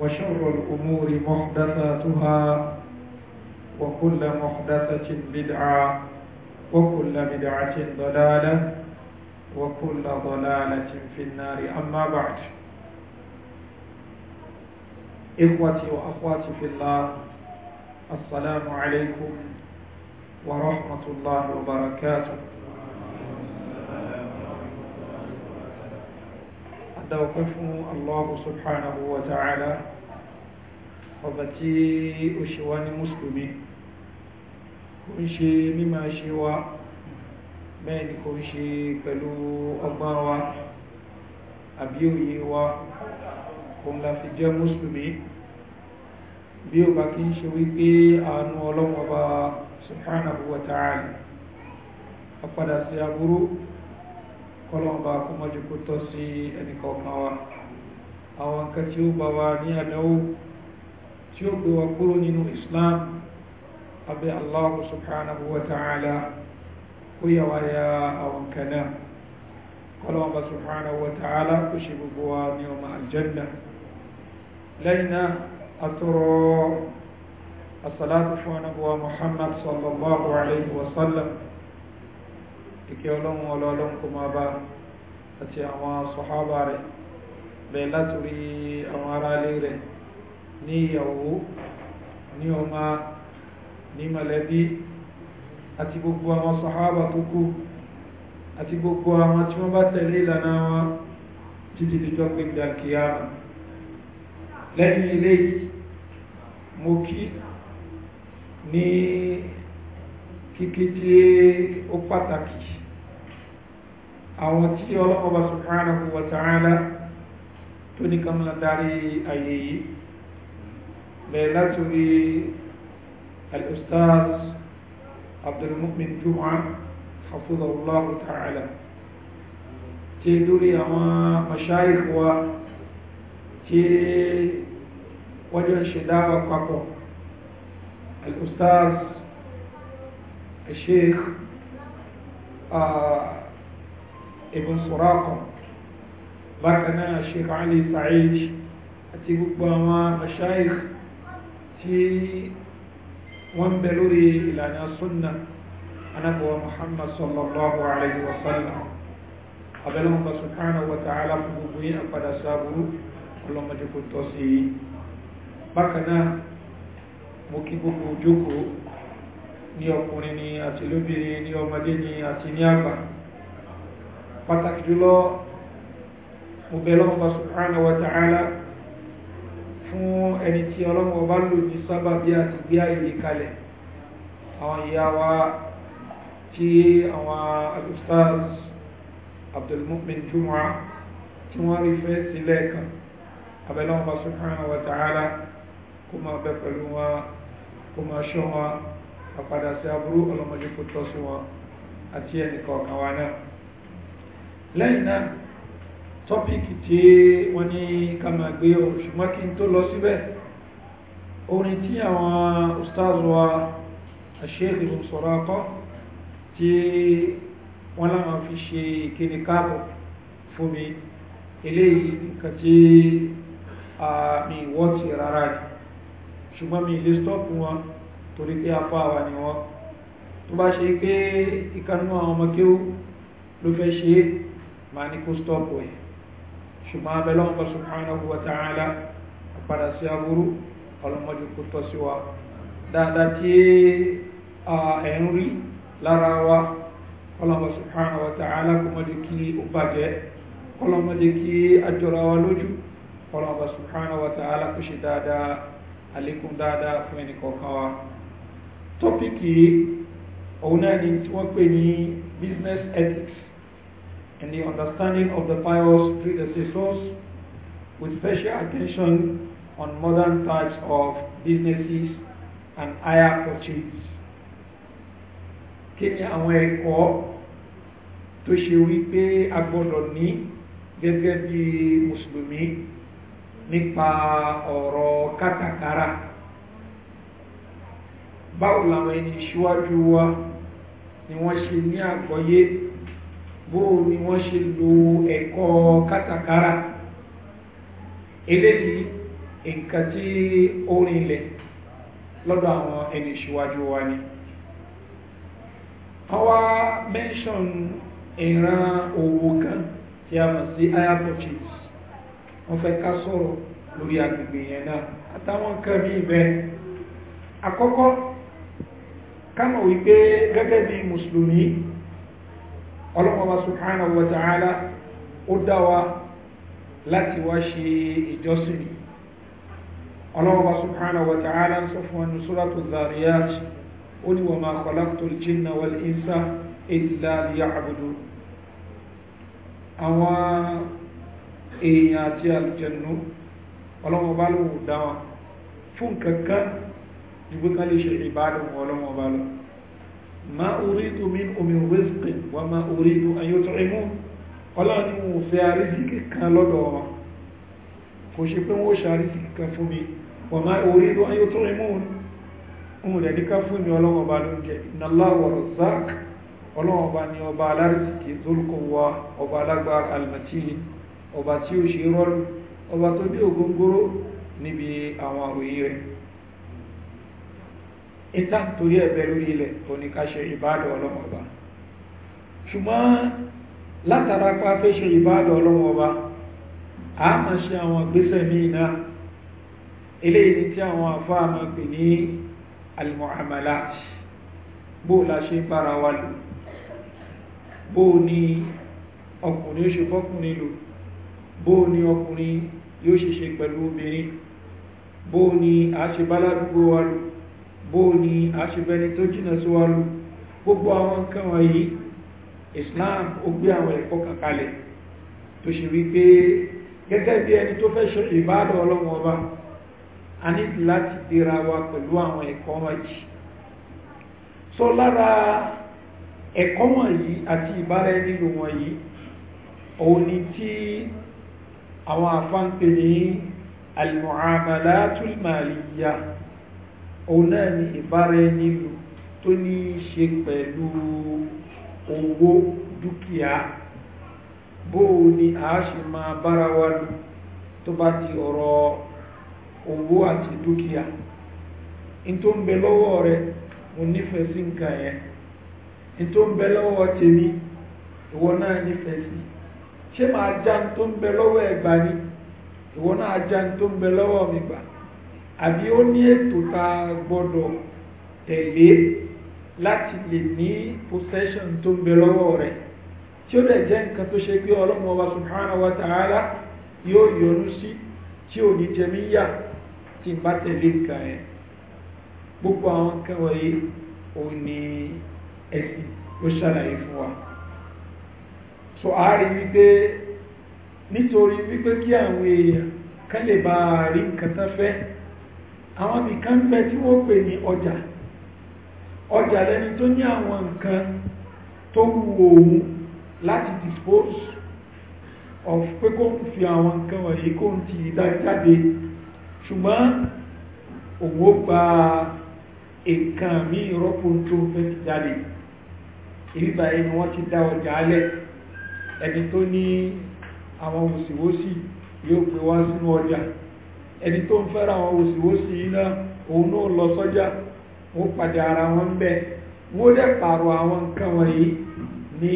وشر الأمور محدثاتها وكل محدثة بدعة وكل بدعة ضلالة وكل ضلالة في النار أما بعد إخوتي وأخواتي في الله السلام عليكم ورحمة الله وبركاته أدعوكم الله سبحانه وتعالى ọba tí ó ṣe wá ní mùsùlùmí kò ń ṣe mímọ̀ ṣe wá bẹ́ẹ̀ ni kò ń ṣe pẹ̀lú ọgbọ́n wa àbí òye wa òun la fi jẹ́ mùsùlùmí bí ó bá kí ń ṣe wípé àánú ọlọ́wọ́ bá subhanahu wa apadà sí aburú kọlọ́mbà kọmọjú kó tọ́ sí ẹnìkọ̀ọ̀kan wa àwọn nǹkan ó bá wa ní àdánwò tí ó pè wá kúrò nínú islam abẹ́ allah subhanahu wa ta'ala kó yà wá ya àwọn kaná kọlọ́wọ́n bá subhanahu wa ta'ala kó ṣe gbogbo wa ní ọmọ aljanna lẹ́yìn náà a asalatu fún ọ̀nàbọ̀wà muhammad sallallahu alayhi wa sallam ìkẹ́ ọlọ́run ọlọ́run kó máa àti àwọn sọ̀hábà rẹ̀ bẹ̀ẹ̀ látòrí àwọn aráalé rẹ̀ ní ìyàwó ní ọmọ ní mọ̀lẹ́bí àti gbogbo àwọn sàhábà tó kú àti gbogbo àwọn tí wọ́n bá tẹ̀lé ìlànà wọn títí dìjọ́ pé dàkíyàmù lẹ́yìn ilé mo kí ní wa ta'ala tó ní kàmùlà darí ayé ليلته الأستاذ عبد المؤمن جمعة حفظه الله تعالى تيدوري أما مشايخ و تي وجه شداوة قبو الأستاذ الشيخ آه ابن سراقم بركنا الشيخ علي سعيد أتي قبو أما مشايخ tí wọ́n bẹ lórí ìlànà súnnà anábọ̀wà muhammad sallallahu alayhi wa sallam abẹ́lẹ́wọ̀n bá subhanahu wa ta'ala fún gbogbo yí àpadà sáàbùrú ọlọ́mọdé kò tọ́ sí i bákanáà mo kí gbogbo ojókòó ní ọkùnrin ni àti lóbìnrin ní ọmọdé ni àti ní àgbà pàtàkì jùlọ mo bẹ̀lọ́wọ̀n bá subhanahu wa ta'ala fún ẹni tí ọlọ́mọ bá lò ní sábà bí a ti gbé àìlè kalẹ̀ àwọn ìyá wa tí àwọn alustars abdulmumin juma tí wọ́n rí fẹ́ sílẹ̀ kan abẹ́lọ́wọ́n bá subhanahu wa ta'ala kó máa bẹ pẹ̀lú wọn kó máa ṣọ́ wọn àpadà sí aburú ọlọ́mọdé kó tọ́ sí wọn àti ẹnìkọ̀ọ̀kan wa náà lẹ́yìn náà tọ́pìkì tí wọ́n ní ká máa gbé o ṣùgbọ́n kí n tó lọ síbẹ̀ orin tí àwọn ustaz wa Sheikh Ibn Suraqa tí wọ́n láwọn fi ṣe ìkéde káàbọ̀ fún mi eléyìí nǹkan tí a mi wọ́tì rárá ni ṣùgbọ́n mi ilé stọ́pù wọn torí pé apá wa ni wọ́n tó bá ṣe pé ìkanú àwọn ọmọ ló fẹ́ ṣe é máa ní kó stọ́pù ẹ̀ ṣùgbọ́n abẹ́lọ́ ọkọ̀ subhanahu wa ta'ala padà sí aburú ọlọ́mọdé kò tọ́ sí wa dáadáa tí ẹ̀ ń rí lára wa subhanahu wa ta'ala kò mọ́dé kí ó bàjẹ́ ọlọ́mọdé kí ajọ́ra wa lójú ọlọ́mọ subhanahu wa ta'ala kò ṣe dáadáa àlékún dáadáa fún ẹnì kọ̀ọ̀kan wa tọ́pìkì òun náà ni tí wọ́n pè business ethics And the understanding of the pious predecessors with special attention on modern types of businesses and higher purchase. Kí ni àwọn ẹ̀kọ́ tó ṣe wípé a gbọ́dọ̀ ní gẹ́gẹ́ bí Mùsùlùmí nípa ọ̀rọ̀ kátàkárà? Báwo làwọn ẹni ṣíwájú wa ni wọ́n ṣe ní àgbọ́yé bóò ni wọ́n ṣe lo ẹ̀kọ́ kátàkárà eléyìí nǹkan tí ó rinlẹ̀ lọ́dọ̀ àwọn ẹni ìṣíwájú wa ni àwa mention ìran owó kan tí a mọ̀ sí higher purchase wọ́n fẹ́ ká sọ̀rọ̀ lórí agbègbè yẹn náà àtàwọn nǹkan bí ibẹ̀ àkọ́kọ́ ká mọ̀ wípé gẹ́gẹ́ bí mùsùlùmí ọlọ́mọba subhanahu wa ta'ala ó dá wa láti wá ṣe ìjọsìn ọlọ́mọba subhanahu wa ta'ala ń sọ fún wa ní suratu zariyat ó ní wa ma khalaqtul jinna wal insa illa liya'budun ọlọ́mọba lọ́wọ́ ma uridu minhum min rizqin wa ma uridu an yut'imun ọlọ́run ni mo fẹ́ àrísìkì kan lọ́dọ̀ wọn kò ṣe pé wọ́n ṣe àrísìkì kan fún mi wa ma uridu an yut'imun òun rẹ̀ díká fún mi ọlọ́wọ́n bá ló ń jẹ innallahu razzaq ọlọ́wọ́n bá ní ọba alárísìkì zulquwa ọba alágbára almatin ọba tí ó ṣe rọ́lù ọba tó dé ògóngóró níbi àwọn àròyìn rẹ̀ ìta torí ẹ̀bẹ̀rú ilẹ̀ oníkáṣẹ ìbádọ̀ ọlọ́mọba ṣùgbọ́n látara pa fẹ́ ṣe ìbádọ̀ ọlọ́mọba a máa ṣe àwọn gbésẹ̀ ní iná eléyìí tí àwọn afá máa pè ní almuamalat bó la ṣe bára wa lò bó ni ọkùnrin ó ṣe fọ́kùnrin lò bó ní aṣebẹni tó jìnà síwárú gbogbo àwọn nǹkan wọ̀nyí islam ó gbé àwọn ẹ̀kọ́ kankalẹ̀ tó ṣe wípé gẹ́gẹ́ bí ẹni tó fẹ́ ṣe ìbádọ̀ ọlọ́run ọba a ní láti dira wa pẹ̀lú àwọn ẹ̀kọ́ wọ̀nyí so lára ẹ̀kọ́ wọ̀nyí àti ìbára ẹni lò wọ̀nyí òun ni tí àwọn àfáǹpẹ̀ ní al-mu'amalatul maliyah òun náà ni ìbára ẹni lò tó ní í ṣe pẹ̀lú owó dúkìá bóò ni a ṣe máa bára wa lò tó bá ti ọ̀rọ̀ owó àti dúkìá in tó ń bẹ lọ́wọ́ rẹ mo nífẹ̀ẹ́ sí nǹkan yẹn in tó ń bẹ lọ́wọ́ tèmi ìwọ náà nífẹ̀ẹ́ sí ṣé máa já tó ń bẹ lọ́wọ́ ẹ̀gbà ni ìwọ náà já tó ń bẹ lọ́wọ́ mi gbà àbí ó ní ètò ta gbọ́dọ̀ tẹ̀lé láti lè ní possession tó ń bẹ lọ́wọ́ rẹ̀ tí ó dẹ̀ jẹ́ nǹkan tó ṣe pé ọlọ́run ọba subhanahu wa ta'ala yóò yọ́nú sí tí ò ní jẹ níyà tí n bá tẹ̀lé nǹkan ẹ̀ gbogbo àwọn nǹkan wọ̀nyí ò ní ẹ̀sìn ó ṣàlàyé fún wa so a rí wípé nítorí wípé kí àwọn èèyàn kán lè bá rí nǹkan tán fẹ́ àwọn nìkan bẹ tí wọ́n pè ní ọjà ọjà lẹni tó ní àwọn nǹkan tó wù òun láti dispose of pé kó ń fi àwọn nǹkan wọ̀nyí kó ń ti ìdájáde ṣùgbọ́n òun ó gba nǹkan míì rọ́pò tó fẹ́ ti jáde ìrìbà ẹni wọ́n ti dá ọjà alẹ́ ẹni tó ní àwọn òsìwòsì yóò pè wá sínú ọjà ẹni tó ń fẹ́ra wọn wòsíwòsí iná òun náà lọ sọ́jà wọ́n pàdé ara wọn bẹ́ wọ́n dẹ̀ pààrọ̀ àwọn nǹkan wọ̀nyí ní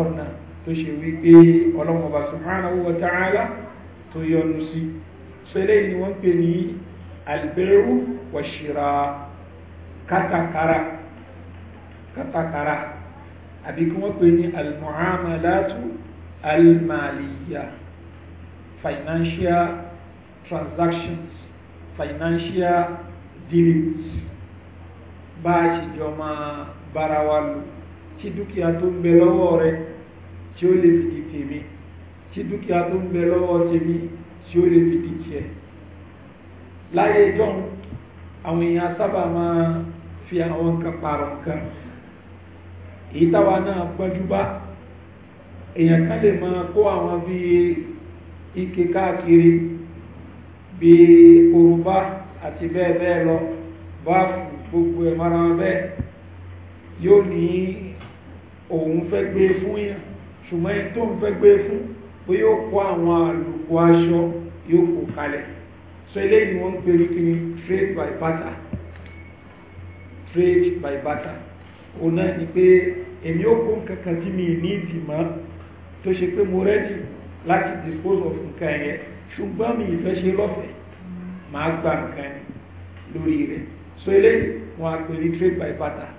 ọ̀nà tó ṣe wípé ọlọ́mọba subhanahu wa ta'ala tó yọnu sí sẹ́lẹ̀ ni wọ́n pè ní alberu wàṣíra kátàkárà kátàkárà àbí kí wọ́n pè ní almuamalatu almaliya financial transactions financial dealings bá a ṣe jọ máa bára wa lò tí dúkìá tó ń bẹ lọ́wọ́ rẹ tí ó lè fi di tèmi tí dúkìá tó ń bẹ lọ́wọ́ tèmi tí ó lè fi di tiẹ̀ láyé ìjọ́un àwọn èèyàn sábà máa fi àwọn nǹkan pààrọ̀ nǹkan èyí táwa náà gbọ́njú bá èèyàn kan lè máa kó àwọn bíi ike káàkiri bí orúbá àti bẹ́ẹ̀ bẹ́ẹ̀ lọ bá gbogbo ẹ̀ mara bẹ́ẹ̀ yóò ní òun fẹ́ gbé fún yàn ṣùgbọ́n ẹni tó ń fẹ́ gbé fún pé yóò kó àwọn àlùkò aṣọ yóò kó kalẹ̀ so eléyìí ni wọ́n ń pè ní kíni trade by barter trade by barter òun náà ni pé èmi ó kó nǹkan kan tí mi ní ìdìmọ́ tó ṣe pé mo rẹ́dì láti dispose of nǹkan yẹn ṣùgbọ́n mi ìfẹ́ ṣe lọ́fẹ̀ẹ́ máa gba nǹkan ni lórí rẹ̀ so eléyìí wọn á ní trade by barter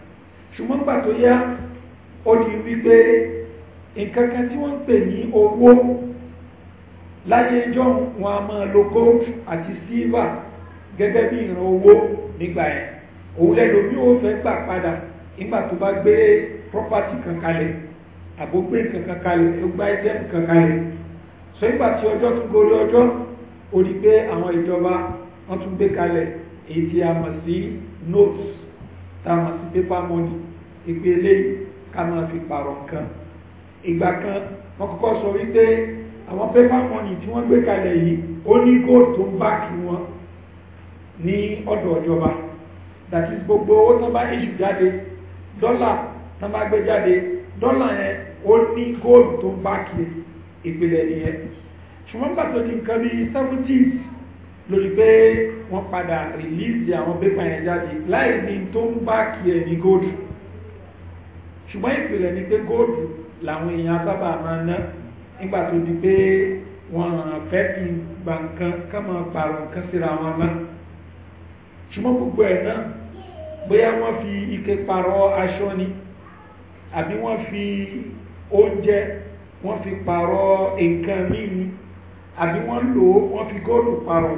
ṣùgbọ́n gbà tó yá ó di wípé nǹkan kan tí wọ́n ń pè ní owó láyé ẹjọ́ wọn a máa lo gold àti silver gẹ́gẹ́ bí ìran owó nígbà yẹn òun lẹ́lòmí ó fẹ́ gbà padà nígbà tó bá gbé property kan kalẹ̀ àbó gbé nǹkan kan kalẹ̀ ó gbá ẹ̀jẹ̀ nǹkan kalẹ̀ so nígbà tí ọjọ́ tún gorí ọjọ́ ó di pé àwọn ìjọba wọ́n tún gbé kalẹ̀ èyí tí a mọ̀ sí notes tá a mọ̀ sí paper money ìpè eléyìí ká máa fi pààrọ̀ nǹkan ìgbà kan wọ́n kọ́kọ́ sọ wípé àwọn paper money tí wọ́n gbé kalẹ̀ yìí ó ní gold tó ń báàkì wọn ní ọ̀dọ̀ ìjọba that is gbogbo owó tán bá èṣù jáde dọ́là tán bá gbé jáde dọ́là yẹn ó ní gold tó ń báàkì yẹn ìpìlẹ̀ nìyẹn ṣùgbọ́n gbà tó di nǹkan bí seventies lórí pé wọ́n padà release àwọn pépà yẹn jáde láì ní tó ń bá kí ẹ̀ ní góòdù ṣùgbọ́n ìpìlẹ̀ ni pé góòdù làwọn èèyàn sábà máa ná nígbà tó di pé wọ́n fẹ́ kí gbà nǹkan ká máa pààrọ̀ nǹkan síra wọn náà ṣùgbọ́n gbogbo ẹ̀ náà bóyá wọ́n fi ike pààrọ̀ aṣọ ni àbí wọ́n fi oúnjẹ wọ́n fi pààrọ̀ nǹkan míì ni àbí wọ́n lò ó wọ́n fi góòlù pààrọ̀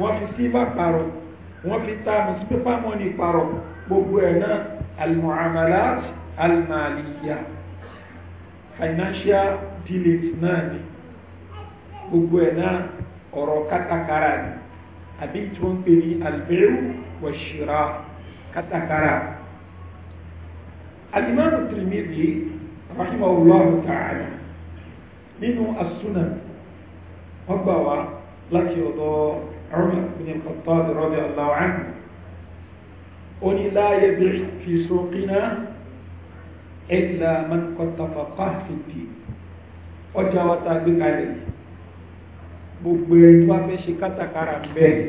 wọ́n fi sílvà pààrọ̀ wọ́n fi táàmù sí pépà mọ́ni pààrọ̀ gbogbo ẹ̀ náà almuamalat almaliya financial dealings náà ni gbogbo ẹ̀ náà ọ̀rọ̀ kátàkárà ni àbí tí wọ́n pè ní albẹ́rù wọ̀ṣìrà kátàkárà alimami Tirmidhi rahimahullahu ta'ala nínú asúnà wọ́n gbà wá láti ọ̀dọ̀ Umar bin Khattab radiyallahu anhu ó ní la yabi' fi suqina illa man qad tafaqqaha fid-din ọjà wa ta gbé kalẹ̀ gbogbo ẹni wá fẹ́ ṣe kátàkárà bẹ́ẹ̀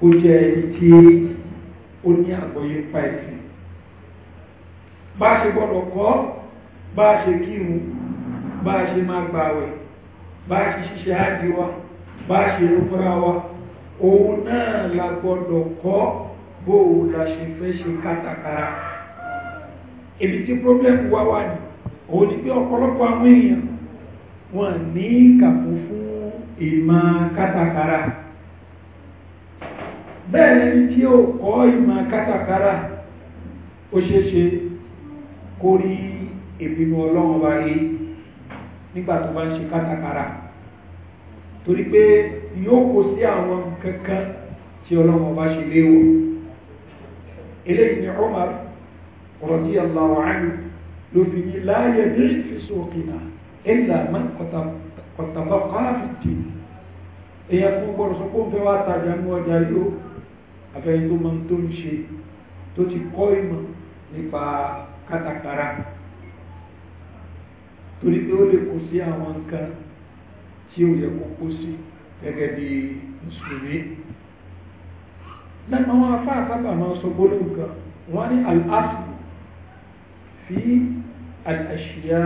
kó jẹ́ ẹni ó ní àgbọ́yé pa bá ṣe gbọ́dọ̀ kọ́ bá ṣe kírun bá a ṣe máa gbà wẹ̀ bá a ṣe ṣiṣẹ́ àdíwá bá a ṣe rúfúra wa òun náà la gbọ́dọ̀ kọ́ o la ṣe fẹ́ ṣe kátàkárà èmi tí problem wá wà ní òun ni pé ọ̀pọ̀lọpọ̀ àwọn èèyàn wọ́n ní kàkó fún ìmọ̀ kátàkárà bẹ́ẹ̀ ni tí ó kọ́ ìmọ̀ kátàkárà ó ṣeéṣe kó rí ìbínú ọlọ́run bá nígbà tó bá ń ṣe kátàkárà torí pé yóò kó sí àwọn kankan tí ọlọ́mọ bá ṣe léwọ̀ eléyìí ni Umar radiyallahu anhu ló fi ní láàyè bí ìfisókìnà illa man kọ̀tàbọ̀ kọ́láfìtì èyàn kún gbọ́rọ̀ sọ pé ó fẹ́ wá tajà ní ọjà yóò afẹ́yìn tó mọ́ tó ń ṣe torí pé ó lè kó sí àwọn nǹkan tí ó yẹ kó kó sí gẹ́gẹ́ bí mùsùlùmí lẹ́nu àwọn afá àtàbà máa sọ gbóló nǹkan wọ́n ní al-asl fi al-ashiya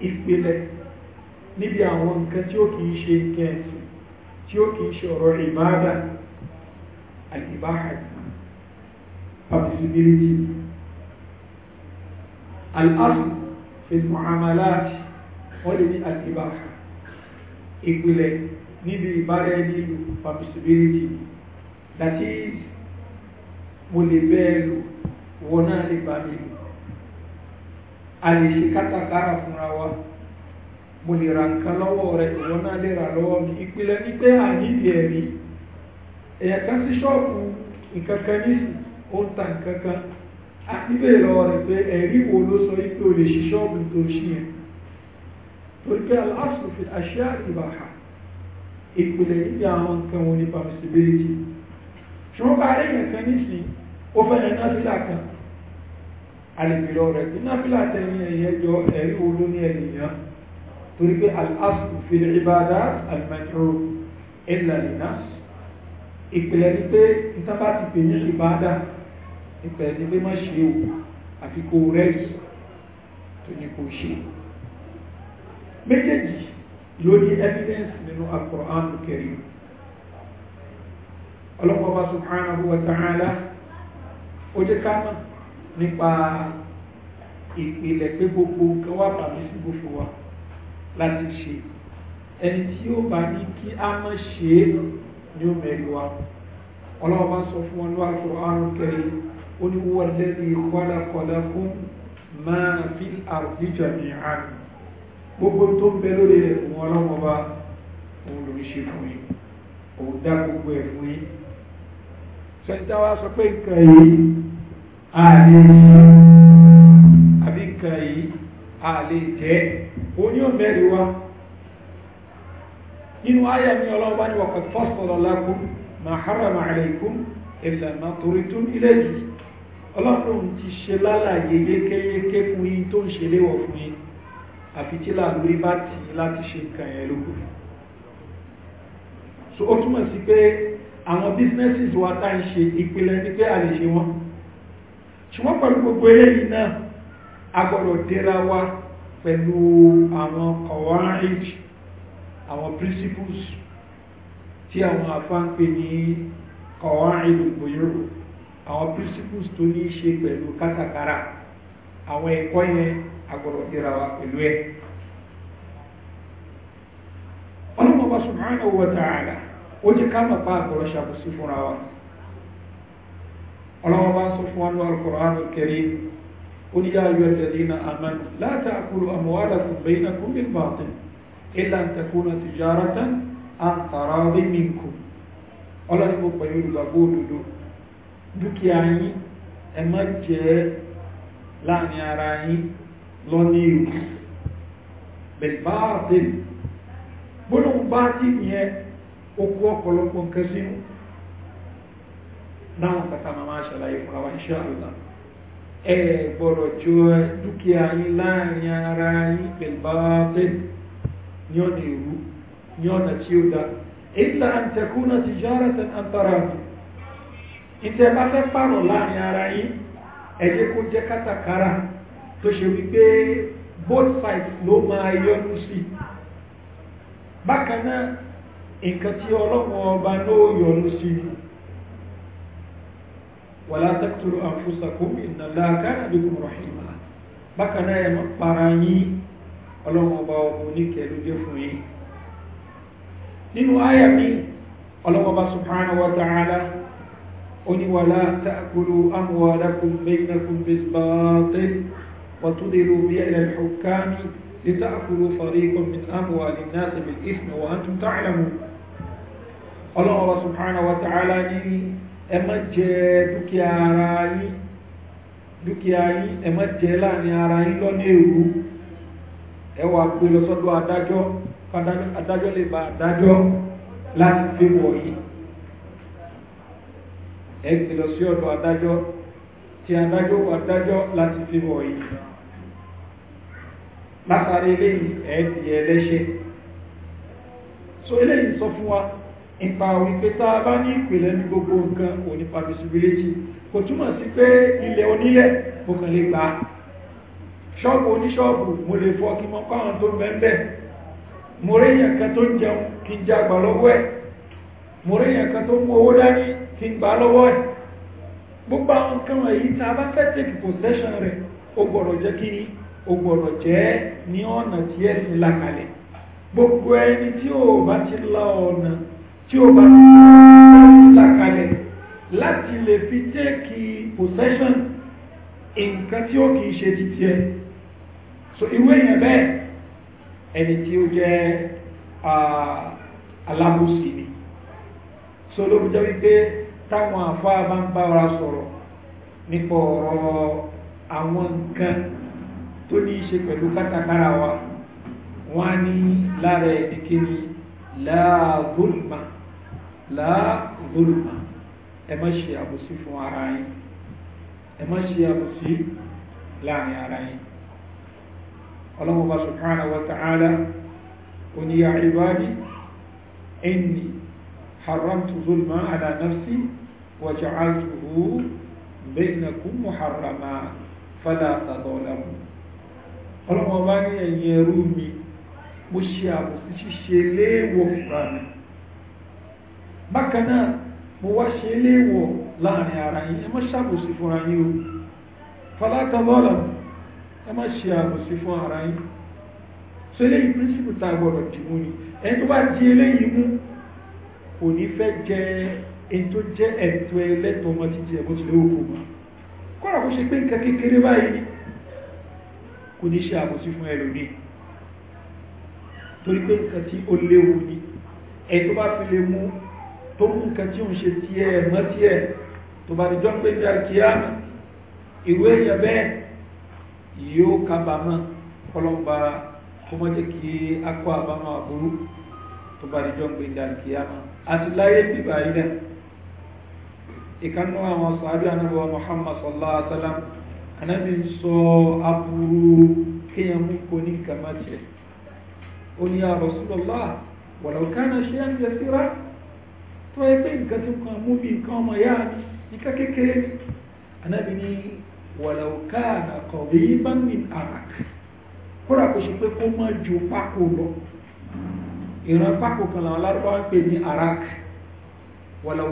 ìpìlẹ̀ níbi àwọn nǹkan tí ó kìí ṣe kẹ́ẹ̀sì tí ó kìí ṣe ọ̀rọ̀ ìbádà al-ibaha participability al-asl ìmọ̀hàmàláàtì wọ́n lè ní àtìbà ìpìlẹ̀ níbi ìbára ẹni ìlú permissibility that is mo lè bẹ́ẹ̀ lò wọ́n náà lè bá mi lò a lè ṣe kátàkárà fúnra wa mo lè ra nǹkan lọ́wọ́ rẹ̀ ìwọ́n náà lè rà lọ́wọ́ mi ìpìlẹ̀ ní pé à nídìí ẹ̀mí ẹ̀yà kan sí ṣọ́ọ̀bù nǹkan kan ní ó nǹkan kan àbíbẹ̀ lọ rẹ̀ pé ẹ̀rí wo ló sọ ipò lè ṣe ṣọ́ọ̀bù tó ṣí ẹ̀ torí pé aláṣọ fi àṣẹ ìbáha ìpìlẹ̀ ìdí àwọn nǹkan wọn ní pàmìsìbéèjì ṣùgbọ́n bá rí nǹkan nísìn ó fẹ́ ẹ̀ná fílà kan àlèpìlọ rẹ̀ tí náà fílà tẹ́yìn ẹ̀yẹ jọ ẹ̀rí wo ló ní ènìyàn torí pé aláṣọ fi ìbáda àlùmẹ́tìrò ìpìlẹ̀ ní pé ìtàbá ti pè ní ìbáda nípa ẹni lé má ṣe o àfi kó rẹ́ẹ̀sì tó ní kó ṣe méjèèjì ló ní evidence nínú al-Qur'an al-Karim ọlọ́pàá subhanahu wa ta'ala ó jẹ́ ká mọ̀ nípa ìpìlẹ̀ pé gbogbo nǹkan wà bàbí sí gbogbo wa láti ṣe ẹni tí ó bá ní kí a mọ̀ ṣe é ní ó mẹ́rin wa ọlọ́pàá sọ fún wọn lọ́wọ́ al ó ní wọ́n lẹ́ni kọ́lákọ́lá fún máa fi àrùjíjà ní àrùn gbogbo tó ń bẹ lórí rẹ̀ òun ọlọ́wọ́ bá òun lórí ṣe fún yìí òun dá gbogbo ẹ̀ fún yìí sẹ́ńtà wá sọ pé nǹkan yìí àlè ìṣẹ́ àbí nǹkan yìí àlè jẹ́ òun yóò mẹ́rin wá nínú ayé mi ọlọ́wọ́ bá ní wọ́n kọ́ fọ́sọ̀lọ́lákùn ma harama alaykum illa ma turitun ilayhi ọlọ́run ti ṣe lálàyé yékéyéké fún yí tó ń ṣe léwọ̀ fún yí àfi tí làlórí bá tì í láti ṣe nǹkan ẹ̀ lókùn so ó túmọ̀ sí pé àwọn businesses wa tá ń ṣe ìpìlẹ̀ ní pé a lè ṣe wọ́n ṣùgbọ́n pẹ̀lú gbogbo eléyìí náà a gbọ́dọ̀ dẹ́ra wa pẹ̀lú àwọn kọ̀wárìj àwọn principles tí àwọn afá ń pè ní kọ̀wárìj gbòyòrò àwọn principles tó ní ṣe pẹ̀lú kátàkárà àwọn ẹ̀kọ́ yẹn agbọ̀rọ̀ dira wa pẹ̀lú ẹ̀ ọlọ́mọ bá subhanahu wa ta'ala ó jẹ́ ká mọ̀ pa àgbọ̀rọ̀ ṣàkóso fúnra wa ọlọ́mọ bá sọ fún wọn al-Qur'an al-Karim ó ní yá ayọ́ alladhina amanu la ta'kulu amwalakum baynakum bil batil illa an takuna tijaratan an taradin minkum ọlọ́run mo pẹ̀lú olùgbàgbọ́ òdodo dúkìá yín ẹ má jẹ láàrin ara yín lọ ní ìlú bẹ̀báàdì gbólóhùn bá dì yẹn okú ọ̀pọ̀lọpọ̀ nǹkan sínú náà kàkà máa ṣàlàyé fún àwọn iṣẹ́ àlùdà ẹ gbọ́dọ̀ jọ dúkìá yín láàrin ara yín bẹ̀báàdì ní ọ̀nà ìlú ní ọ̀nà tí ó dá ìlà àǹtẹ̀kúnà tìjára tẹ̀ àǹtàrà ìtẹ́ bá fẹ́ pààrọ̀ láàrin ara yín ẹ jẹ́ kó jẹ́ kátàkárà tó ṣe wípé both sides ló máa yọnu sí bákan nǹkan tí ọba ló rahima ọba ló jẹ́ fún yín nínú àyà mi subhanahu wa أني ولا ta'kulu أموالكم بينكم bil batil wa الحكام bi فريق من أموال الناس بالإثم، وأنتم amwal an nas bil ithm wa Allah subhanahu wa ta'ala ní ẹ má jẹ dúkìá ara yín dúkìá yín ẹ má jẹ láàrin ara yín lọ́nà èrú ẹ wà lọ sọ́dọ̀ adájọ́ adájọ́ lè bá adájọ́ láti fi wọ̀nyí ẹ gbé lọ sí ọ̀dọ̀ adájọ́ tí adájọ́ wà dájọ́ láti fi wọ̀ yìí látàrí eléyìí ẹ di ẹlẹ́ṣẹ̀ so eléyìí sọ fún wa nípa wípé tá a bá ní ìpìlẹ̀ ní gbogbo nǹkan òní permissibility kò túmọ̀ sí pé ilẹ̀ onílẹ̀ mo kàn lè gbà á ṣọ́ọ̀bù oníṣọ́ọ̀bù mo lè fọ́ kí mọ́ pàwọn tó mẹ́mẹ́ mo rí kan tó ń jẹun kí n jàgbà lọ́wọ́ ẹ̀ mo rí kan tó mú owó dání ti gbà lọ́wọ́ ẹ̀ gbogbo àwọn nǹkan èyí tí a bá fẹ́ take possession rẹ̀ ó gbọ́dọ̀ jẹ́ kí ó gbọ́dọ̀ jẹ́ ní ọ̀nà tí ẹ̀sìn làkàlẹ̀ gbogbo ẹni tí ó bá ti la ọ̀nà tí ó bá làkàlẹ̀ láti lè fi take possession nǹkan tí ó kìí ṣe ti tiẹ̀ so ìwé yẹn bẹ́ẹ̀ ẹni tí ó jẹ́ ah, alábòsí ni so ló fi jẹ́ wípé táwọn àfáà bá ń bá wa sọ̀rọ̀ nípa ọ̀rọ̀ àwọn nǹkan tó ní í ṣe pẹ̀lú kátàkárà wa wọ́n á ní lára ẹni kiri láàbùlùmá láàbùlùmá ẹ má ṣe àbòsí fún ara yín ẹ má ṣe àbòsí láàrin ara yín ọlọ́mọ bá subhanahu wa ta'ala ó ní ya ibadi inni haramtu zulma ala وجعلته بينكم محرما فلا تظلموا ọlọ́mọ bá ní ẹ̀yìn ẹrú mi mo ṣe àbòsí ṣíṣe léèwọ̀ fúnra mi bákan náà mo wá ṣe léèwọ̀ láàrin ara yìí ẹ má ṣàbòsí fúnra yìí o fala tazalamu ẹ má ṣe àbòsí fún ara yìí so eléyìí píríncípù tá a gbọdọ̀ dì mú ni ẹni tó bá di eléyìí mú kò ní fẹ́ jẹ́ èyí tó jẹ́ ẹ̀tọ́ ẹlẹ́tọ̀ ọmọ títí ẹ̀bọ́ tí lówó kòmọ̀ kọ́rọ̀ kó ṣe pé nǹkan kékeré báyìí kò ní ṣe àbòsí fún ẹlòmíì torí pé nǹkan tí ó léwu ni ẹ̀yí tó bá fi lè mú tó mú nǹkan tí òun ṣe tí ẹ mọ́ tí ẹ tó bá dìjọ́ pé ní àkíyá ìwé èèyàn bẹ́ẹ̀ yóò kábàámọ̀ kọlọ́mbà kó kí akọ àbámọ̀ àbúrú tó bá dìjọ́ pé ní àkíyá àti láyé bíbá yìí ìkánú àwọn sàábí anábọ̀ Muhammad sallallahu alaihi wasallam anábì ń sọ aburú kéèyàn mú kó ní kàmá tiẹ̀ ó ní ya Rasulullah walau kana shay'an yasira tó yẹ pé nǹkan tó kàn mú bí nǹkan ọmọ yá nǹkan kékeré anábì ní walau kana qadiban min arak kódà kò ṣe pé kó mọ́ ju pákó lọ ìran pákó kan làwọn lárúbáwá ń pè ní arak walau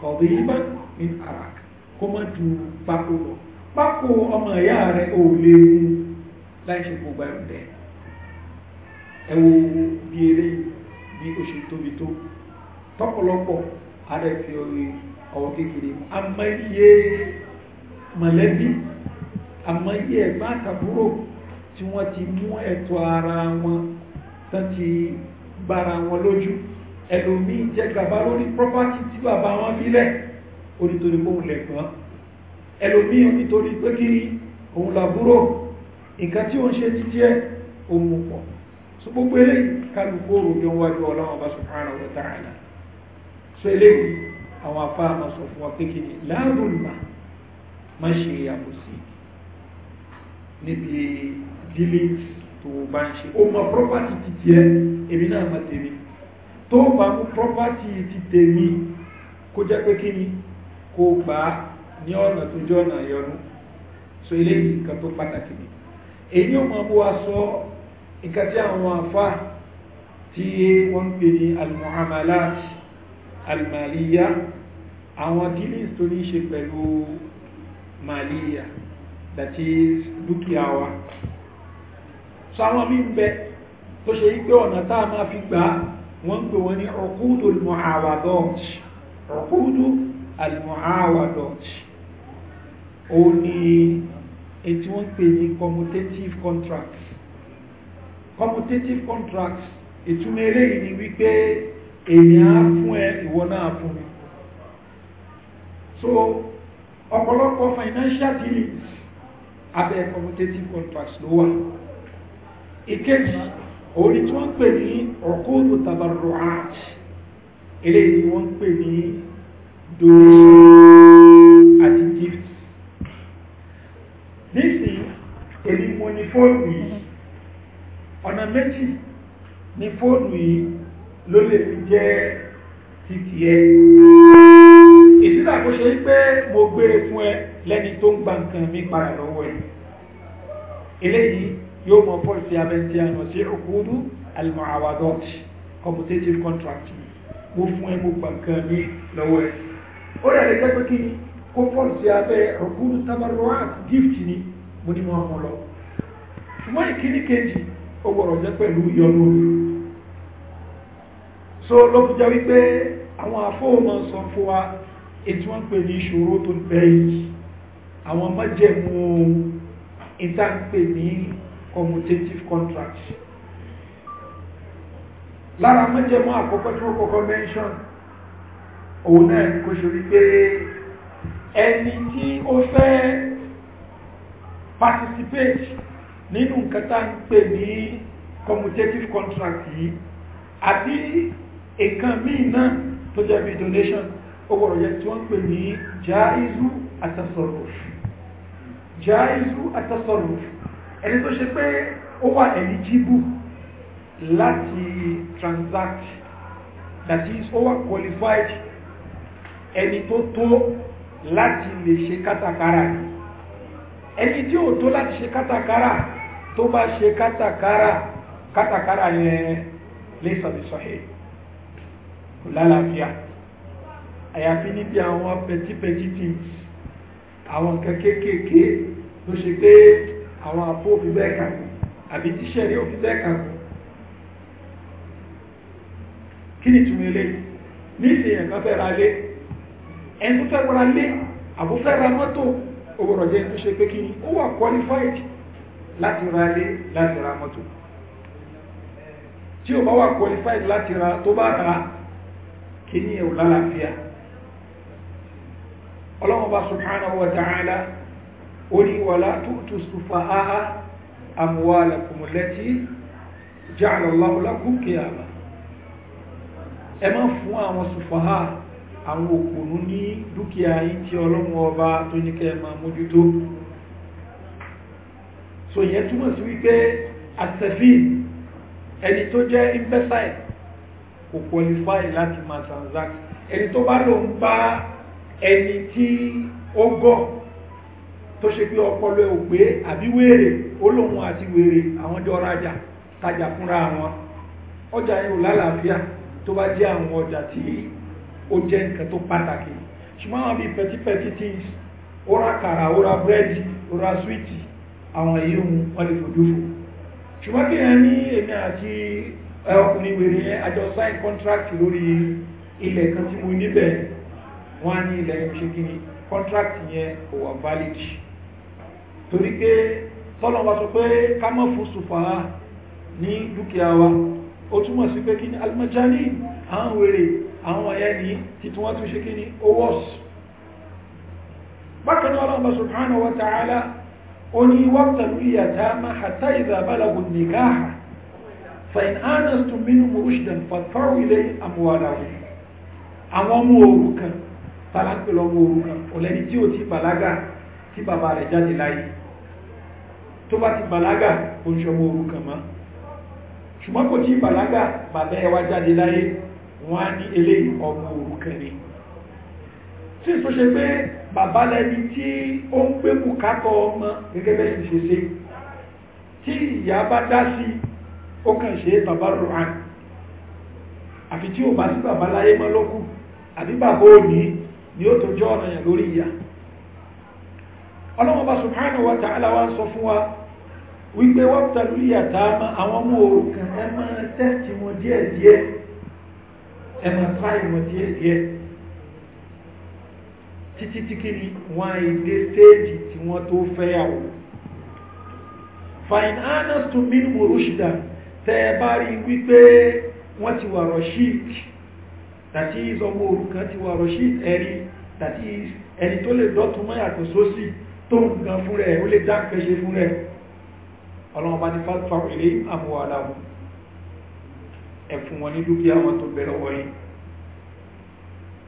kọ̀bí ibà ní arak kó mọ́ ju pákó lọ pákó ọmọ ìyá rẹ̀ ò lè mú láì ṣe gbogbo ẹ̀rù dẹ̀ ẹ wo bí eré bí ó ṣe tóbi tó tọ́pọ̀lọpọ̀ ààrẹ fi ọwọ́ kékeré amáyé mọ̀lẹ́bí àmọ́yé ẹ̀gbọ́n àtàbúrò tí wọ́n ti mú ẹ̀tọ́ ara wọn tán ti bára wọn lójú ẹlòmíì jẹ gàba lórí property tí bàbá wọn bílẹ̀ onítorí pé òun lẹ̀gbọ́n ẹlòmíì nítorí pé kí òun làbúrò nǹkan tí òun ṣe títí ẹ òun mú pọ̀ so gbogbo eléyìí kálukú òròjọ wájú ọlọ́wọ́n bá subhanahu wa ta'ala so eléyìí àwọn afá àmà sọ fún wa pé kí ni láàrúlùmá má ṣe ìyàbò sí níbi dealings tó bá ń ṣe ó mọ property títí ẹ èmi náà má tèmi tó bá mú property ti tèmi kó jẹ́ pé kí ni kó gbà á ní ọ̀nà tó jẹ́ ọ̀nà ìyọnu so eléyìí nǹkan tó pàtàkì ni èyí ò mọ̀ bó wa sọ nǹkan tí àwọn afá tí wọ́n ń pè ní almuamalat almaliya àwọn dealings tó ní ṣe pẹ̀lú maliya that is dúkìá wa so àwọn mí ń bẹ tó ṣe yí pé ọ̀nà tá a máa fi gbà á wọ́n pè wọ́n ní ọkúdù almuawadot ọkúdù almuawadot ó ní etí wọ́n pè ní commutative contracts commutative contracts ìtumọ̀ eléyìí ni wípé èèyàn á fún ẹ ìwọ náà fún mi so ọ̀pọ̀lọpọ̀ financial dealings abẹ́ commutative contracts ló wà ìkejì orí tí wọ́n pè ní ọkùnrin tàbàrù àti ilé ni wọ́n pè ní donation àti gift nísìn èyí mo ní fóònù yìí ọ̀nà méjì ní fóònù yìí ló lè fi jẹ́ títí kò ṣe pé mo gbére fún ẹ lẹ́ni tó ń gba nǹkan mi padà lọ́wọ́ ẹ eléyìí yóò mọ pọ́ìsì abẹ́ntí àná sí òkúdú almuawadot commutative contract mo fún ẹ mo gbà nǹkan mi lọ́wọ́ ẹ ó rẹ̀ lè pé kí ni kó pọ́ìsì abẹ́ òkúdú tabarroat gift ni mo ní wọn mọ lọ ṣùgbọ́n ìkíní kejì ó gbọ́dọ̀ jẹ́ pẹ̀lú yọnu so ló fi jẹ́ wípé àwọn afọ́ọ̀mọ̀ sọ fún wa ètí wọ́n pè ní ìṣòro tó ń bẹ yìí àwọn mọ́jẹ̀mú ìtàǹpè ní commutative contract lára mẹ́jẹ̀mọ́ àkọ́kọ́ tí wọ́n kọ́kọ́ mention òun náà kò ṣorí pé ẹni tí ó fẹ́ participate nínú nǹkan tá ń pè ní commutative contract yìí àti nǹkan míì náà tó jẹ́ bí donation ó gbọ́dọ̀ jẹ́ tí wọ́n pè ní jaizu atasọ̀rọ̀ jaizu atasọ̀rọ̀ ẹni tó ṣe pé ó wà eligible láti transact that is ó wà qualified ẹni tó tó láti lè ṣe kátàkárà ẹni tí ò tó láti ṣe kátàkárà tó bá ṣe kátàkárà kátàkárà yẹn lè sàbẹ̀ sọ́hẹ́ kò lálàáfíà àyàfi níbi àwọn pẹtipẹti tí àwọn kẹkẹkẹkẹ ló ṣe pé àwọn àpò òfin bẹ́ẹ̀ kan àbí tíṣẹ̀rí òfin bẹ́ẹ̀ kan kí ni túnmí ilé ní ìsìn ẹ̀kan fẹ́ ra lé ẹni tó fẹ́ ra lé àbó fẹ́ ra mọ́tò òwòrọ̀ jẹ́ tó ṣe pé kí ni ó wà qualified láti ra lé láti ra mọ́tò tí o bá wà qualified láti ra tó bá ra kí ni ẹ̀wò lálàáfíà ọlọ́mọba subhanahu wa ta'ala ó ní wàlá tu'tu sufaha'a amwalakum allati ja'ala Allahu lakum ẹ ma fún àwọn sufaha àwọn òpònú ní dúkìá yìí tí ọlọ́run ọba tó ní kẹ́ máa mójútó so sí wípé àtẹ̀fíì ẹni tó jẹ́ kò láti máa ẹni tó bá tó ṣe pé ọpọlọ ò pé àbí wèrè olóhun àti wèrè àwọn jọ rajà tajà fúnra wọn ọjà yìí ò lálàáfíà tó bá jẹ́ àwọn ọjà tí ó jẹ́ nǹkan tó pàtàkì ṣùgbọ́n àwọn bíi pẹtipẹti things ora ra kàrà ó ra búrẹ́dì ó ra súwìtì àwọn èyí ohun wọ́n lè fojú fò ṣùgbọ́n kí ẹ ní èmi àti ọkùnrin wèrè yẹn àjọ sign contract lórí ilẹ̀ kan tí mo níbẹ̀ wọ́n á ní ilẹ̀ yẹn ṣe kí ni contract yẹn ò wà valid torí pé tọ́lọ̀ wa sọ pé ká mọ́ fún sùfà ní dúkìá wa ó túmọ̀ sí pé kí ni alimajani àwọn wèrè àwọn ẹ̀yẹ ní títí wọ́n tún ṣe kí ní wabtalu فإن آنستم منهم رشدا فادفعوا إليه أموالهم àwọn ọmọ òrukàn tàbí ọmọ òrukàn ọ̀lẹ́ni tí ó ti bàlágà tí bàbá rẹ̀ jáde láyé tó bá ti bàlágà ó ń ṣọmọ orúkàn mọ́ ṣùgbọ́n kò tí bàlágà bàbá ẹwà jáde láyé wọ́n á ní eléyìí ọmọ orúkàn ni tí tó ṣe pé bàbá lẹ́ni tí ó ń gbé bùkátọ̀ ọmọ gẹ́gẹ́ bẹ́ẹ̀ sì ṣe ṣe tí ìyá bá dá sí ó kàn ṣe bàbá rọ̀hán àfi tí ò bá sí bàbá láyé mọ́ lókù àbí bàbá òní ni ó tó jọ́ ọ̀nà yẹn lórí ìyá ọlọ́wọ́n bá subhanahu wa ta'ala wa ń sọ fún wa wípé wọ́n tẹ̀lú ìyàtà àwọn ọmọ òrukàn ẹ máa tẹ́sì wọn díẹ̀ díẹ̀ ẹ máa tráì wọn díẹ̀ díẹ̀ títí tí ni wọ́n á dé stéèjì tí wọ́n tó fẹ́yàwó fine honest to mean murushida tẹ́ ẹ bá rí wípé wọ́n ti wà rọ̀ṣíìk tàbí ọmọ òrukàn ti wà rọ̀ṣíìk ẹ̀rí tàbí ẹni tó lè dọ́tún mọ́ yàtọ̀ sósì tó ń gan fún rẹ̀ ó lè dá nǹkan fún rẹ̀ ọlọ́run bá ní fàtfà ilé àmúwàlá ẹ̀fún wọn ní dúkìá wọn tó bẹ̀rẹ̀ wọ́n yìí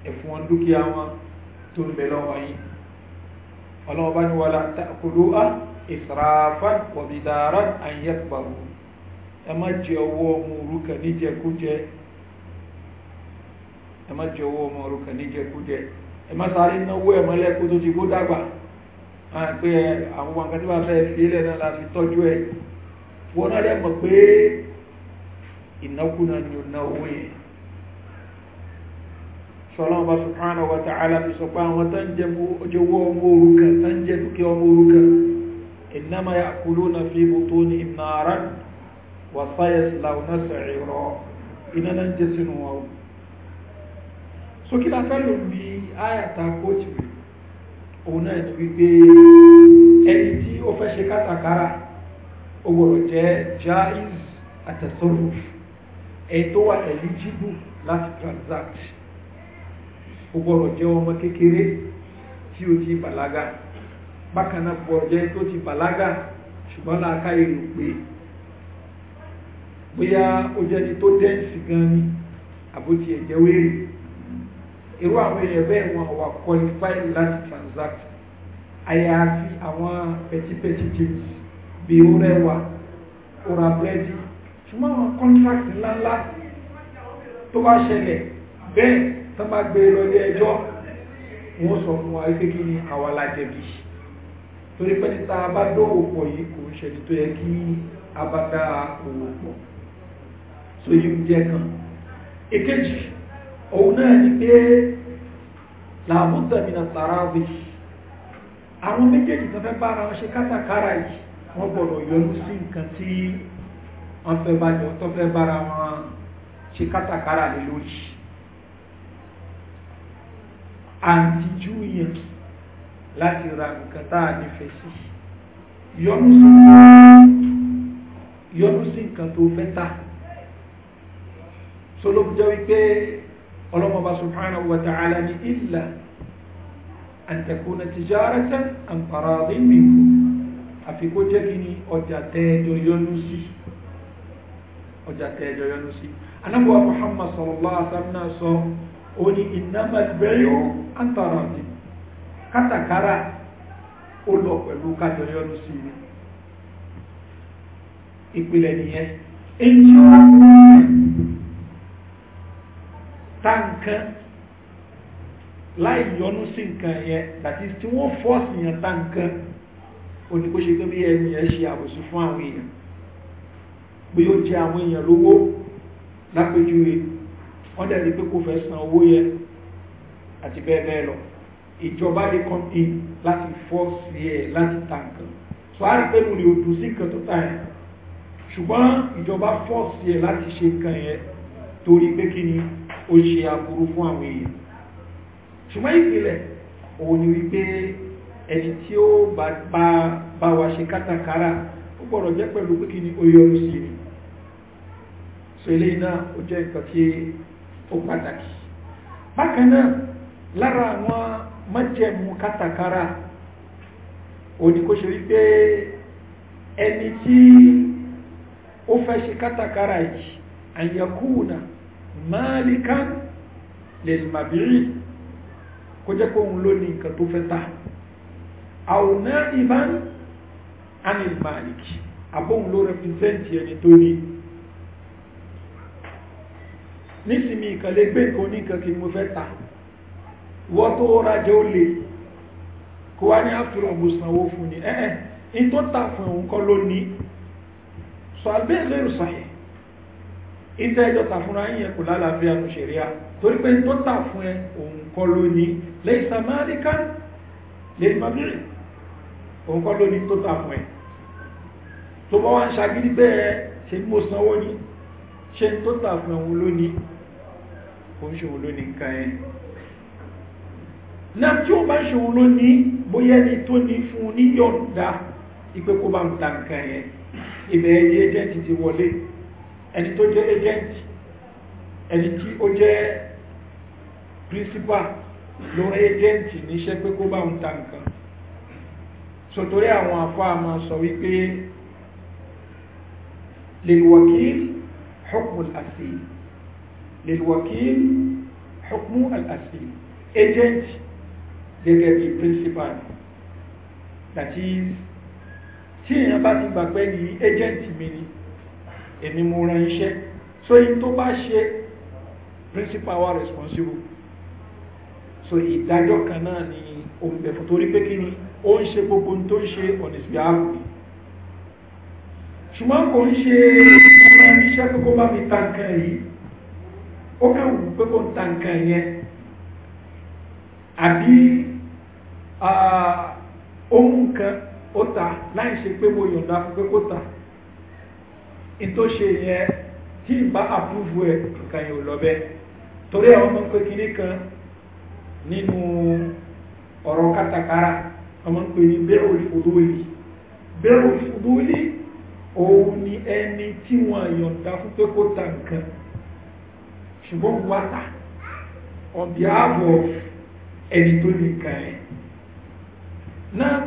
ẹ̀fún wọn dúkìá wọn tó bẹ̀rẹ̀ wọ́n yìí ọlọ́run bá ní wàlá tàkùlú á ìsìràfà wọ̀bìdàrà àyẹ̀kpàwò ẹ má jẹ ọwọ́ ọmọ òrukàn níjẹkújẹ ẹ pé àwọn nǹkan tí wọ́n fẹ́ fi ilẹ̀ náà láti tọ́jú ẹ̀ wọ́n náà rẹ̀ mọ̀ pé ìnákúnà ni ò ná owó yẹn sọ́lọ́n bá subhanahu wa ta'ala fi sọ pé àwọn tó ọmọ òrukàn tó ń jẹ dúkìá ọmọ òrukàn innama ya'kuluna fi butunihim naran wa sayaslawna sa'ira iná náà òun náà ti wípé ẹni tí ó fẹ́ ṣe kátàkárà ó gbọ́dọ̀ jẹ́ jaiz àtẹ̀sọ́rọ̀ ẹni tó wà eligible láti transact ó gbọ́dọ̀ jẹ́ ọmọ kékeré tí ó ti bàlágà bákan náà gbọ́dọ̀ jẹ́ tó ti bàlágà ṣùgbọ́n láàká èrò pé bóyá ó jẹ́ni tó dẹ́ǹsì gan ni àbótiẹ̀jẹ̀ wéèrè irú àwọn èèyàn bẹ́ẹ̀ wọn wà qualified láti transact àyàfi àwọn pẹtipẹti tips bí ó rẹwà ọ̀rà búrẹ́dì ṣùgbọ́n àwọn contract ńláńlá tó bá ṣẹlẹ̀ bẹ́ẹ̀ tó bá gbé lọ ilé ẹjọ́ wọ́n sọ fún wa wípé kí ni àwa la jẹ̀bi torí pé níta bá dóòwò pọ̀ yìí kò ń ṣẹlẹ̀ tó yẹ kí a òwò pọ̀ so yìí ń jẹ́ kan èkejì òun náà ni pé làbútẹ̀mìnà tàràbì àwọn méjèèjì tó fẹ́ bára wọn ṣe kátàkárà yìí wọ́n gbọ́dọ̀ yọrú sí nǹkan tí wọ́n fẹ́ bá jọ tó fẹ́ bára wọn ṣe kátàkárà lè lórí àǹtijú yẹn láti ra nǹkan tá a nífẹ̀ẹ́ sí yọrú sí nǹkan tó fẹ́ ta so ló jẹ́ wípé ọlọ́mọba subhanahu wa ta'ala ni illa an takuna tijaratan an faradin minkum àfikó jẹ́ kí ni ọjà tẹ́ẹ̀jọ yọnu sí ọjà tẹ́ẹ̀jọ yọnu sí anábọ̀wá muhammad sallallahu alaihi wasallam náà sọ ó ní innamal bay'u an taradin kátàkárà ó lọ pẹ̀lú kájọ yọnu sí ni ìpìlẹ̀ nìyẹn èyí wọ́n tankan láì yọnú sí nǹkan yẹn tàbí tí wọ́n fọ́ọ̀sì yẹn tankan oníkó ṣe gbé ẹni ẹ ṣe àbòsí fún àwọn èèyàn bí ó jẹ àwọn èèyàn lówó lápéjúwe wọ́n dẹ̀ ní pé kò fẹ́ san owó yẹn àti bẹ́ẹ̀ bẹ́ẹ̀ lọ ìjọba lè kàn in láti fọ́ọ̀sì ẹ̀ láti tankan so a rí pé mo lè odù sí nǹkan tó tàn yẹn ṣùgbọ́n ìjọba fọ́ọ̀sì ẹ̀ láti ṣe nǹkan yẹn torí pé kí ni ó ṣe aburú fún àwọn èèyàn ṣùgbọ́n ìpìlẹ̀ òun ni wípé ẹni tí ó bá wa ṣe kátàkárà ó gbọ́dọ̀ jẹ́ pẹ̀lú pé kí ni ó yọrù sí ni so ilé náà ó jẹ́ nǹkan tí ó pàtàkì bákan náà lára àwọn májẹ̀mú kátàkárà òun ni kó ṣe wípé ẹni tí ó fẹ́ ṣe kátàkárà yìí àyẹ̀kúùnà malikan lil mabi'i kó jẹ́ kó òun ló ní nǹkan tó fẹ́ ta àwòná ìbán anil malik àbóhun ló rẹpìsẹ́ntì ẹni tó ní nísìmí ìkàlẹ̀ gbé nǹkan oníkan kí mo fẹ́ ta wọ́n tó rájẹ́ ó lè kó wá ní àfihàn mo sanwó fún ni ẹ́ẹ̀ in tó ta fún òun kọ́ ló ní sọ àgbẹ́ ìlérò iṣẹ́ ìjọ tàfúnra yẹn kò lálàáfíà kò ṣẹ̀ríà torí pé tó tà fún ẹ òun kọ́ ló ní lẹ́yìn samáríkà lè má bẹ̀rẹ̀ òun kọ́ ló ní tó tà fún ẹ tó bá wá ń ṣagídí bẹ́ẹ̀ ṣe bí mo sanwó ní ṣe tó tà fún ẹ̀hún òun ṣe òun ló nǹkan ẹ̀ náà tí ó bá ń ṣe òun ló bóyá ẹni tó ní fún un ní yọ̀ǹda bá ń ta nǹkan ẹ̀ ìbẹ̀ẹ́ yé jẹ́ ti ti wọlé ẹni tó jẹ́ agent ẹni tí ó jẹ́ principal ló rán agent níṣẹ́ pé kó bá ń ta nǹkan sòtórí àwọn afọ àmọ́ sọ wípé lèlwakil hukmu al-asil lèlwakil hukmu agent gẹ́gẹ́ bí principal that is tí èèyàn bá ti gbàgbẹ́ ní agent mi ni èmi mo ran iṣẹ́ so yìí tó bá ṣe principal wa responsible so ìdájọ́ kan náà ni òun bẹ̀fọ̀ torí pé kí ni ó ń ṣe gbogbo tó ń ṣe on his behalf ṣùgbọ́n kò ń ṣe ọ̀rọ̀ iṣẹ́ pé kó bá mi ta nǹkan yìí àbí ohun ah, kan ó ta láì pé mo yọ̀ǹda pé kó ta tó ṣe yẹ tí n bá àpúrúfù ẹ nǹkan yóò lọ torí àwọn ọmọ kan nínú ọ̀rọ̀ kátàkárà ọmọ pé ní bẹ́ẹ̀ olùfòdúwìlì bẹ́ẹ̀ olùfòdúwìlì òun ni ẹni tí ta nǹkan ṣùgbọ́n wá ta ààbọ̀ ẹni tó ní nǹkan ẹ̀ náà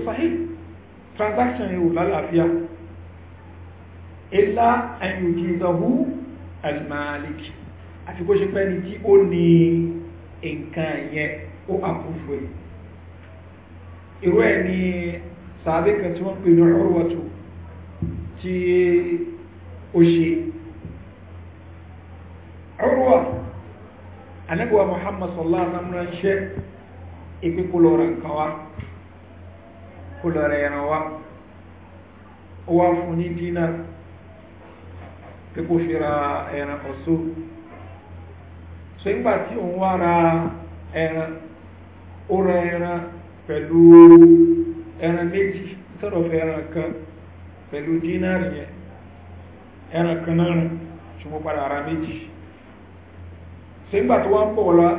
ṣe transaction yóò lálàáfíà ilá ẹ̀yùjì ìdọ̀hú almalik àti kó ṣe pẹ́ ní tí ó ní nǹkan yẹn ó àpúfò ẹ̀ irú ẹ̀ ni sàábẹ́kẹ̀ tí wọ́n pè ní ọ̀rọ̀wọ̀tò tí ó ṣe ọ̀rọ̀wọ̀ anẹ́gbẹ̀wà muhammad sallallahu alaihi wasallam ránṣẹ́ ìpínkú lọ́rọ̀ nǹkan wa kó lọ rẹ̀ ẹran wá ó wá fún ní dínà pé kó fi ra ẹran ọ̀ṣọ́ so nígbà tí òun wá ra ẹran ó ra ẹran pẹ̀lú ẹran méjì sọ̀rọ̀ fẹ́ ẹran kan pẹ̀lú dínárì yẹn ẹran kan náà rìn ṣùgbọ́n padà ara méjì sígbà tó wá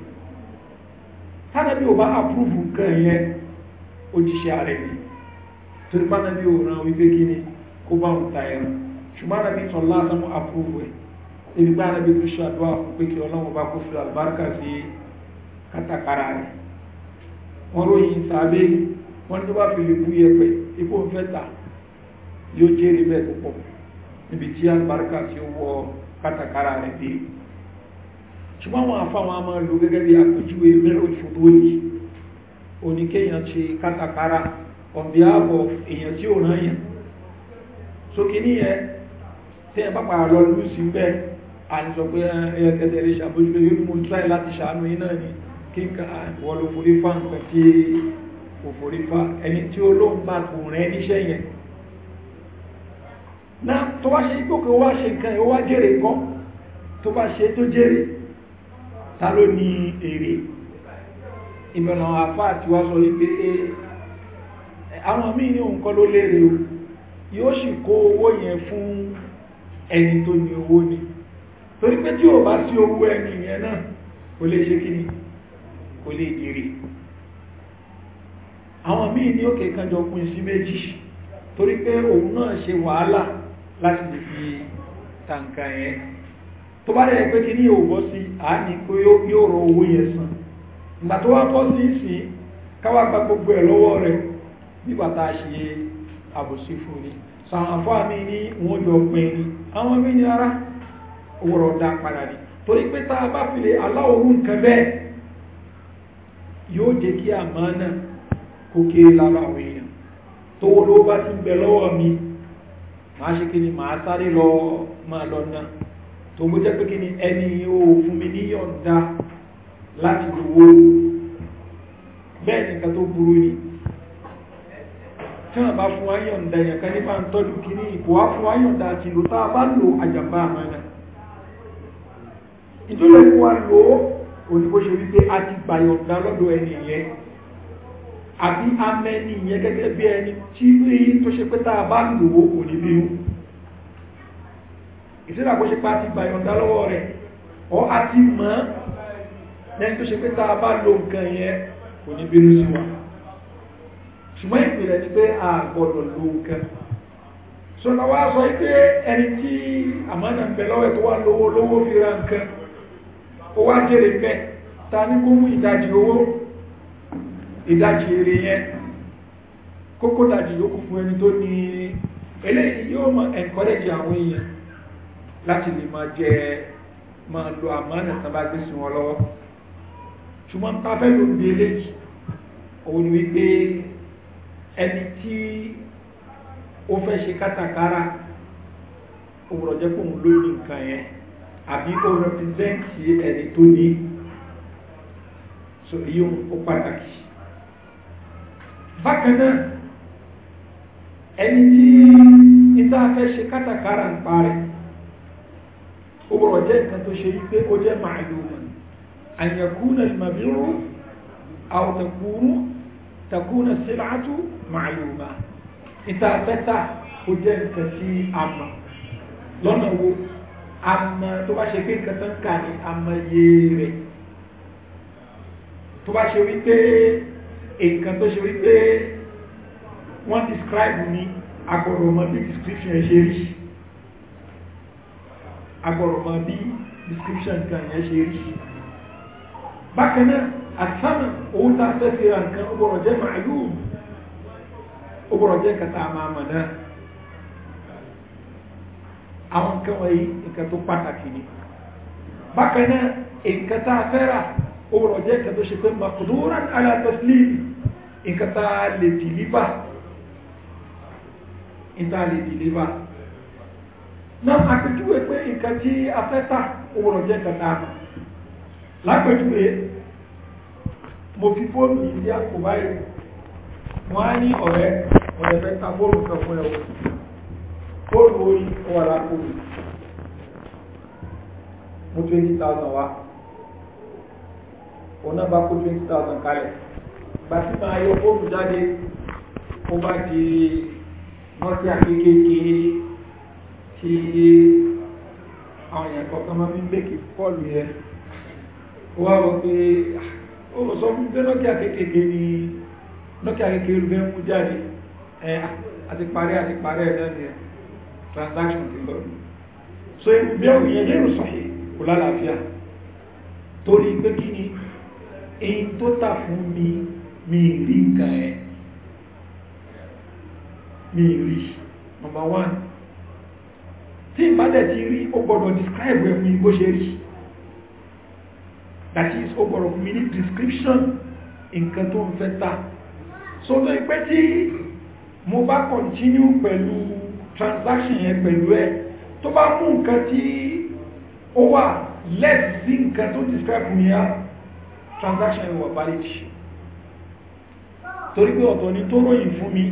tánàbí ò bá àpúrúfù nǹkan yẹn òjíṣẹ́ rẹ̀ ni torí pánàbí o ràn wípé kí ni kó bá òun ta ẹran ṣùgbọ́n àrẹ́bí sọ lásánú àpúrúfù ẹ̀ ebi gbá àrẹ́bí tó ṣàdúrà fún pé kí ọlọ́run bá kó fi àlùbáríkà sí kátàkárà rẹ̀ wọ́n ròyìn sàbẹ́ wọ́n ní tó bá fi lè bú yẹpẹ̀ ipò ń fẹ́ ta yóò jẹ́rìí bẹ́ẹ̀ púpọ̀ níbi tí àlùbáríkà sí wọ kátàkárà rẹ̀ dé ṣùgbọ́n àwọn afáwọn a máa lo gẹ́gẹ́ bí àpèjúwe mẹ́rin fòdóòlì oníkéèyàn ṣe kátàkárà ọ̀bí ààbọ̀ èèyàn tí ò rán yẹn sókè níyẹn tẹ́ ẹ pápá lọ lù sí bẹ́ẹ̀ àìsọ pé ẹyẹ tẹ́tẹ́ lè ṣàbójúlé yóò mú tíráì láti ṣàánú iná ni kí wọ́n ló forí fá tí kò forí fá ẹni tí ó ló tó bá ṣe ipò wá ṣe nǹkan ẹ̀ wá jèrè nǹkan tó bá ṣe tó jèrè ta ló ní èrè ìmọ̀nà àfá àti wá sọ wípé eh, àwọn míì ní òun kọ́ ló lérè o yóò sì kó owó yẹn fún ẹni tó ní owó ni torí pé tí ò bá sí owó ẹni yẹn náà kò lè ṣe kíni kò lè jèrè àwọn míì ní òkè kanjọ pín sí méjì torí pé òun náà ṣe wàhálà láti lè fi tàǹkà yẹn tó bá dẹ̀ pé kí ní òwò sí àání yóò rọ owó yẹn san ìgbà tó wá sí ìsìn gba gbogbo ẹ̀ lọ́wọ́ rẹ̀ nígbàtà a ṣe àbòsí fún ni sàǹfà mi ní wọ́n jọ pin ni àwọn mi ní ara òwòrọ̀ dá padà ni torí pé tá a bá fi lè aláwòrú nǹkan bẹ́ẹ̀ yóò jẹ́ kí àmọ́ náà kó kéré lára àwọn mi màá ṣe kí ni màá sáré lọ máa lọ náà so bó jẹ́ pé kí ni ẹni ó fún mi ní yọ̀ǹda láti lówó bẹ́ẹ̀ nìkan tó burú ni tí wọ́n bá fún wa yọ̀ǹda yẹn kan nípa ń tọ́jú kí ní ìkó wá fún wa yọ̀ǹda àti ìlú tá a bá lo àjàmbá àmàna ìtúlẹ̀ fún wa lò ó òníbó ṣe wípé a ti gbà yọ̀ǹda lọ́dọ̀ ẹni yẹn àbí amẹ́ni yẹn gẹ́gẹ́ bí ẹni tí tó ṣe pé tá bá lò ó òní bí wọn ìsìnà kó ṣe pa ti gbàyọ̀ndà lọ́wọ́ rẹ̀ ọ a ti mọ́ lẹ́yìn tó ṣe pé bá lo nǹkan yẹn kò ní bínú sí wa ṣùgbọ́n ìpìlẹ̀ pé a gbọ́dọ̀ lo nǹkan sọ̀nà wa sọ pé ẹni tí àmọ́nà ń bẹ lọ́wọ́ tó lówó lówó fi ra nǹkan ó wá ta ní kó mú ìdajì owó ìdajì èrè yẹn kókó yókù fún ẹni tó ní eléyìí yóò láti lè máa jẹ máa lo àmọ́nà tán bá gbé sí wọn lọ́wọ́ ṣùgbọ́n ta fẹ́ ló ń bi eléyìí òun ni wípé ẹni tí ó fẹ́ ṣe kátàkárà òun rọ̀jẹ́ pé òun ló nǹkan yẹn àbí ó rẹpìsẹ́ǹtì ẹni tó ní so èyí ó pàtàkì bákan náà ẹni tí níta fẹ́ ṣe kátàkárà ń parẹ́ ó gbọ́dọ̀ jẹ́ nǹkan tó ṣe wípé ó jẹ́ màálùmọ̀ àyànkúnà ìmọ̀bírú àwọ̀tẹ̀kúrú takúnà síláàtú màálùmọ̀ ìtàfẹ́ta ó jẹ́ nǹkan sí àmà lọ́nà wo àmà tó bá ṣe pé nǹkan tó kà ní àmà yéèrè tó bá ṣe wípé nǹkan tó ṣe wípé wọ́n describe ní agbọ̀rọ̀ ọmọ bí description ṣe rí agbọ̀rọ̀ mọ bí description kan yẹn ṣe rí bákan náà àtàmì owó tá a fẹ́ fi ra nǹkan ó gbọ́dọ̀ jẹ́ màálùú ó gbọ́dọ̀ jẹ́ nǹkan tá a máa mọ̀ náà àwọn nǹkan wọ̀nyí nǹkan tó pàtàkì ni bákan náà nǹkan tá a fẹ́ rà ó jẹ́ nǹkan tó ṣe pé makuduran alataslim nǹkan tá a lè dìlíbà nǹkan tá a lè dìlíbà na àpèjúwe pé nǹkan tí afẹ́ta òwòrò jẹ́ kankan lápèjúwe mo fi fóònù yìí àpò báyìí wọ́n á ní ọ̀rẹ́ ọ̀rẹ́ fẹ́ fóònù kan fún fóònù orí ọwà lápò mo twenty thousand wá òun náà bá kó twenty thousand kalẹ̀ gbàtí máa yọ fóònù jáde ó bá di nọ́ọ̀sì àkékèké kí àwọn èèyàn kọ̀ọ̀kan máa ń mẹ́kì fọ́ọ̀lù yẹ wá wọ́n pé ah, ó sọ fún pé nọ́kíà kékeré ni nọ́kíà kékeré ló fẹ́ mú jáde àti ah, parí àti parí ẹ̀ náà ni transaction ti lọ so ibi ẹ̀wù yẹn lérò sọ̀hìn kò lálàáfíà torí pé kí ni èyí tó tà fún mi mi rí nǹkan ẹ̀ mi rí number one tí ìbádẹ̀ ti rí ó gbọ́dọ̀ describe ẹ̀ fún mi ṣe rí that is ó gbọ́dọ̀ fún mi ní description nǹkan tó ń fẹ́ ta so tó ipẹ́ tí mo bá continue pẹ̀lú transaction yẹn pẹ̀lú ẹ tó bá mú nǹkan tí ó wà less sí nǹkan tó describe mi á ah, transaction yẹn wà valid torí pé ọ̀tọ̀ ni tó ròyìn fún mi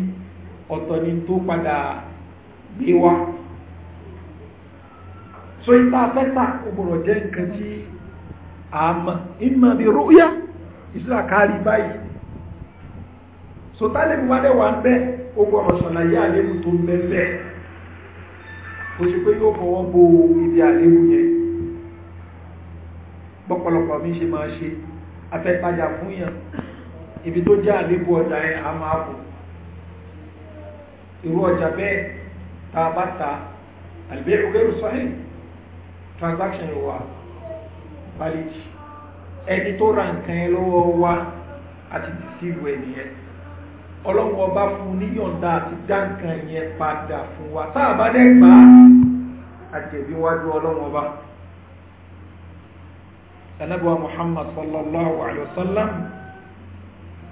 ọ̀tọ̀ ni tó padà gbé wá so ìta afẹ́ta ògbòrò jẹ́ nǹkan tí àmà ìmọ̀ bí rúyá ìsìlá báyìí so tálẹ́bù wá dẹ̀ wà ń bẹ́ ogun ọmọ ṣàlàyé àlébù tó ń bẹ́ẹ̀ kò sí pé yóò fọwọ́ bo ibi àlébù yẹn pọ̀pọ̀lọpọ̀ mi ṣe máa ṣe afẹ́tajà fún yàn ibi tó jẹ́ àlébù ọjà yẹn a máa bò irú ọjà bẹ́ẹ̀ tá a bá ta àlébù rẹ̀ sọ́yìn transaction wa valid ẹni tó ra nǹkan ẹ lọ́wọ́ wa àti dìsíìlù ẹ nìyẹn ọlọ́wọ́ bá fún níyọ̀ǹda àti dá nǹkan yẹn padà fún wa tá a bá dẹ́ gbà á àjẹ̀bí wájú ọlọ́wọ́ bá anabuwa muhammad sallallahu alayhi wa sallam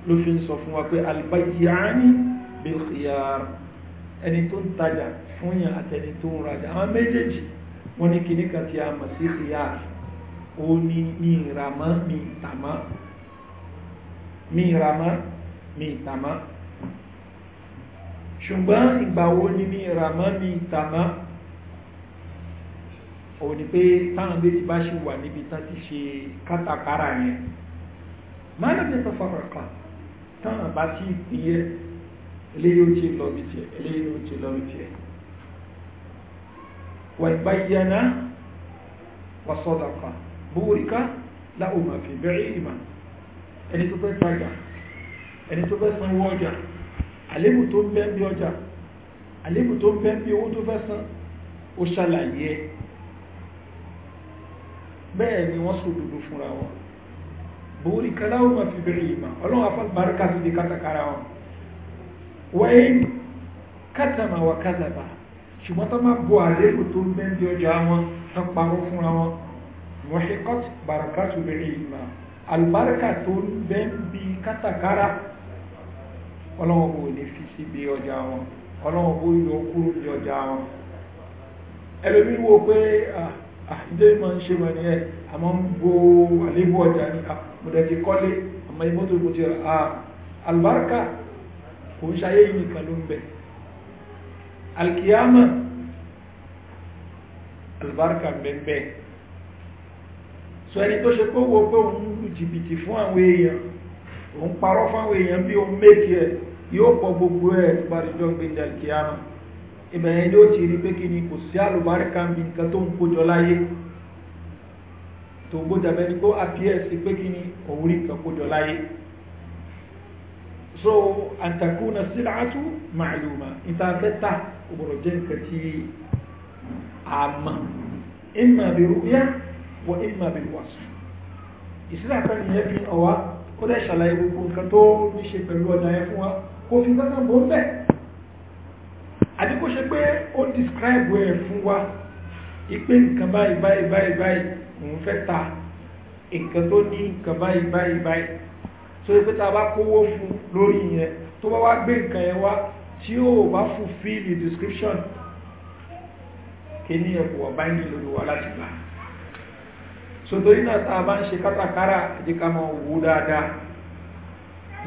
ló fi ń sọ fún wa pé albayyani bilkhiyar ẹni tó ń tajà fún yàn àtẹni tó ń rajà àwọn méjèèjì wọ́n ní kíní kan tí a mọ̀ sí ìyá ó ní mi ìràmọ́ mi ìtàmọ́ mi ìràmọ́ mi ìtàmọ́ ṣùgbọ́n ìgbà wo ni mi ìràmọ́ mi ìtàmọ́ òun ni pé táwọn méjì bá ṣe wà níbi tán ti ṣe kátàkárà yẹn máa ń tẹ́tọ̀ fọ́nà kan táwọn bá ti pín yẹ eléyìí ó ti lọ bí tiẹ̀ eléyìí ó ti lọ bí tiẹ̀ وبين وصدق بورك لهما في بيعهما ẹni tó fẹ́ tajà ẹni tó fẹ́ sanwó ọjà àlébù tó ń bẹ ń bí ọjà àlébù tó ń bẹ ń bí owó tó fẹ́ san ó ṣàlàyé ẹ bẹ́ẹ̀ ni wọ́n sọ òdodo fúnra wọn bóòrí kálá ó máa fi bẹ̀rẹ̀ ìmọ̀ ọlọ́run afọ́ bàárẹ̀ kásìdì kátàkárà wọn wọ́n kátàmà wà kátàbà ṣùgbọ́n tó máa bo àléébù tó ń bẹ́ẹ̀ di ọjà wọn tó parọ́ fúnra wọn wọ́n ṣe kọ́t bàràkà tó bẹ̀rẹ̀ ìgbà àlùbáríkà tó ń bẹ́ẹ̀ bí kátàkárà ọlọ́wọ́n bò lè fi síbi ọjà wọn ọlọ́wọ́n bò yọ kúrò ní ọjà wọn ẹlòmí wo pé àdé máa ń ṣe wọn ni ẹ àmọ́ ń bo àléébù ọjà ni àmọ̀dẹ̀tì kọ́lé àmọ́ imọ́tò kò ti rà àlùbáríkà kò ń ṣayé yìí nìkan ló ń bẹ̀ẹ́ alkiyama albarka bẹ́ẹ̀ sọ ẹni tó ṣe pé wo pé òun lu jìbìtì fún àwọn èèyàn òun parọ́ fáwọn èèyàn bí òun méjì ẹ̀ yóò pọ̀ gbogbo ẹ̀ tó bá dìjọ́ gbẹ̀dẹ̀ alkiyama ìbẹ̀yẹn yóò ti rí pé kí ni kò sí àlùbáríkà bí nǹkan tó ń kójọ láyé tó gbójà bẹ́ni kó àpíẹ̀sì pé kí ni òun rí nǹkan kójọ láyé so àǹtàkùnà síláàtú màálùmá ìtàfẹ́ta gbọ́dọ̀ jẹ́ nǹkan tí a mọ̀ ìmọ̀ àbí rúbíà wọ ìmọ̀ àbí wàsù ìsìlẹ̀ àtàrí yẹn fi hàn wá ó dẹ̀ ṣàlàyé gbogbo nǹkan tó ní ṣe pẹ̀lú ọ̀nà yẹn fún wa kò describe ẹ̀ fún wa ipe nǹkan báyìí báyìí báyìí báyìí òun fẹ́ ta nǹkan tó ní nǹkan báyìí báyìí báyìí tó yẹ pé tá a bá kówó fún lórí yẹn tó bá wá gbé nǹkan yẹn wá tí ó bá fulfill the description kí ní ẹ̀kọ́ ọ̀bá ní lóluwà láti gbà sọ̀tòrí náà tàà bá ń ṣe kátàkárà jẹ́ ká mọ owó dáadáa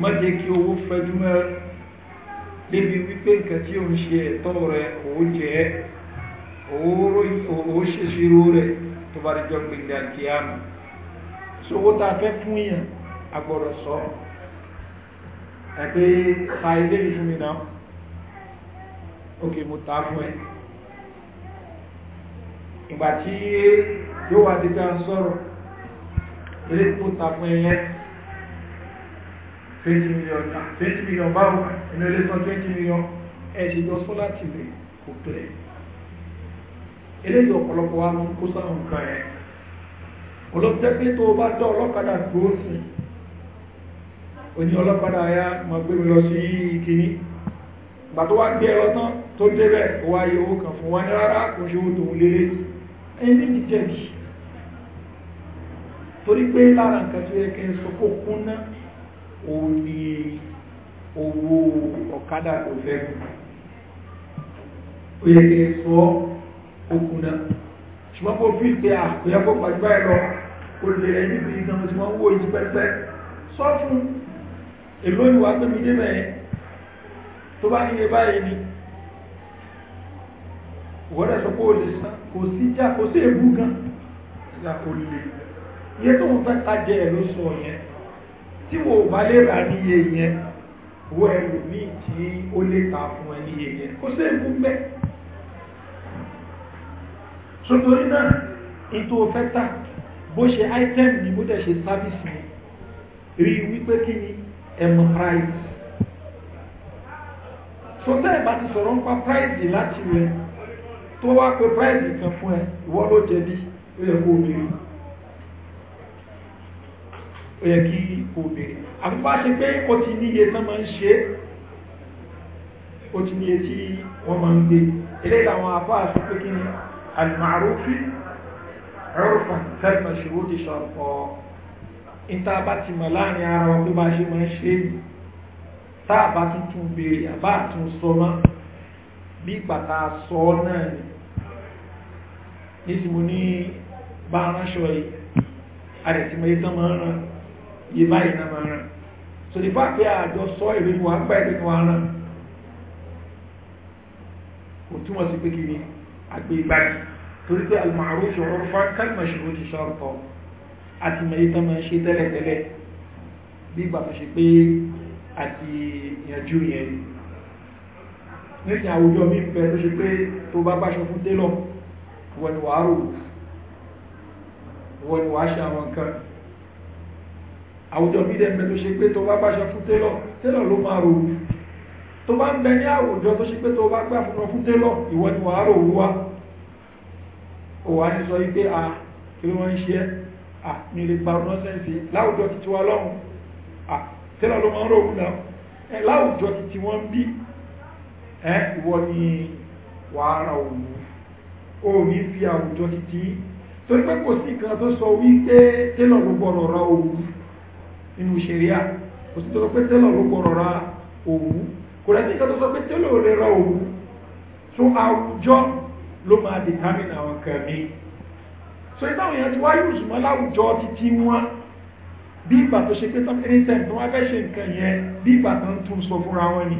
mọ́jẹ́ kí owó fẹ́jú mọ́ lébi wípé nǹkan tí ó ń ṣe ẹ̀tọ́ rẹ̀ òun jẹ́ òun ṣèṣirò rẹ̀ tó bá rí gbẹ̀gbẹ̀ àti àmì sówó tàà fẹ́ fún yàn agbọ́dọ̀ sọ ẹ̀pẹ́ fa ilé ìfúnmi náà òkè mo ta fún ẹ ìgbà tí yóò wá dídá sọ̀rọ̀ ilé tó ta fún ẹ yẹn twenty million na ah, twenty million báwo ẹnu ilé tán twenty million ẹ ṣe jọ sọ́lá tìlẹ̀ kò pẹ́ eléyìí ọ̀pọ̀lọpọ̀ wa ló ń kó sáwọn nǹkan yẹn olóòtú pé tó o bá dán ọlọ́kadà dúró sí oní ọlọ́kadà ya mọ̀ pé mi lọ sí kínní gbàtọ́ wá gbé ẹ̀rọ tán tó débẹ̀ wáyé owó kan fún wọn rárá kò ṣe ohun tòun lélẹ̀ ẹni ní jẹ̀bi torí pé lára nǹkan tó yẹ kí n sọ kó kúnná òun ni owó ọ̀kadà tó fẹ́ ó yẹ kí n sọ ó kúnná ṣùgbọ́n kó fi ìpè àkóyá kó pàjùbá ẹ̀ lọ kó lè ẹni bí i tí wọ́n wó ìjú pẹ́pẹ́ sọ èlò ìwà tó mi débẹ̀ tó bá níye báyìí ni wọ́rẹ́ sọ pé ó lè san kò sí já kò sí èbú gan ìjà kò lè iye tó ń fẹ́ tajẹ ẹ̀ ló sọ yẹn tí wò bá lè rà ní iye yẹn owó ẹlòmíì tí ó lè ta fún ẹ ní iye yẹn kò sí èbú mẹ́ sotori náà ètò ọ̀fẹ́ tà bó ṣe item ni bó dẹ̀ ṣe service ni rí wípé kí ni ẹ̀mọ̀ price sọtẹ́ ẹ̀ bá ti sọ̀rọ̀ nípa price láti rẹ̀ tó wá pé fáìlì kan fún ẹ ìwọ ló jẹ̀bi ó yẹ kó bèèrè ó yẹ kí kó bèèrè àbúbá ṣe pé ó ti níye tán máa ń ṣe ó ti níye tí wọ́n máa ń gbé eléyìí làwọn afáà sọ pé kí ni alimarufi rọ́rùfà tẹ́lifà ṣòro ti ṣọ̀pọ̀ ìta bá ti mọ̀ láàrin ara wọn pé bá ṣe máa ń ṣe tá a bá tuntun béèrè àbá àtúnsọ mọ́ bí bàtà sọ náà ni ní ti mo ní bá ránṣọ yìí àrẹ̀ tí mo yé tán máa ràn yé báyìí náà máa ràn so ní bá pé àjọ sọ ìwé ni wà á gbà ìwé ni wà á ràn kò túmọ̀ sí pé kí ni àgbé e báyìí torí pé al-ma'ruf urfan kal-mashhudi shartan àti mo yé tán máa ṣe tẹ́lẹ̀tẹ́lẹ̀ bí ìgbà tó ṣe pé àti ìyànjú yẹn ní ìyàwó ọjọ́ mi ń bẹ ló ṣe pé tó bá báṣọ fún télọ̀ wọ́n ni wàá rò wọ́n ni wàá ṣe àwọn nǹkan àwùjọ mídẹ̀ mẹ́ tó ṣe pé tó bá báṣọ fún télọ̀ télọ̀ ló máa rò tó bá ń bẹ ní àwùjọ tó ṣe pé tó bá gbà fún fún télọ̀ ìwọ ni wàá rò wá ò wá ní sọ wípé a kí ló wọ́n ń ṣe à ní ilé parọ́ nọ́sẹ̀nsì láwùjọ ti tiwa lọ́hùn à ló máa ń rò wù láwùjọ ti tiwọn bí ẹ ìwọ ni wàá rà òun o ní fi àwùjọ títí torí pé kò sí kan tó sọ wípé tẹ́lọ̀ ló gbọ́rọ̀ ra òwú nínú ṣẹ̀ríà kò sí tó sọ pé tẹ́lọ̀ ló gbọ́rọ̀ ra òwú kò rẹ̀ sí kan tó sọ pé tẹ́lọ̀ lè ra òwú tó àwùjọ ló máa determine àwọn kan mi so ìtàwọn èèyàn ti wáyé òṣùmọ́ láwùjọ títí wọn bí ìgbà tó ṣe pé tọ́pẹ́ anytime tó wá fẹ́ ṣe nǹkan yẹn bí ìgbà tó ń tún sọ fúnra wọn ni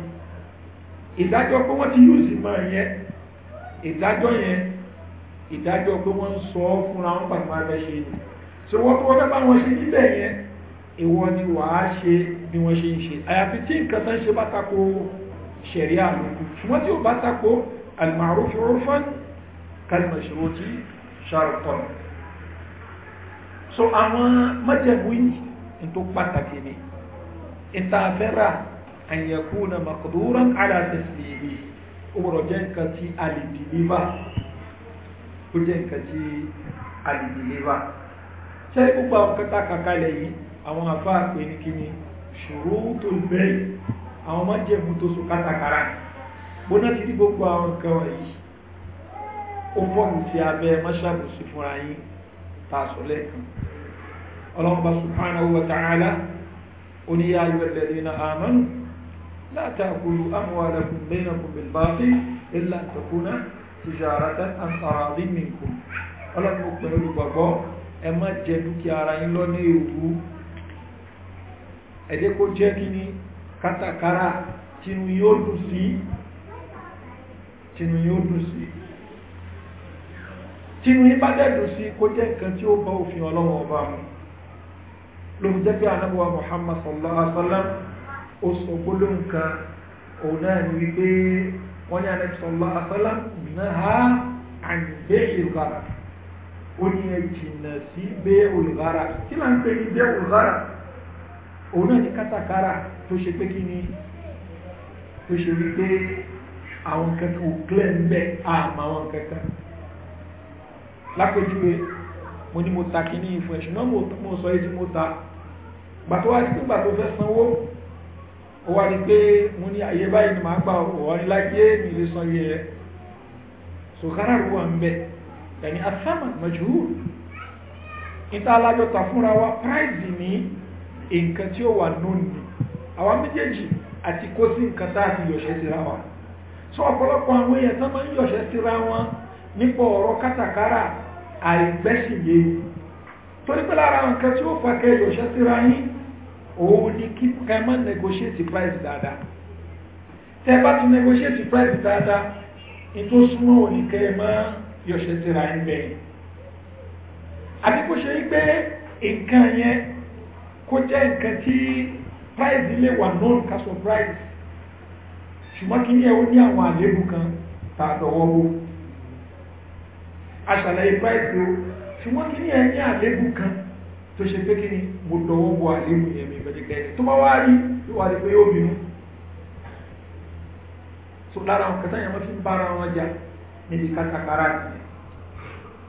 ìdájọ́ pé wọ́n ti yóò sì máa yẹn ìdájọ́ yẹn ìdájọ́ pé wọ́n ń sọ ọ́ fúnra wọn pàtàkì máa fẹ́ ṣe ni so wọ́n tó wọ́n bá wọn ṣe níbẹ̀ yẹn ìwọ ni wàá ṣe bí wọ́n ṣe ń ṣe àyàfi tí nǹkan tán ṣe bá tako ṣẹ̀rí àmì ṣùgbọ́n tí ò bá tako àlùmọ̀ọ́rọ́ fi fún kálímà ìṣòro tí ṣàrùtọ̀ so àwọn májẹ̀mú yìí ní tó pàtàkì ni ìtàfẹ́ra àyẹ̀kú na makdúrán alàtẹ̀sì ìlú ó gbọ́dọ̀ jẹ́ nǹkan tí a lè dìbí bá ó jẹ́ nǹkan tí a lè dìlébà ṣe gbogbo àwọn kẹta kàkalẹ̀ yìí àwọn àfáà pé ní kíni ṣòro tó bẹ́ẹ̀ àwọn máa jẹ́ mú tó so kátàkárà bóná ti di gbogbo àwọn nǹkan wọ̀nyí ó fọ́ọ̀lù sí abẹ́ mọ́ṣáàbùsí fúnra yín tá sọ lẹ́ẹ̀kan ọlọ́mọba subhanahu wa ta'ala oní yá ayọ̀ alladhina amanu la ta'kulu amwalakum bainakum bil batil illa takuna tijaratan an aradi minkum ọlọ́run mo pẹ̀lú olùgbàgbọ́ ẹ má jẹ dúkìá ara yín lọ ní ewu ẹ kó jẹ́ kí ni kátàkárà tinu yóò dùn sí tinu yóò dùn sí tinu yín bá dẹ̀dùn sí kó jẹ́ nǹkan tí ó bá òfin ọlọ́run ọba mu ló fi jẹ́ pé anábọ̀wá Muhammad sallallahu alaihi wa sallam ó sọ gbólóhùn kan òun náà ní wípé wọ́n ní alẹ́sọ̀lá àtọ́lá náà àgbẹ̀ ìlgára ó ní ẹ jìnà sí bẹ́ olùgára kí là ń pè ní bẹ́ olùgára òun náà ní kátàkárà tó ṣe pé kí ni tó ṣe wípé àwọn kankan ò ń bẹ́ àmà àwọn kankan lápèjúwe mo ní mo ta kí ní ìfún ẹ̀ṣùn náà mo sọ èyí tí mo ta gbàtọ́wá sí gbàtọ́ fẹ́ sanwó ó wá ní pé mo ní àyè báyìí ni màá gbà ọ̀wọ́ mi lè san iye rẹ̀ so kára rú ń bẹ̀ ẹni asámà majhul níta fúnra wa prize ní nǹkan tí ó wà known àwa méjèèjì àti kó sí nǹkan tá a ti yọ̀ṣẹ́ síra wa so ọ̀pọ̀lọpọ̀ àwọn èèyàn tán máa ń yọ̀ṣẹ́ síra wọn nípa ọ̀rọ̀ kátàkárà àìgbẹ́sìyè torí pé lára nǹkan tí ó kẹ́ yọ̀ṣẹ́ síra yín òun ni kí ẹ má negotiate price dáadáa tẹ́ bá ti negotiate price dáadáa ní tó súnmọ́ òní kẹ́ ẹ má yọ̀ṣẹ́ síra ẹ̀ bẹ́ẹ̀ àti kó ṣe pé nǹkan yẹn kó jẹ́ nǹkan tí price lè wà known as a price ṣùgbọ́n kí ní ẹ ó ní àwọn àléébù kan tààdọ̀wọ́ bó aṣàlàyé price o ṣùgbọ́n kí ní ẹ ní àléébù kan tó ṣe pé kí ni mo dọ̀wọ́ bó àléébù yẹn mi tó bá wá rí ló wà ní pé yóò bínú so lára wọn kẹta yẹn wọ́n fi ń bára wọn jà níbi kátàkárà nìyẹn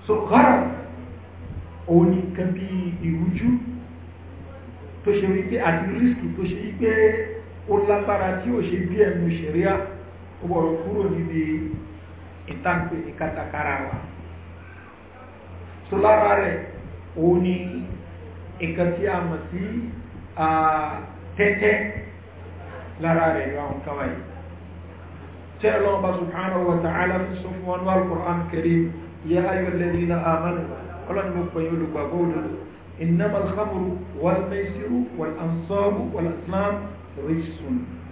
so ghara òun ni nǹkan bí ìrújú tó ṣe wípé àti rísìkì tó ṣe wípé ó lágbára tí ó ṣe bí ẹ̀mú ṣẹ̀ríà ó bọ̀rọ̀ kúrò níbi ìtànpé ní kátàkárà wa so lára rẹ̀ òun ni nǹkan tí a mọ̀ sí tẹ́tẹ́ lára rẹ̀ yọ àwọn kama yìí tí ọlọ́run bá subhanahu wa ta'ala fi sọ fún wọn wà al-Qur'an karim ya ayyuhalladhina amanu ọlọ́run mo pẹ̀yìn olùgbàgbọ́ òdodo إنما الخمر والميسر والأنصاب والأسلام رجس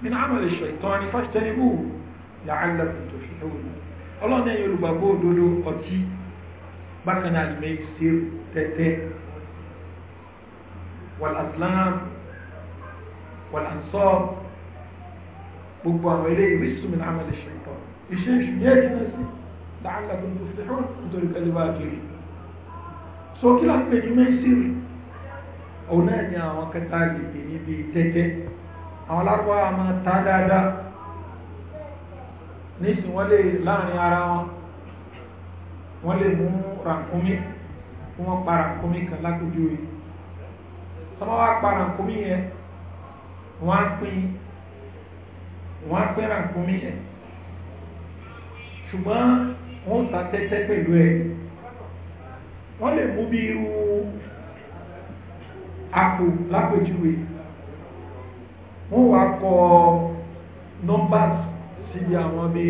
من عمل الشيطان فاجتنبوه لعلكم تفلحون الله ní olùgbàgbọ́ òdodo ọtí bákan náà al-maisir tẹ́tẹ́ والأسلام wàlànsọ́ gbogbo àwọn ilé ìwé súnmi náà àmàlẹ̀ ṣètò iṣẹ́ ìṣù yẹ́ jìnà sí láàrín àgbẹ̀ tó fi hàn nítorí kẹlẹ́bà kiri so kí láti pè ní mẹ́sìrì òun náà ni àwọn kẹta gbèdé níbi tẹ́tẹ́ àwọn alárùbá máa ta dáadáa nísìn wọ́n lè láàrin ara wọn wọ́n lè mú ràkúnmí wọ́n pa ràkúnmí kan lákòjú rẹ̀ tọ́wọ́ pa ràkúnmí yẹn wọ́n pín wọ́n pín ràkúnmí yẹn ṣùgbọ́n wọ́n ta tẹ́tẹ́ pẹ̀lú ẹ̀ wọ́n lè mú bí irú àpò lápèjúwe wọ́n wá kọ numbers síbi àwọn bí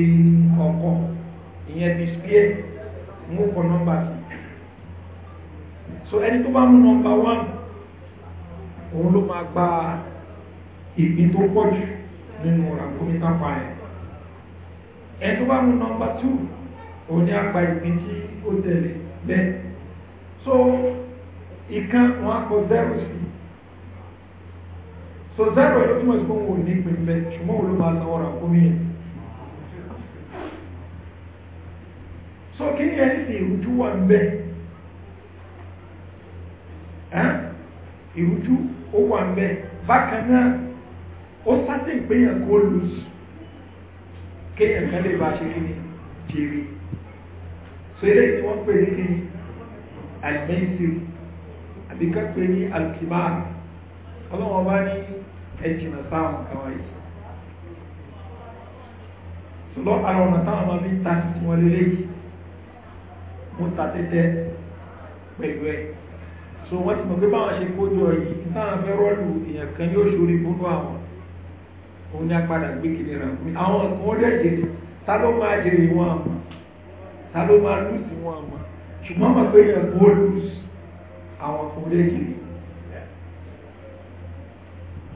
ọkọ̀ ìyẹn bí spear wọ́n kọ numbers so ẹni tó bá mú number one òun ló máa gba ìpín tó pọ̀ jù nínú àkómítà pa ẹ̀ ẹ̀ tó bá 2 òun ni àgbà so so ìkan wọn zero so zero ẹ̀ ló túmọ̀ sí pé òun ò ní so kí ni ẹni sì ìrújú wà ń bẹ ìrújú ó ó sáté ìgbéyàn kó lùsù kéèyàn kan lè bá ṣe kí ni jèrè so eléyìí tí wọ́n pè ní kí ni alimẹ́sìn àbí ká pè ní alkimar ọlọ́wọ́n bá ní ẹ̀jìnà sáwọn kàwá yìí lọ ara ọ̀nà táwọn ọmọ bí ta sí wọn lélẹ́ yìí mo ta tẹ́tẹ́ pẹ̀lú ẹ̀ so wọ́n ti mọ̀ pé báwọn ṣe kójọ yìí táwọn fẹ́ rọ́ọ̀lù èèyàn kan yóò ṣorí bónú àwọn òun ni a padà gbé kiri ràn mí àwọn kan rẹ̀ jèrè ta ló máa jèrè wọn àmọ́ ta ló máa lùsì wọn àmọ́ ṣùgbọ́n mọ̀ pé yẹn kó lùsì àwọn kan rẹ̀ jèrè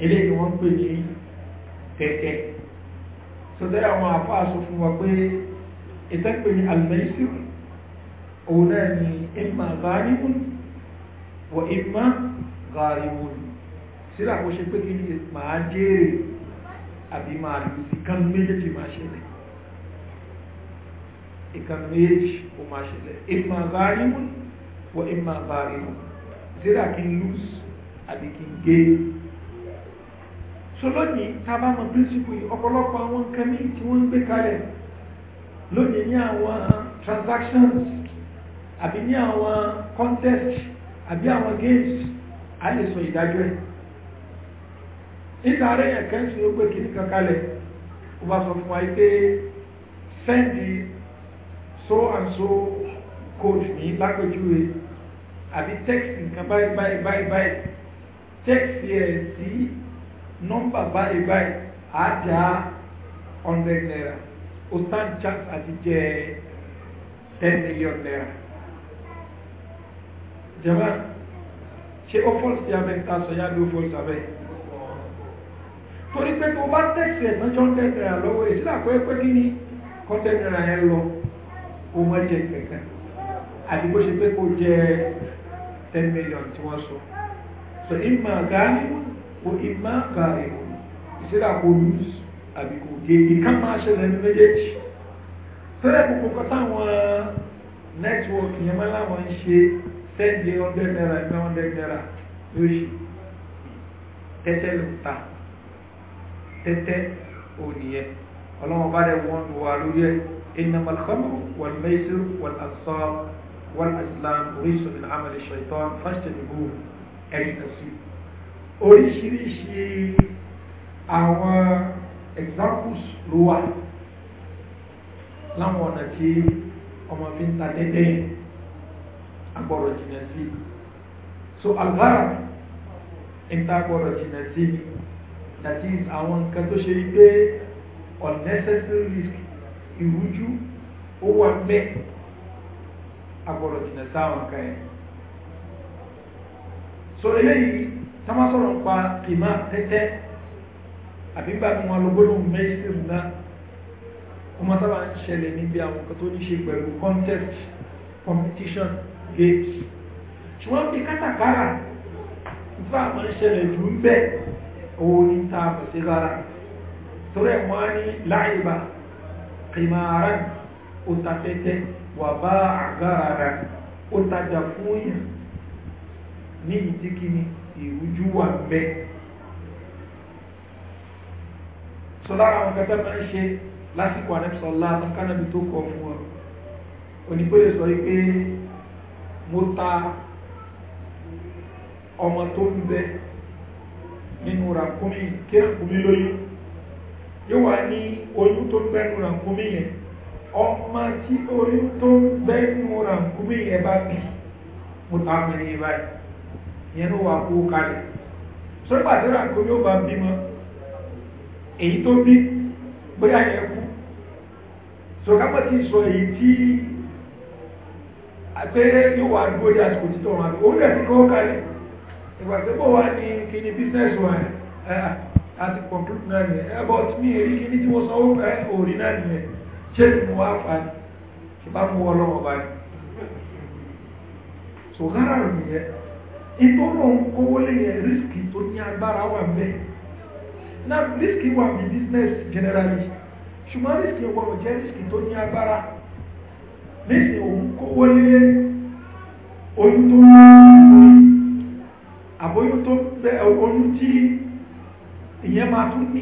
eléyìí wọ́n pè ní tẹ́tẹ́ sọdẹ́ àwọn àfáà sọ wa pé ìtẹ́pẹ̀ ní alìmẹ́sì òun náà ni ìmà gáàríwùn wọ ìmà gáàríwùn síra kò pé kí ni màá jèrè àbí máa lù ìkan méjèèjì máa ṣẹlẹ̀ ìkan méjèèjì ó máa ṣẹlẹ̀ ìmà báyìmù wọ ìmà báyìmù zera kí n lùs àbí kí n gé so lónìí ta bá mọ pírísìpù yìí ọ̀pọ̀lọpọ̀ àwọn nǹkan míì tí wọ́n ń gbé kalẹ̀ lónìí ní àwọn transactions àbí ní àwọn contest àbí àwọn games a lè sọ ìdájọ́ ẹ̀ nígbà rẹ̀ yẹn kẹ́ ṣe ó gbé kìíní kan o ó bá sọ fún wa pé sẹ́ndì so and so code ní lápèjúwe àbí text nǹkan báyìí báyìí báyìí báyìí text yẹ sí nọ́mbà báyìí báyìí àjà hundred naira ó tán chance àti jẹ ten million naira jẹba ṣe ó fọ́ọ̀sì abẹ́ ta sọ yá ló fọ́ọ̀sì abẹ́ yìí torí pé tó bá tẹ̀sí ẹ̀ mọ́jọ́ tẹ̀sí ẹ̀ lọ́wọ́ èyí sílà pé pé kí ni kọ́tẹ́sí ẹ̀ yẹn lọ kó mọ́ jẹ kẹ̀kẹ́ àti bó ṣe pé kó jẹ ten million tí wọ́n sọ so ìmọ̀ gàánì o ìmọ̀ gàánì o ìsílà kó lùs àbí kò gé ìka máa ṣẹlẹ̀ ní méjèèjì tẹ́lẹ̀ kókó kọ́ táwọn nẹ́tíwọ̀kì yẹn máa láwọn ń ṣe ten million hundred naira ìgbà lóṣù tẹ́tẹ́ ta tẹ́tẹ́ òníyẹ ọlọ́wọ́n bá rẹ̀ wọ́n wà lórí ẹ̀ innamal khamru wal maisir wal ansab wal azlam orísun min amali shaitan fastanibu ẹ̀yìn sí oríṣiríṣi àwọn examples ló wà láwọn ọ̀nà tí ọmọ fi ń ta tẹ́tẹ́ yẹn agbọ̀rọ̀ jìnà sí so alvara ń ta agbọ̀rọ̀ jìnà sí that is àwọn nǹkan tó ṣe rí pé unnecessary risk ìrújú ó wà mẹ́ agbọ̀rọ̀ sáwọn nǹkan yẹn so eléyìí tọ́mọ́ sọ̀rọ̀ pa kìmá tẹ́tẹ́ àbígbà mú wọn lọ́gbọ́nù mẹ́sìlì náà wọ́n máa sábà ń ṣẹlẹ̀ níbi àwọn nǹkan tó ní ṣe pẹ̀lú contest competition games ṣùgbọ́n bí kátàkárà nípa àwọn ìṣẹ̀lẹ̀ jù ń bẹ́ẹ̀ orin ta mọ̀ sí lára torí ẹ̀ wọ́n ní láìba kìmàrán ó ta tẹ́tẹ́ wà bá àgára ó tajà fún yàn ní ìdíkíní ìrújú wà mẹ́ so lára àwọn kẹta máa ń ṣe lásìkò àrẹ́sọ̀lá kánàbí tó kọ fún ọ onígbóyè sọ nínú ràkúnmí kí ràkúnmí lóyún yóò wá ní oyún tó ń bẹ́nu ràkúnmí yẹn ọmọ tí oyún tó ń bẹ́nu ràkúnmí yẹn bá bì mo ta mi ní báyìí yẹn ló wà kó kalẹ̀ sọ́gbà tí ràkúnmí ó bá bímọ èyí tó bí bóyá yẹn kú sọ̀kápọ̀ ti sọ èyí tí àgbẹ̀rẹ̀ yóò wá dúró dé àsìkò títọ̀ wọn àbí òun lẹ́sìn kó kalẹ̀. ìgbà tó bọ̀ wá ní kí ni business wa àti conclude náà nìyẹn ẹ bọ́ tí mi èrí kí ni tí mo sanwó ẹ so rárá nìyẹn ìtọ́nà owó lẹ́yìn to tó ní agbára wà na rísìkì wà business generally ṣùgbọ́n rísìkì wọ̀rọ̀ jẹ́ rísìkì tó ní agbára nísìnyí òun kówó lé àbóyún tó bẹ oyún tí ìyẹn máa tún ní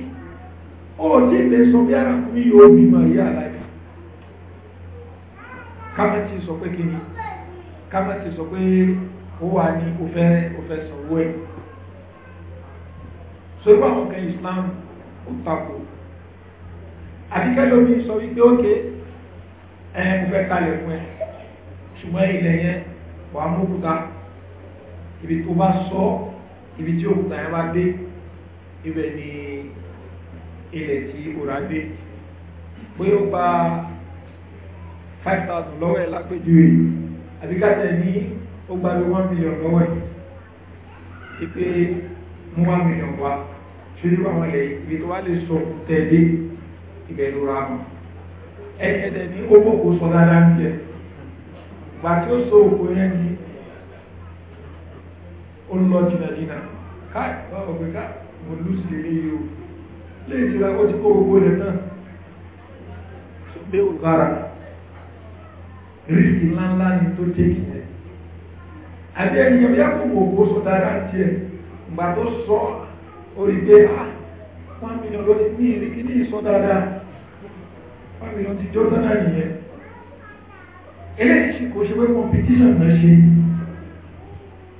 ó tí ilé sọ bí ara fún mi yóò bímọ ìyá aláìsàn kámẹ́tì sọ pé kí ni kámẹ́tì sọ pé ó wà ní òfẹ́ òfẹ́ sanwó ẹ̀ so irú àwọn kan Islam ó tako àdìkẹ́lẹ́ omi sọ wípé ókè ẹ̀ ń fẹ́ kalẹ̀ fún ẹ ṣùgbọ́n ilẹ̀ yẹn wàá mú kúta ibi tó bá sọ ibi tí òkúta yẹn bá dé ibẹ̀ ni ilẹ̀ tí òrà dé bóyá ó gba five thousand lọ́wọ́ ẹ̀ lápèjúwe àbíkájẹ ní ó gba bí one million lọ́wọ́ ẹ̀ ipe mú one million wá ṣojú àwọn ilẹ̀ ibi tó wá lè sọ tẹ̀lé ibẹ̀ lóra mọ́ ẹ̀ẹ́dẹ̀ ní ó bò sọ dáadáa ń jẹ gbà tí ó so òkú yẹn ní ó lọ jìnà na káì báwọn pé ká mo lù sí lè yíò lè jìnà ó ti kó owó rẹ̀ náà tó ògbára rísì ńláńlá ni tó jẹ́ ìyẹn àbí ẹni yẹn bí akókò ògbó sọ dáadáa tiẹ̀ ìgbà tó sọ orí pé ah one million ló ti ní ìrìkí ní ìsọ dáadáa ti jọ́ nìyẹn eléyìí kò ṣe pé competition náà ṣe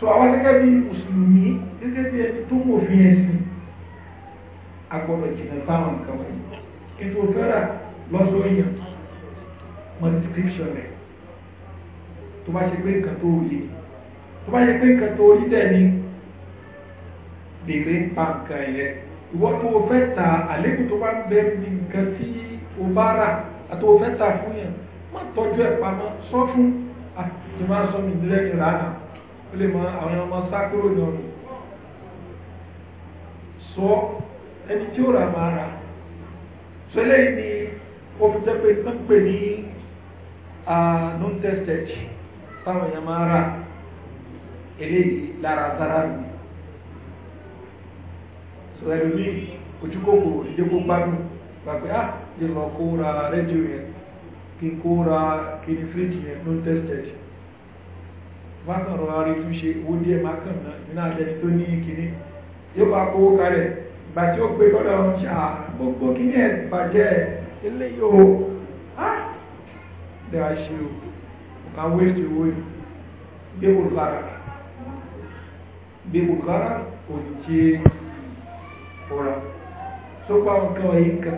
so àwọn gẹ́gẹ́ bí mùsùlùmí gẹ́gẹ́ bí ẹni tó mọ̀ fi ẹ̀sìn agbọ́dọ̀ jìnà sáwọn nǹkan wọ̀nyí ètò òfẹ́rà lọ́sọ èèyàn multiplication rẹ̀ tó bá ṣe pé nǹkan tó rí tó bá ṣe pé nǹkan tó rí dẹ̀ ni bèrè pa nǹkan ẹ̀yẹ ìwọ tó o fẹ́ ta àlékù tó bá ń bẹ ní nǹkan tí o bá rà àti o fẹ́ ta fún yàn má tọ́jú ẹ̀ pamọ́ sọ fún àti ah, máa sọ mi nílẹ̀ ìrànà ó lè mọ àwọn ọmọ sákúrò náà nù sọ ẹni tí ó rà máa rà sọ eléyìí ni ó fi jẹ́ pé tó ń pè ní non-tested táwọn èèyàn máa rà eléyìí lára sára nù sọ ẹlòmíì ojú kòkòrò ìdíkò gbádùn gbàgbé ah lè lọ kó ra rédíò yẹn kí kó ra kí ni fíríjì yẹn non-tested. bákan rọra rí tún ṣe owó díẹ̀ má kàn náà nínú àjẹni tó ní kínní yóò bá kówó kalẹ̀ ìgbà tí ó pé lọ́dọ̀ ọ̀hún ṣá gbogbo kínní o á lè ṣe o kà wéṣì owó yìí gbé wò lára gbé kò jẹ ọ̀rọ̀ tó bá wọn kọ́ ẹ̀yìn kan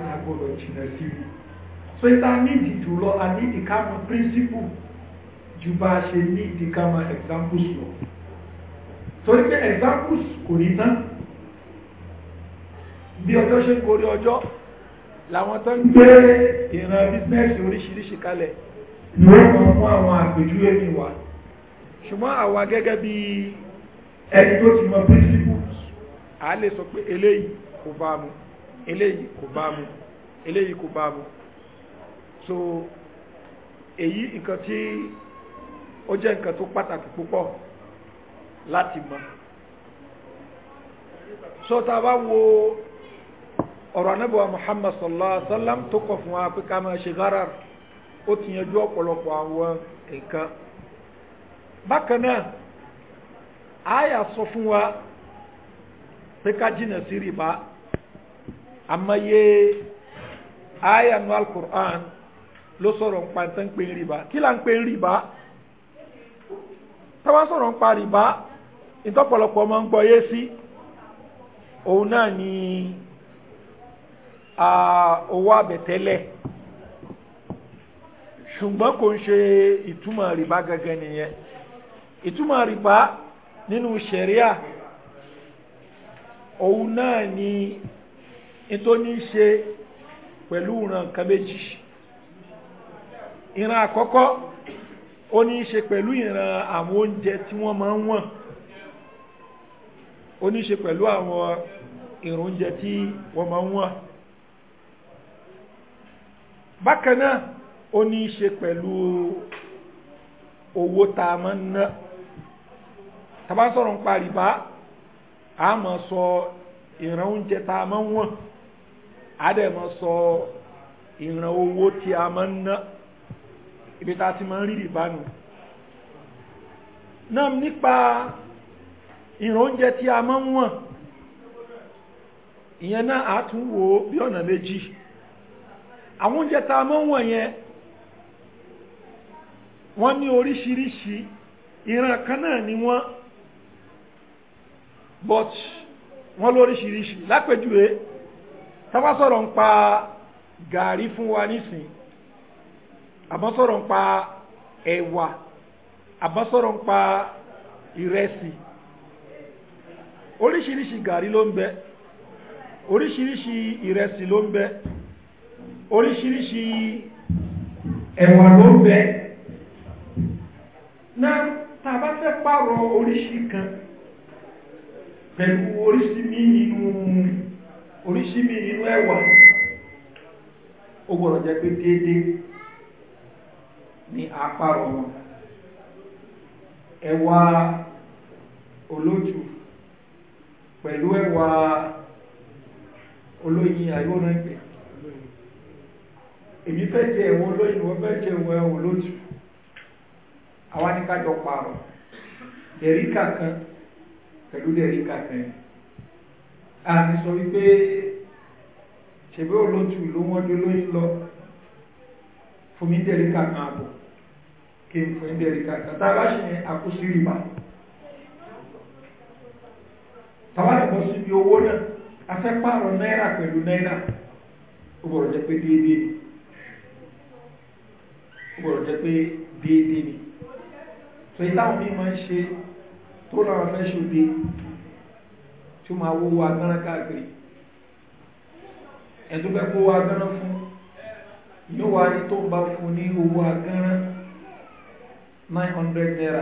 jìnnà sí i so ìta nídìí jùlọ ká ju bá a ṣe ní ìdíkàmà examples lọ torí pé examples kò ní tán bí ọjọ́ ṣe ń gorí ọjọ́ làwọn tó ń gbé ìran bísínẹ́sì oríṣiríṣi kalẹ̀ ni wọ́n kàn fún àwọn àpèjúwe mi wá ṣùgbọ́n àwa gẹ́gẹ́ bí ẹni tó ti mọ principles a lè sọ pé eléyìí kò bá mu eléyìí kò bá mu eléyìí kò bá mu so èyí nǹkan tí ó jẹ́ nǹkan tó pàtàkì púpọ̀ láti mọ̀ so tá bá wo ọ̀rọ̀ anábọ̀wá Muhammad sallallahu alaihi wa sallam tó kọ̀ fún wa pé ká máa ṣe gharar ó ti yanjú ọ̀pọ̀lọpọ̀ àwọn nǹkan bákan náà àyà sọ fún wa pé ká jìnà sí rìbá àmọye àyà nu al-Qur'an ló sọ̀rọ̀ nípa tán pé ń rìbá kí là ń pè ń rìbá. tọ́wọ́ sọ̀rọ̀ ń pa ìtọ́pọ̀lọpọ̀ ọmọ ń gbọ́ sí òun náà ni owó àbẹ̀tẹ́lẹ̀ ṣùgbọ́n kò ń ṣe ìtumọ̀ rìbá gẹ́gẹ́ nìyẹn ìtumọ̀ rìbá nínú ṣẹ̀ríà òun náà ni ètò ní ṣe pẹ̀lú ìran ó ní í ṣe pẹ̀lú ìran àwọn oúnjẹ tí wọ́n máa ń wọ̀n ó ní í ṣe pẹ̀lú àwọn ìran oúnjẹ tí wọ́n máa ń wọ̀n bákan náà ó ní í ṣe pẹ̀lú owó tá a máa ń ná tá sọ̀rọ̀ ń pa rìbá a máa sọ ìran oúnjẹ tá a máa ń wọ̀n a dẹ̀ máa sọ ìran owó tí a máa ń ná ibi tá a ti máa ń rí ìbánu náà nípa ìrìn oúnjẹ tí a máa ń wọ̀n ìyẹn náà a tún wò ó bí ọ̀nà méjì àwọn oúnjẹ tá a máa ń kan náà ni wọ́n but wọ́n lóríṣiríṣi lápèjúwe tá bá sọ̀rọ̀ ń pa gàrí fún wa nísìnyí àmọ́ sọ̀rọ̀ ẹ̀wà àmọ́ sọ̀rọ̀ gari pa ìrẹsì ló ń bẹ oríṣiríṣi ìrẹsì ló ń bẹ oríṣiríṣi ẹ̀wà ló ń bẹ kan pẹ̀lú oríṣi mi nínú oríṣi mi ní apárọ̀ wọn ẹwà olójú pẹ̀lú ẹwà olóyin àyọ́nà ìpẹ́ èmi fẹ́ jẹ ẹ̀wọ̀n olóyin wọ́n fẹ́ jẹ ẹ̀wọ̀n ẹ̀wọ̀n olójú àwọn anìkájọ pààrọ̀ dẹ̀ríkà kan pẹ̀lú dẹ̀ríkà kan a ti sọ wípé ṣèbí olójú ló wọ́n jọ lóyún lọ fún mi dẹ̀ríkà kan àbọ̀ ṣe oníbẹ̀rẹ̀ kàkà tá a bá ṣe àkóso ìrìbà tàbátì bọ́ síbi owó náà afẹ́pààrọ̀ náírà pẹ̀lú náírà ó gbọ́dọ̀ jẹ́ pé déédéé ni ó gbọ́dọ̀ jẹ́ pé déédéé ni tó yí táwọn míì máa ń ṣe tó lọ́wọ́ mẹ́ṣọ́ dé tí ó máa wówó agbára káàkiri ẹ̀dùn kó wá agbára fún yóò wá ní tó ń bá fún ní owó agbára. 900 hundred naira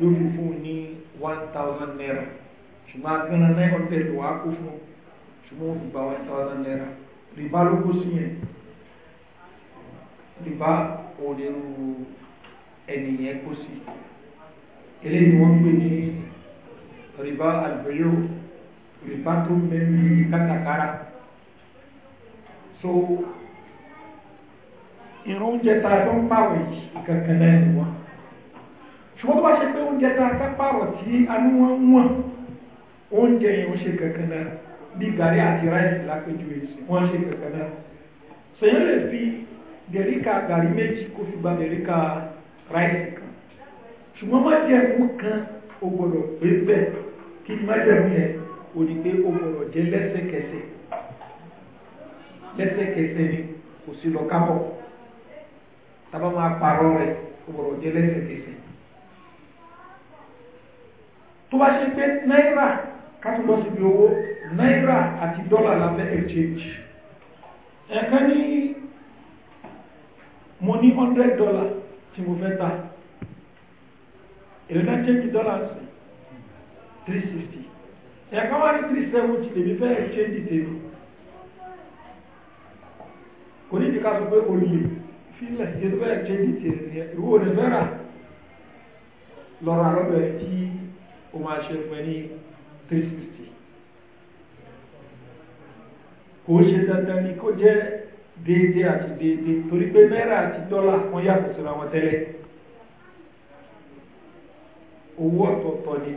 ló kú fún un ní one thousand naira ṣùgbọ́n agbẹ́nà nine hundred wàá kú fún un ṣùgbọ́n ó fi gba one thousand naira rìbá ló kó sí yẹn rìbá ò lè ru ẹnìyẹn kó sí eléyìí wọ́n ń ní rìbá àgbẹ̀yọ̀ rìbá tó mẹ́rin kátàkárà so ìrún oúnjẹ tá a tó ń pàwẹ̀ kankan náà ni wọ́n ṣùgbọ́n tó bá ṣe pé oúnjẹ tá a fẹ́ pààrọ̀ tí a ní wọ́n wọ̀n oúnjẹ yẹn ń ṣe kankan náà bí gàrí àti ráìsì lápẹjù èsì wọ́n ṣe kankan náà sèyí lè fi gẹ̀ríkà gàrí méjì kó fi gba gẹ̀ríkà ráìsì kan ṣùgbọ́n májẹ̀mú kan ó gbọ́dọ̀ pé bẹ́ẹ̀ kí májẹ̀mú yẹn ò ní pé ó gbọ́dọ̀ jẹ́ lẹ́sẹ̀kẹsẹ̀ lẹ́sẹ̀kẹsẹ̀ ni kò sí lọ kábọ̀ tábà máa parọ́ rẹ̀ ó gbọ́dọ̀ jẹ́ lẹ́sẹ̀kẹsẹ̀ tó bá ṣe pé náírà kátùlọ́ sí ibi owó náírà àti dọ́là lábẹ́ exchange ẹ̀kan ní mo ní hundred dollar tí mo fẹ́ ta èlò náà change three sixty ẹ̀kan wá ní three seventy lèmi fẹ́ exchange tèmi kò ní ìdíkà sọ pé olè fílẹ̀ yẹn tó fẹ́ exchange tèmi ìwọ ò lè fẹ́ rà lọ́ra lọ́dọ̀ ẹ̀ tí ó máa ṣe fún ẹ ní three sixty kò ṣe dandan ni kó jẹ́ déédé àti déédé torí pé náírà àti dọ́là wọ́n yàtọ̀ síra wọn tẹ́lẹ̀ owó ọ̀tọ̀ọ̀tọ̀ ni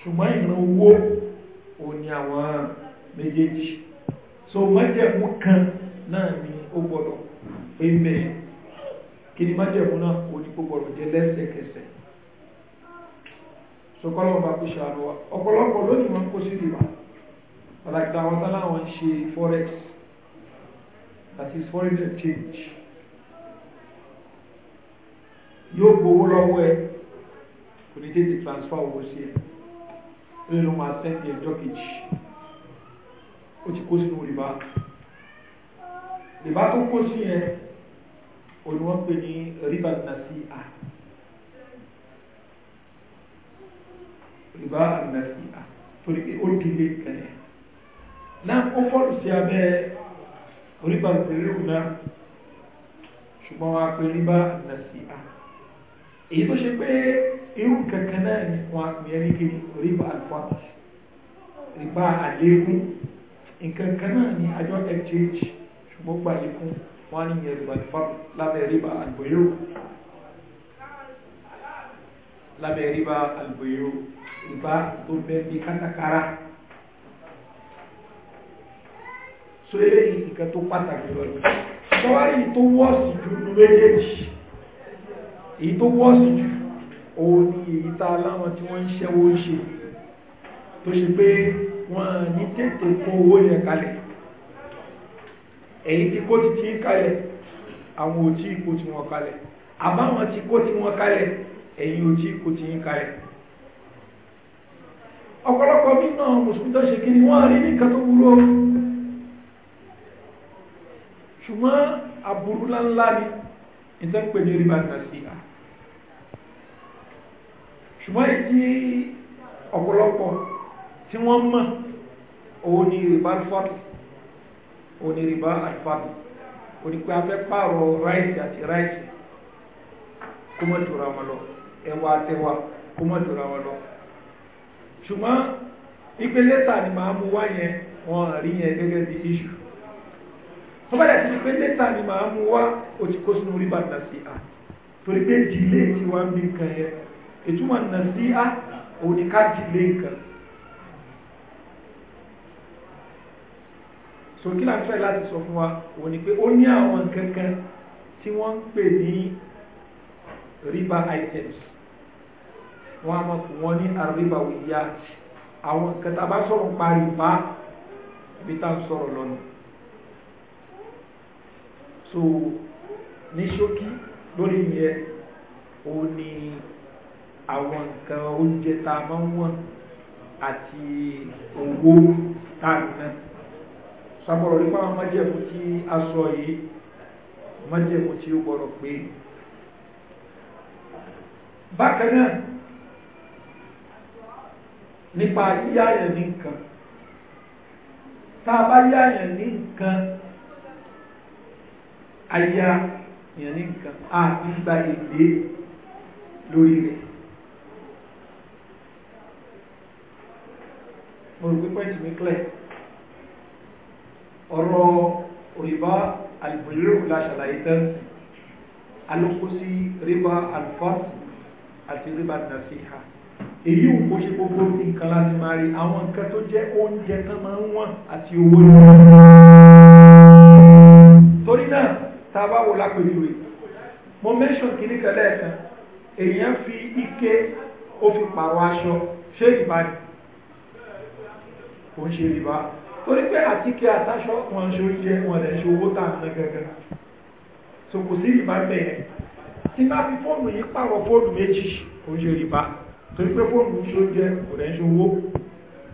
ṣùgbọ́n ìran owó ò ní àwọn méjèèjì so májẹ̀mú kan náà ni ó gbọ́dọ̀ pé mẹ́ẹ̀ kí ni májẹ̀mú náà ò ní kó gbọ́dọ̀ jẹ́ lẹ́sẹ̀kẹsẹ̀ sọkọ́lọ́ bá kó ṣàánú wa ọ̀pọ̀lọpọ̀ lónìí wọn kó sí ìdìbò pàtàkì àwọn tán láwọn ń ṣe forex that is foreign exchange yóò gbowó lọ́wọ́ ẹ kò ní tètè transfer owó sí ẹ lórí ló máa sẹ́ńdì ẹjọ́ kejì ó ti kó sínú rìbá rìbá tó kó sí yẹn òní wọ́n pè ní rìbá nàṣíà. rìbá àmẹ́sì à torí pé ó dìde tẹ̀lé náà ó fọ́lù sí abẹ́ orípa ìpínlẹ̀ òun náà ṣùgbọ́n wọn á pè rìbá àmẹ́sì à èyí tó ṣe pé irú kankan náà ni wọn á pè é nígbè rìbá àlùfáà rìbá àlékún nǹkan kan náà ni àjọ exchange ṣùgbọ́n gbà lékún wọn á ní ìyẹn rìbá àlùfáà lábẹ́ rìbá àlùbọ̀yọ̀ lábẹ́ rìbá àlùbọ̀yọ̀ ìbá tó bẹ bí kátàkárà so eléyìí nǹkan tó pàtàkì lọ ni sọwárì tó wọ́ọ̀sì ju nu méjèèjì èyí tó wọ́ọ̀sì jù òun ni èyí tá a láwọn tí wọ́n ń ṣẹ́wó ṣe tó ṣe pé wọ́n ní tètè kó owó yẹn kalẹ̀ èyí tí kó ti ti kalẹ̀ àwọn ò tí ì kó ti wọn kalẹ̀ àbáwọn tí kó ti wọn kalẹ̀ ẹ̀yìn ò tí ì kó ti yín kalẹ̀ ọ̀pọ̀lọpọ̀ nínú mùsùlùmí tó ṣe kiri wọ́n rí nìkan tó burú ṣùgbọ́n aburú ńláńlá ni ìtẹ́pẹ́ ní rí bá ń sí à ṣùgbọ́n èyí ọ̀pọ̀lọpọ̀ tí wọ́n mọ̀ òun ni rìbá alfáàdù òun ni rìbá alfáàdù òun ni afẹ́ pààrọ̀ ráìsì àti ráìsì kó mọ̀ wọn lọ ẹwà àtẹwà kó mọ̀ wọn lọ ṣùgbọ́n ipe lẹ́tà ni màá mú wá yẹn wọn rí yẹn gẹ́gẹ́ bí iṣu tó bá dẹ̀ sí pé lẹ́tà ni màá mú wá ó ti kó sínú orí bá nà sí à torí pé jìlé ti wá ń bí nǹkan yẹn ìtumọ̀ nà sí à òun ni ká jìlé nǹkan sòkí là fẹ́ láti sọ fún wa òun ni pé ó ní àwọn kankan tí wọ́n ń pè ní riba items wọ́n á máa fún wọn ní àríwá òyà àwọn kẹta bá parí bá ibi tá à ń sọ̀rọ̀ so ní ṣókí lórí mi ẹ òun ni àwọn nǹkan oúnjẹ tá a máa ń wọ̀n àti owó táàrí náà sàbọ̀rọ̀ nípa àwọn májẹ̀mú tí a sọ yìí májẹ̀mú tí ó gbọ́dọ̀ pé bákan náà nípa yíyá yẹn ní nǹkan tá a bá yá yẹn ní nǹkan àyà yẹn ní nǹkan àti gba èdè lórí rẹ̀. mo rò pé pẹ́ǹtì mi clear ọ̀rọ̀ òrìbá àlùbọ̀yẹ̀rù la ṣàlàyé tán alókòsí rìbá àlùfáàsì àti rìbá nàfíhà èyí ò kó ṣe gbogbo sí nǹkan láti máa rí àwọn nǹkan tó jẹ́ oúnjẹ tán máa ń wọ́n àti owó ni wọ́n. torí náà tá a bá wò lápèjúwe mo mẹ́sàn kìíní kan lẹ́ẹ̀kan èèyàn fi ike ó fi pààrọ̀ aṣọ ṣé ìbàdí kò ń ṣe ìbá torí pé àtike àtàṣọ wọn ṣe oúnjẹ wọn lè ṣe owó tà ní gẹ́gẹ́ so kò sí ìbá bẹ́ẹ̀ tí bá fi fóònù yìí pààrọ̀ fóònù méjì kò ń ṣe ìbá torí pé fóònù ṣó jẹ kò dẹ̀ ń ṣe owó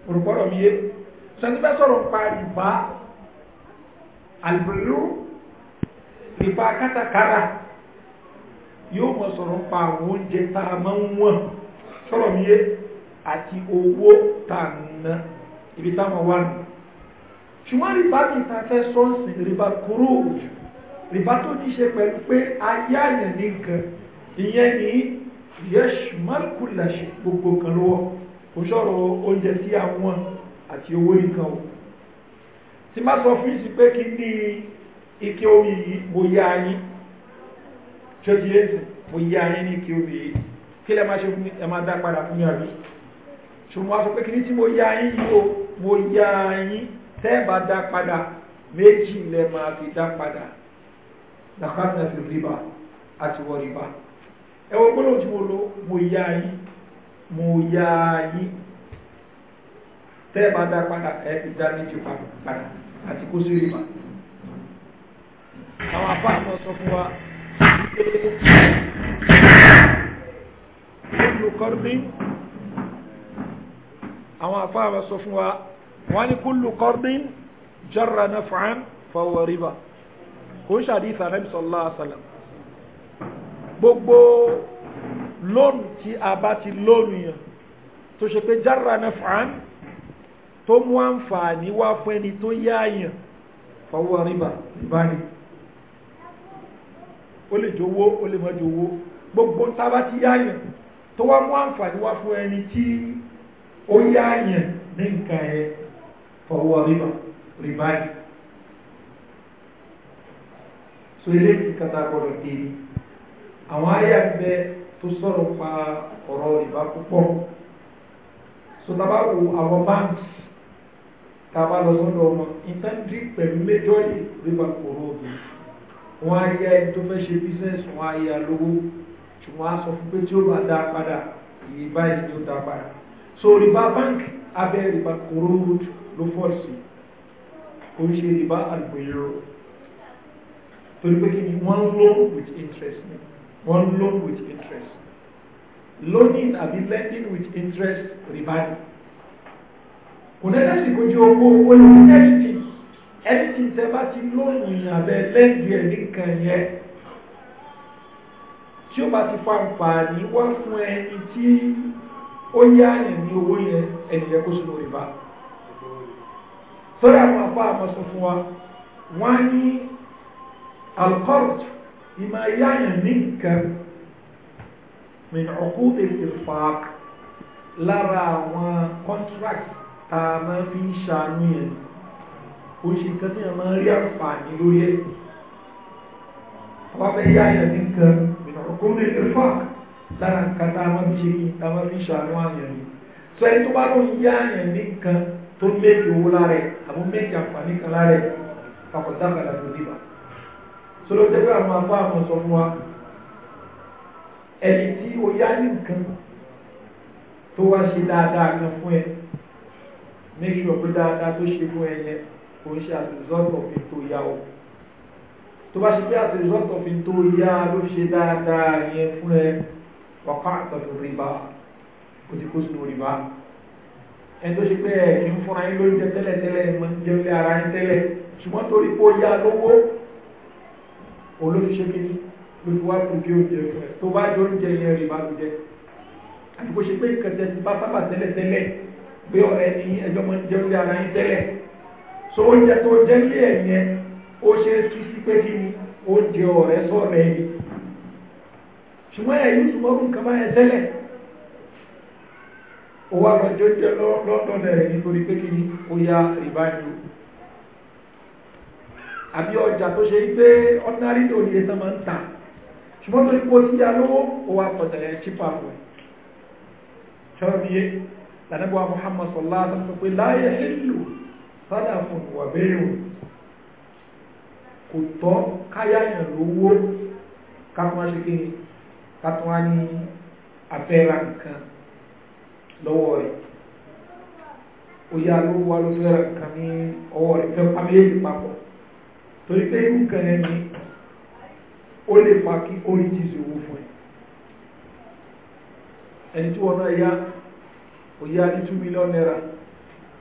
òrùpọ̀rọ̀ mi yé sẹ́ńtífẹ́ sọ̀rọ̀ pa ìbá àlùbùrù ìbá kátàkárà yóò mọ̀ sọ̀rọ̀ pa àwọn oúnjẹ tá a máa ń wọ̀n sọ̀rọ̀ mi yé àti owó tá a ná ibi táwọn wà nù ṣùgbọ́n rìbá mi ta fẹ́ sọ́ọ̀sì rìbá kúrò rìbá tó ní ṣe pẹ̀lú pé ayé àyàn ní nǹkan ìyẹn ní yashmal kulla shay gbogbo kan lọ́wọ́ kò sọ̀rọ̀ oúnjẹ tí àwọn àti owó nìkan o tí má sọ fún ìsìn pé kí ní ike omi yìí mo yá yín ṣọ́jú èsì mo yá yín ní ike omi yìí kí lẹ́ máa ṣe fún ẹ máa dá padà fún mi ṣùgbọ́n a sọ pé kí ní tí mo yá yín yìí o mo yá yín tẹ́ bá dá padà méjì lẹ́ máa fi dá padà làkàtà fi rí bá àti wọ́n rí bá ẹwọ gbọ́dọ̀ tí mo lo mo ya yí mo ya yí tẹ́ bá dá padà ẹ ti dá méjì padà àti kó sí rìbá àwọn apá àmọ́ sọ fún wa wípé kúlù kọ́rùdí àwọn apá àmọ́ sọ fún wa wọ́n ní kúlù kọ́rùdí jarra naf'an fahuwa riba kò ń ṣàdí ìsàrẹ́mìsọ̀lá àsàlẹ̀ gbogbo lónù tí a bá ti lónù yàn tó ṣe pé jára náà fàn tó mú àǹfààní wá fún ẹni tó yáàyàn fọwọ́ rìbá rìbá ni ó lè jowó ó lè má jowó gbogbo tá a bá ti yáàyàn tó wá mú àǹfààní wá fún ẹni tí ó yáàyàn ní nǹkan ẹ fọwọ́ rìbá rìbá so ilé ìkàtà gbọdọ̀ dé àwọn àyà ń tó sọ̀rọ̀ pa ọ̀rọ̀ rìbá púpọ̀ so tá a bá wo àwọn báńkì tá a bá lọ sọ́dọ̀ ọmọ ìtàndì pẹ̀lú méjọ́lì rìbá kòrò òbí wọn á yá ẹni tó fẹ́ ṣe bísíǹsì wọn á yá ṣùgbọ́n a sọ fún pé tí ó bá dá padà iye báyìí ni ó dá padà so rìbá bank abẹ́ rìbá kòrò òbí ló fọ́ sí oríṣi rìbá àgbèrò torí pé kí ni one loan with interest ni wọ́n loan with interest loaning àbí lending with interest rìbá ni kò dẹ́gbẹ́ sì kó jẹ́ owó owó ní ẹ̀sìn ẹ̀sìn tẹ́ bá ti loan ìyàn abẹ́ lẹ́ndì ẹ̀ nìkan yẹn tí ó bá ti fa àǹfààní wá fún ẹni tí ó yá àyàn ní owó yẹn ẹni yẹn kó sínú rìbá sọ́dọ̀ àwọn afá àmọ́ fún wa wọ́n á ní alcohol ìmọ̀ yáyàn ní nǹkan min ọkùnrin ìfàk lára àwọn contract tá a máa fi ń ṣàánú yẹn ó ṣe nǹkan tí a máa rí àǹfààní lórí ẹ̀ wọ́n fẹ́ yáyàn ní nǹkan min ọkùnrin ìfàk lára nǹkan tá a máa fi ṣe kí tá a máa fi ṣàánú àyàn ni sọ ẹni tó bá ló ń yáyàn ní nǹkan tó méjì owó lára ẹ̀ àbó méjì àǹfààní kan lára ẹ̀ kàkọ́tà kàlà ló dìbà sọlọ jẹ pé àwọn afá àwọn sọ fún wa ẹni tí o yá ní nǹkan tó wá ṣe dáadáa kan fún ẹ make sure pé dáadáa tó ṣe fún ẹ yẹn kò ń ṣe àtúnzọ́tọ̀ fi tó yá o tó bá ṣe pé àtúnzọ́tọ̀ fi tó yá ló ṣe dáadáa yẹn fún ẹ wàkà àtọ̀tọ̀ rìbá o ti kó sínú rìbá ẹni tó ṣe pé ẹ kì í fúnra yín lóúnjẹ tẹ́lẹ̀tẹ́lẹ̀ ẹ máa ń jẹun lé ara yín tẹ́lẹ̀ ṣùgbọ́n torí pé ó yá lówó olóṣèṣe kìíní ló ti wá ìdí oúnjẹ fún ẹ tó bá jẹ oúnjẹ yẹn rí ìbámu jẹ àti bó ṣe pé kẹtẹ ti bá sábà tẹ́lẹ̀ tẹ́lẹ̀ pé ọ̀rẹ́ ní ẹjọ́ mọ́ jẹ́ oúnjẹ ara yín tẹ́lẹ̀ so oúnjẹ tó jẹ́ ní ẹ̀yẹn ó ṣe é tú sí pé kí ni oúnjẹ ọ̀rẹ́ sọ̀rẹ́ ni ṣùgbọ́n ẹ̀yìn ìtumọ̀rún nǹkan máa ẹ tẹ́lẹ̀ ó wá lọ́jọ́ jẹ́ lọ́dọ̀ rẹ̀ nítorí pé kí ni ó yá rìbáyìí àbí ọjà tó ṣe pé ordinary ní òní ẹsẹ̀ máa ń ta ṣùgbọ́n tó ní kó sí alówó ó wà pọ̀tẹ̀ chípa rẹ̀ ṣọ́ọ̀bíyé lànàbíwá Muhammad sallallahu alaihi wasallam pé láyé hìlù sádà fún wà bẹ́ẹ̀ kò tọ́ káyàyàn lówó kápọ́n ṣe kí kápọ́n ní afẹ́ra nǹkan lọ́wọ́ rẹ̀ ó yá lówó wa ló fẹ́ra nǹkan ní ọwọ́ rẹ̀ fẹ́ pàmílẹ́ torí pé irú kan ẹni ó lè fa kí ó rí jíṣe owó fún ẹ ẹni tí wọn náà yá òye á ní two million naira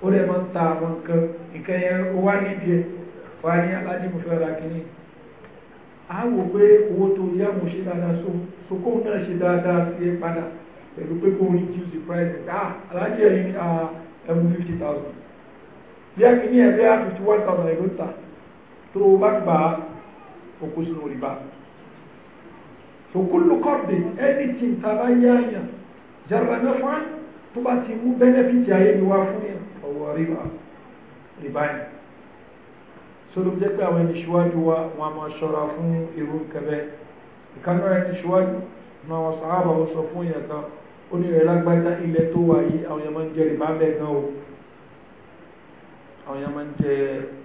ó lè máa ń ta àwọn nǹkan nǹkan yẹn ó wá nídìí ẹ wá ní aládé mo fẹ́ ra kínní a wò pé owó tó yá mo ṣe dáadáa so so kóun náà ṣe dáadáa sí ẹ padà pẹ̀lú pé kóun ní jíṣe price ẹ̀ ah alájẹ́ yìí ni ah, ẹmu fifty thousand bí a kì í ní ẹ̀ bí a fifty one thousand ẹ̀ ló ta tó o bá gbà á o kó sínú rìbá so kúlù kọ́ọ̀dì anything tàbá yá yàn jàrá mẹ́fà tó bá ti mú bẹ́nẹ́fìtì ayé mi wá fún yàn ọ̀wọ́ rìbá rìbá yìí sọlọ jẹ́ pé àwọn ẹni ṣíwájú wa wọn a máa ṣọ́ra fún irú kẹbẹ ìkànnì ẹni ṣíwájú ní àwọn sàábà wọn sọ fún yàn kan ó ní rẹ lágbájá ilẹ̀ tó wà yìí àwọn yàn máa ń jẹ rìbá bẹ́ẹ̀ gan o àwọn yàn máa ń jẹ rìbá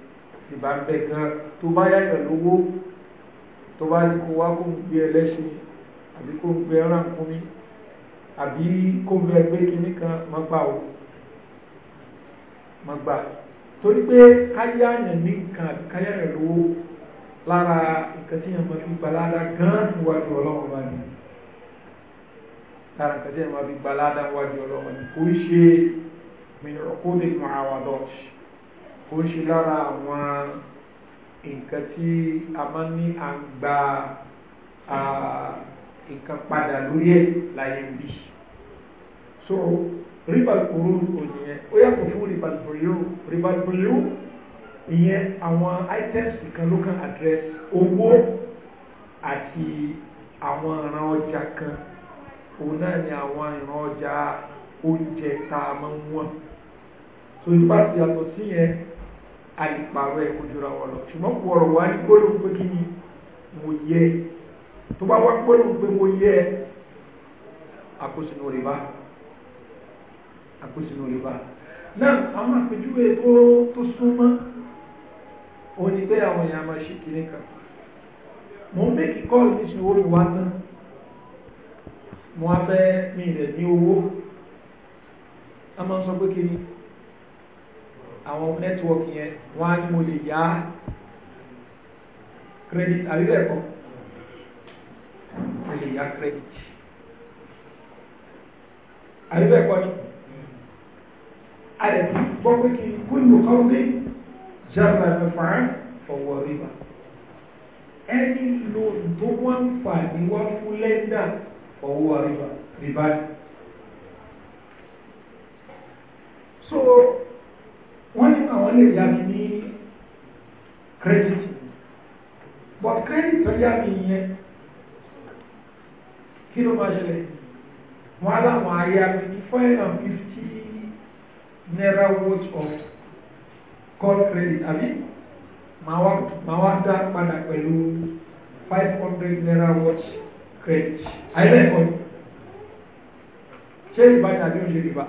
ìbá ń bẹ̀ gan tó bá yàyàn lówó tó bá kó wá kó ń gbé ẹlẹ́ṣin àbí kó ń gbé ẹran kún mi àbí kó ń bẹ gbé kinní kan má gbà ó má gbà torí pé káyàyàn ní nǹkan káyàyàn lówó lára nǹkan tí yàn máa fi gbalada gan níwájú ọlọ́run bá ní lára nǹkan tí yàn máa fi gbalada níwájú ọlọ́run ní kò ń ṣe mìíràn kó lè mọ àwọn àdọ́tì ó ń ṣe lára àwọn nǹkan tí a máa ní à ń gba nǹkan padà lórí ẹ̀ láyé bí so ribal kuru òyìnbó ó yàtọ̀ fún ribal bulu ribal bulu ìyẹn àwọn items kan ló address owó àti àwọn ìran ọjà kan òun náà ni àwọn ìran ọjà oúnjẹ tá a máa ń wọ̀n so ìbá ti yàtọ̀ sí àìpàrọ̀ ẹ̀ kò jura wọn lọ ṣùgbọ́n kò ọ̀rọ̀ wá ní gbólóhùn pé kí ni mo yẹ tó bá wá gbólóhùn pé mo yẹ àkóṣinú rìbá àkóṣinú rìbá náà àwọn àpèjúwe tó tó súnmọ́ ó ní àwọn èèyàn máa ṣe kiri kan mo ń bẹ́ẹ̀kì kọ́ọ̀lù ní sinú orí wa tán mo wá fẹ́ mi rẹ̀ ní owó a máa sọ pé kiri àwọn nẹ́tíwọ́kì yẹn wọ́n á ní mo lè yá credit àríwẹ̀ ẹ̀kọ́ mo lè yá credit àríwẹ̀ ẹ̀kọ́ ni a lè ti gbọ́ pé kí kúlù kọ́ńdé jábà mẹ́fà fọwọ́ rìbá ẹni lo tó wọ́n ń fà ní wọ́n fún lẹ́ńdà fọwọ́ rìbá rìbá so wọ́n ní àwọn lè yá ní credit but credit tó yá mi yẹn kí ló máa ṣẹlẹ̀ wọ́n á láwọn ayá mi ní four hundred and fifty naira worth of call credit àbí màá wá dá padà pẹ̀lú five hundred naira worth credit àìlẹ́kọ̀ọ́ ṣé ìbájà ni ó ṣe rí bá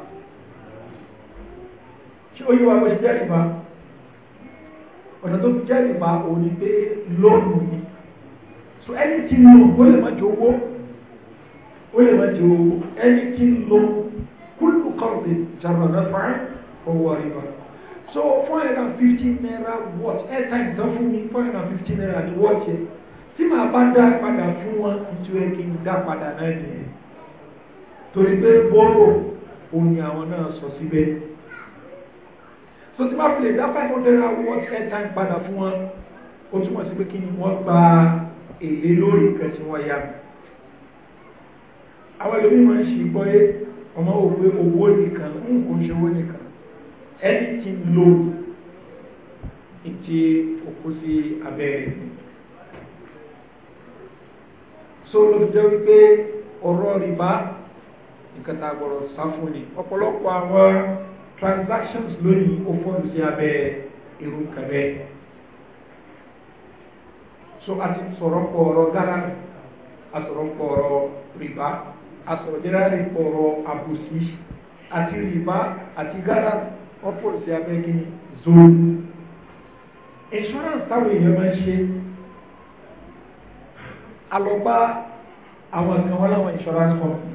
tí ó yíwa bó jẹ́ rìbá ọ̀nà tó fi jẹ́ rìbá òun pé lóònù ni so ẹni tí ń lò ó lè má jẹ owó ó lè má jẹ owó ẹni tí ń lò kúlù kọ́ọ̀dì jàrá lọ́fà owó àríwá so four hundred and fifty naira watch. airtime tán fún mi four hundred and fifty naira ni watt yẹ tí màá bá dá padà fún wọn ju ẹ kí n dá padà náà nìyẹn torí pé bọ́ọ̀rọ̀ òun àwọn náà sọ síbẹ̀ so tí bá fi lè dá five hundred hours airtime padà fún wọn ó túmọ̀ sí pé kí ni wọ́n gba èlé lórí nǹkan tí wọ́n yá mi àwọn ẹlòmíì máa ń ṣe gbọ́ yé ọmọ wò pé owó nìkan ń kò ṣe owó nìkan ẹni tí lo ìtì òkú sí abẹ́rẹ́ so ló fi jẹ́ wípé ọ̀rọ̀ rìbá nǹkan tá a ni ọ̀pọ̀lọpọ̀ àwọn transactions lónìí ó fọ́ọ̀mù sí abẹ́ so ati ti sọ̀rọ̀ pọ̀ ọ̀rọ̀ ghana a sọ̀rọ̀ pọ̀ ọ̀rọ̀ rìbá ati sọ̀rọ̀ jẹ́rẹ́rì pọ̀ ọ̀rọ̀ àbòsí àti rìbá insurance táwọn èèyàn máa ń ṣe alọ́gbá àwọn kan wọ́n insurance company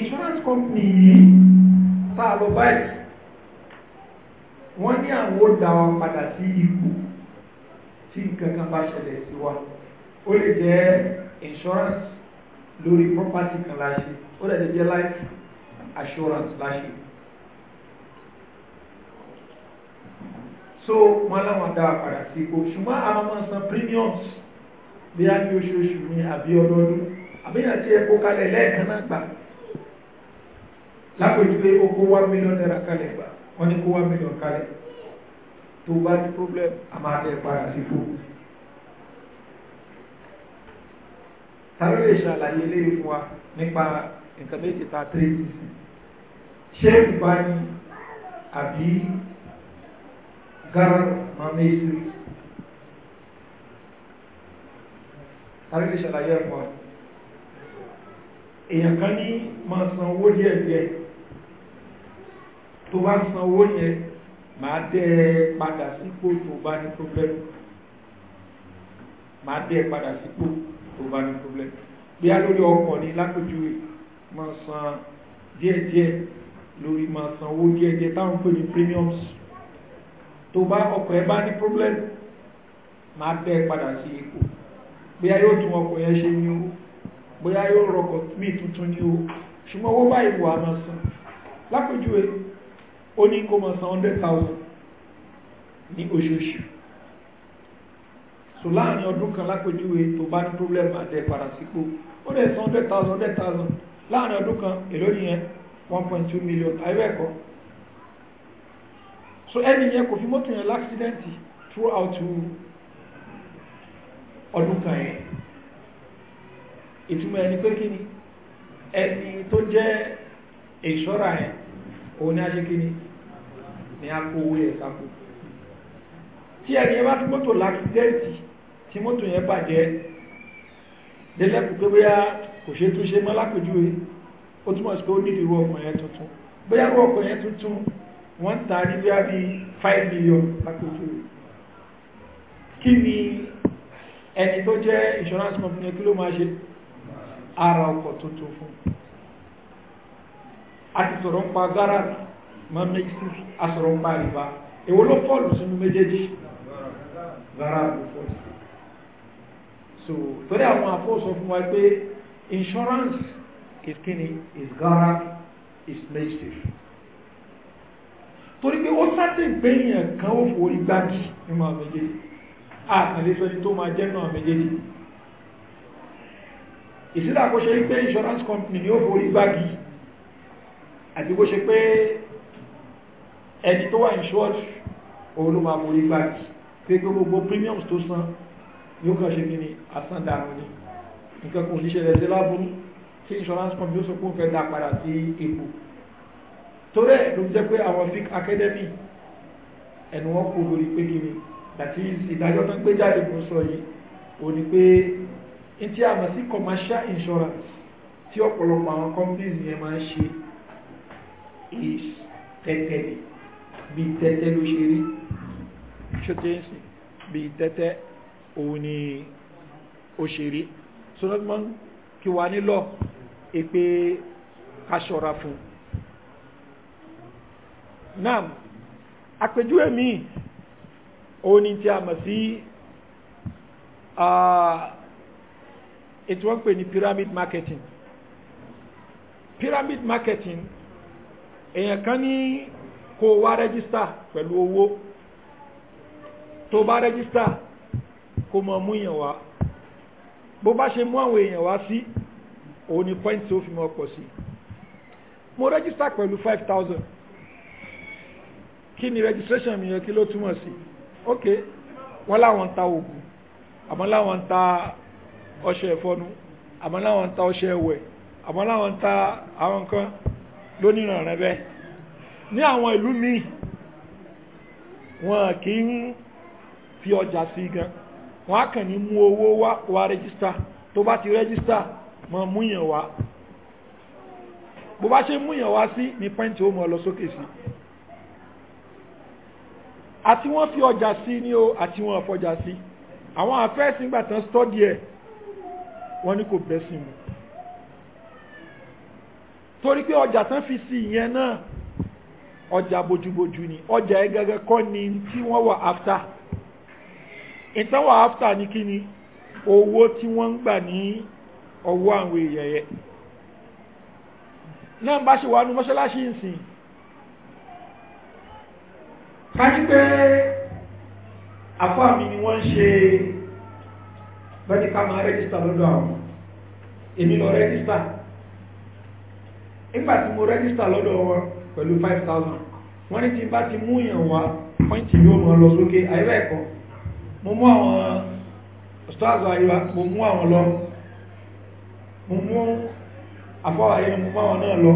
insurance company yìí tá a lọ báyìí wọ́n ní àwọn ó dá wa padà sí ipò tí nǹkan kan bá ṣẹlẹ̀ sí wa ó lè jẹ́ insurance lórí property kan láṣẹ ó lè jẹ́ life assurance láṣẹ. so wọn làwọn dá wa padà sí ipò ṣùgbọ́n àwọn máa san premiums bí a ní oṣooṣù ní àbí ọdọọdún àbí àti ẹ̀kọ́ kalẹ̀ lẹ́ẹ̀kan náà gbà lápèjúwe ó kó one million naira kalẹ̀ wọ́n ní kó one million kalẹ̀ tó bá ní problem a máa tẹ̀ padà sí fún un. tàbí lè ṣàlàyé eléyìí fún wa nípa nǹkan méjì ta tírèkì sí ṣé ìbá ní àbí gara mameyi tàbí lè ṣàlàyé ẹ̀kọ́ èèyàn kan ní máa san owó díẹ̀ díẹ̀ tó bá san owó yẹn màá dẹ́ ẹ padà sípò tó bá ní problem màá dẹ́ ẹ padà sípò tó bá ní problem bí a lórí ọkọ̀ ní lápèjúwe máa san díẹ̀díẹ̀ lórí máa san owó díẹ̀díẹ̀ táwọn pè ní premiums tó bá ọkọ̀ ẹ bá ní problem máa dẹ́ ẹ padà sí ipò bóyá yóò tún ọkọ̀ yẹn ṣe ní o bóyá yóò rọkọ̀ míì tuntun ní o ṣùgbọ́n owó báyìí wà á máa san lápèjúwe ó ní kó san hundred thousand ní oṣooṣù so láàrin ọdún kan lápèjúwe tó bá ní problem àti ẹ̀pàdà sípò ó lè san hundred thousand hundred thousand kan èló yẹn one point two million so ẹni yẹn kò fi mọ́tò yẹn throughout ọdún kan yẹn ìtumọ̀ ẹni pé kí ni ẹni tó jẹ́ ìṣọ́ra òun ní ajékíní ní akó owó ẹ̀ sápò tí ẹni yẹn bá fi mọ́tò lákìdẹ́ẹ̀tì tí mọ́tò yẹn bàjẹ́ délẹ́kùn pé bóyá kò ṣe tún ṣe mọ́ lápèjúwe ó túmọ̀ sí pé ó ní ìrú ọkọ̀ yẹn tuntun bóyá irú ọkọ̀ yẹn tuntun wọ́n ta ní bí a five million lápèjúwe kí ni ẹni tó jẹ́ insurance company kí ló máa ṣe ara ọkọ̀ tuntun fún un àti sọ̀rọ̀ ń pa gara ma mẹ́kísì asọ̀rọ̀ ń pa àríwá èwo ló fọ́ọ̀lù sínú méjèèjì gara ló fọ́ọ̀lù so torí àwọn afọ́sọ fún wa pé insurance is kini is gara is native torí pé ó sáté gbẹ̀yìn kan ó forí gbági nínú àwọn méjèèjì àtàlẹ́ sọ ní tó máa jẹ́ náà méjèèjì ìsílẹ̀ àkóṣe pé insurance company ni ó forí gbági àti bó ṣe pé ẹni tó wà insured òun ló máa mú orí gbáàkì pé gbogbo premiums tó san yóò kàn ṣe kíni àsandànù ni nǹkan kò ní ṣẹlẹ̀ sí láburú tí insurance company ó sọ pé ó fẹ́ dá padà sí ipò torí ẹ̀ ló jẹ́ pé àwọn fic academy ẹnu wọn kò lórí pé kíni àti ìdájọ́ tó ń gbé jáde mo sọ yìí ò ní pé n tí a mọ̀ sí commercial insurance tí ọ̀pọ̀lọpọ̀ àwọn companies yẹn máa ń ṣe is tẹ́tẹ́ ni bí tẹ́tẹ́ ló ṣe rí ṣótẹ́sì bí tẹ́tẹ́ òun ni ó ṣe rí sọ́nàmọ́ kí wà nílọ èpè aṣọ́ra fún náà àpèjúwe mi òun ni tí a mọ̀ sí ètò wọ́n pè ní pyramid marketing pyramid marketing èèyàn kan ní kó wá rẹ́gísítà pẹ̀lú owó tó bá rẹ́gísítà kó mọ mú èèyàn wá bó bá ṣe mú àwọn èèyàn wá sí òun ni pọ́ìntì tó fi mọ́ pọ̀ sí mo rẹ́gísítà pẹ̀lú five thousand kí ni registration mi yẹ kí ló túmọ̀ sí ok wọ́n láwọn ń ta oògùn àmọ́ láwọn ń ta ọṣẹ ìfọnu àmọ́ láwọn ń ta ọṣẹ ẹ̀wẹ̀ àmọ́ láwọn ń ta àwọn nǹkan lónìràn rẹ bẹ́ẹ̀ ní àwọn ìlú míì wọn kì í fi ọjà sí gan wọn á kàn ní mú owó wá wá rẹ́gísítà tó bá ti rẹ́gísítà mọ múyàn wá bó bá ṣe múyàn wá sí ní pẹ́ǹtì ó mọ̀ sókè sí àti wọ́n fi ọjà sí ni o àti wọ́n fọjà sí àwọn àfẹ́sìn gbàtàn stọ́dì ẹ̀ wọ́n ní kò bẹ́sìn mu torí pé ọjà tán fi sí ìyẹn náà ọjà bójúbójú ni ọjà ẹ gẹ́gẹ́ kọ́ ni tí wọ́n wà after ìtàn wà after ní kí ni owó tí wọ́n ń gbà ní ọwọ́ àwọn èèyàn yẹn náà bá ṣe wà nú mọ́ṣáláṣí ìsìn ká pé àfáà mi ni wọ́n ń ṣe bẹ́ẹ̀ ni ká máa rẹ́gísítà lọ́dọ̀ àwọn èmi lọ rẹ́gísítà nígbà tí mo rẹ́gísítà lọ́dọ̀ wọn pẹ̀lú 5000 wọ́n ní tí bá ti mú yàn wá pọ́ǹtì yóò mọ̀ lọ sókè àyíbẹ̀ ẹ̀kọ́ mo mú àwọn stars àyíwá mo mú àwọn lọ mo mú àfọwà yẹn mo mú àwọn náà lọ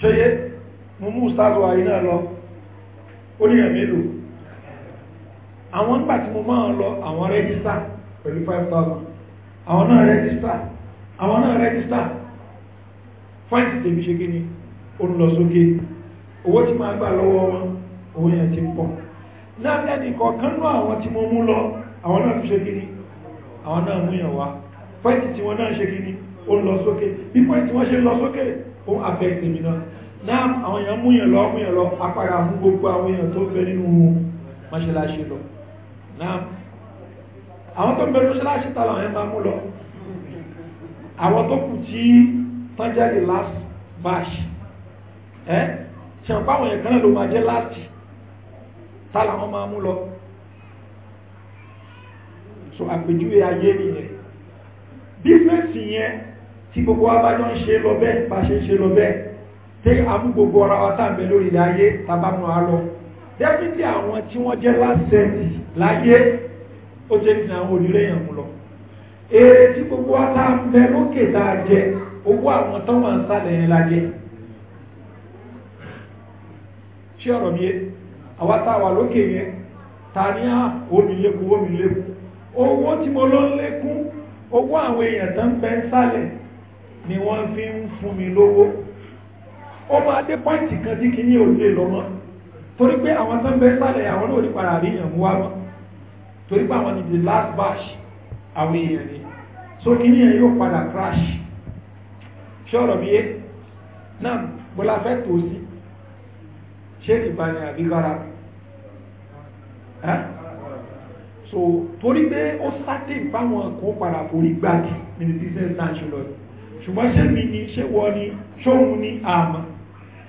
ṣeye mo mú stars àyí náà lọ ó ní ẹ̀mí lò àwọn nígbà tí mo máa lọ àwọn rẹ́gísítà pẹ̀lú 5000 àwọn náà rẹ́gísítà àwọn náà rẹ́gísítà pọ́ìntì tèmi ṣe kí ni ó ń lọ sókè owó tí máa gbà lọ́wọ́ wọn owó yẹn ti pọ̀ náà ẹnì kọ̀ọ̀kan náà àwọn tí mo mú lọ àwọn náà tún ṣe kí ni àwọn náà mú yàn wá pọ́ìntì tí wọ́n náà ṣe kí ni ó ń lọ sókè bí pọ́ìntì wọ́n ṣe lọ sókè ó abẹ́ tèmi náà náà àwọn èèyàn mú yàn lọ mú yàn lọ apára mú gbogbo àwọn èèyàn tó fẹ́ nínú mọ́ṣáláṣí lọ náà àwọn tó tán jáde last march ẹ́ ṣẹ̀pá àwọn èèyàn kan ló máa jẹ́ last tálà wọn máa mú lọ so àpèjúwe ayé nìyẹn bísínẹ́sì yẹn tí gbogbo abájọ́ ń ṣe lọ bẹ́ẹ̀ bá ṣe ń ṣe lọ bẹ́ẹ̀ tí a mú gbogbo ọ̀rọ̀ wa tá ń bẹ lórí ilẹ̀ ayé tàbámu àlọ́ dẹ́bìtì àwọn tí wọ́n jẹ́ lásẹ̀tì láyé ó jẹ́ nínú àwọn onílé èèyàn èrè tí gbogbo wa ń bẹ lókè dáa jẹ́ owó àwọn tó wà ń sálẹ̀ yẹn lájẹ́ ṣé ọ̀rọ̀ mi yé àwa lókè yẹn ta à omi lékun owó tí mo ló ń lékún owó àwọn èèyàn ni wọ́n fi ń fún mi lówó ó máa dé pọ́ǹtì kan tí kìíní ò lè lọ́mọ́ torí pé àwọn tó ń sálẹ̀ àwọn náà ò ní padà àríyàn mú wá mọ́ torí pé àwọn ni last batch ṣé ọ̀rọ̀ bí yé náà bọ́lá fẹ́ tó sí ṣé ìbá ni àbí gara so torí pé ó sáté ìbáwọn kó padà forí gbáàdì nínú business náà ṣe lọ ṣùgbọ́n ṣé mi ni ṣé wọ́n ni ṣóhun ni àmọ́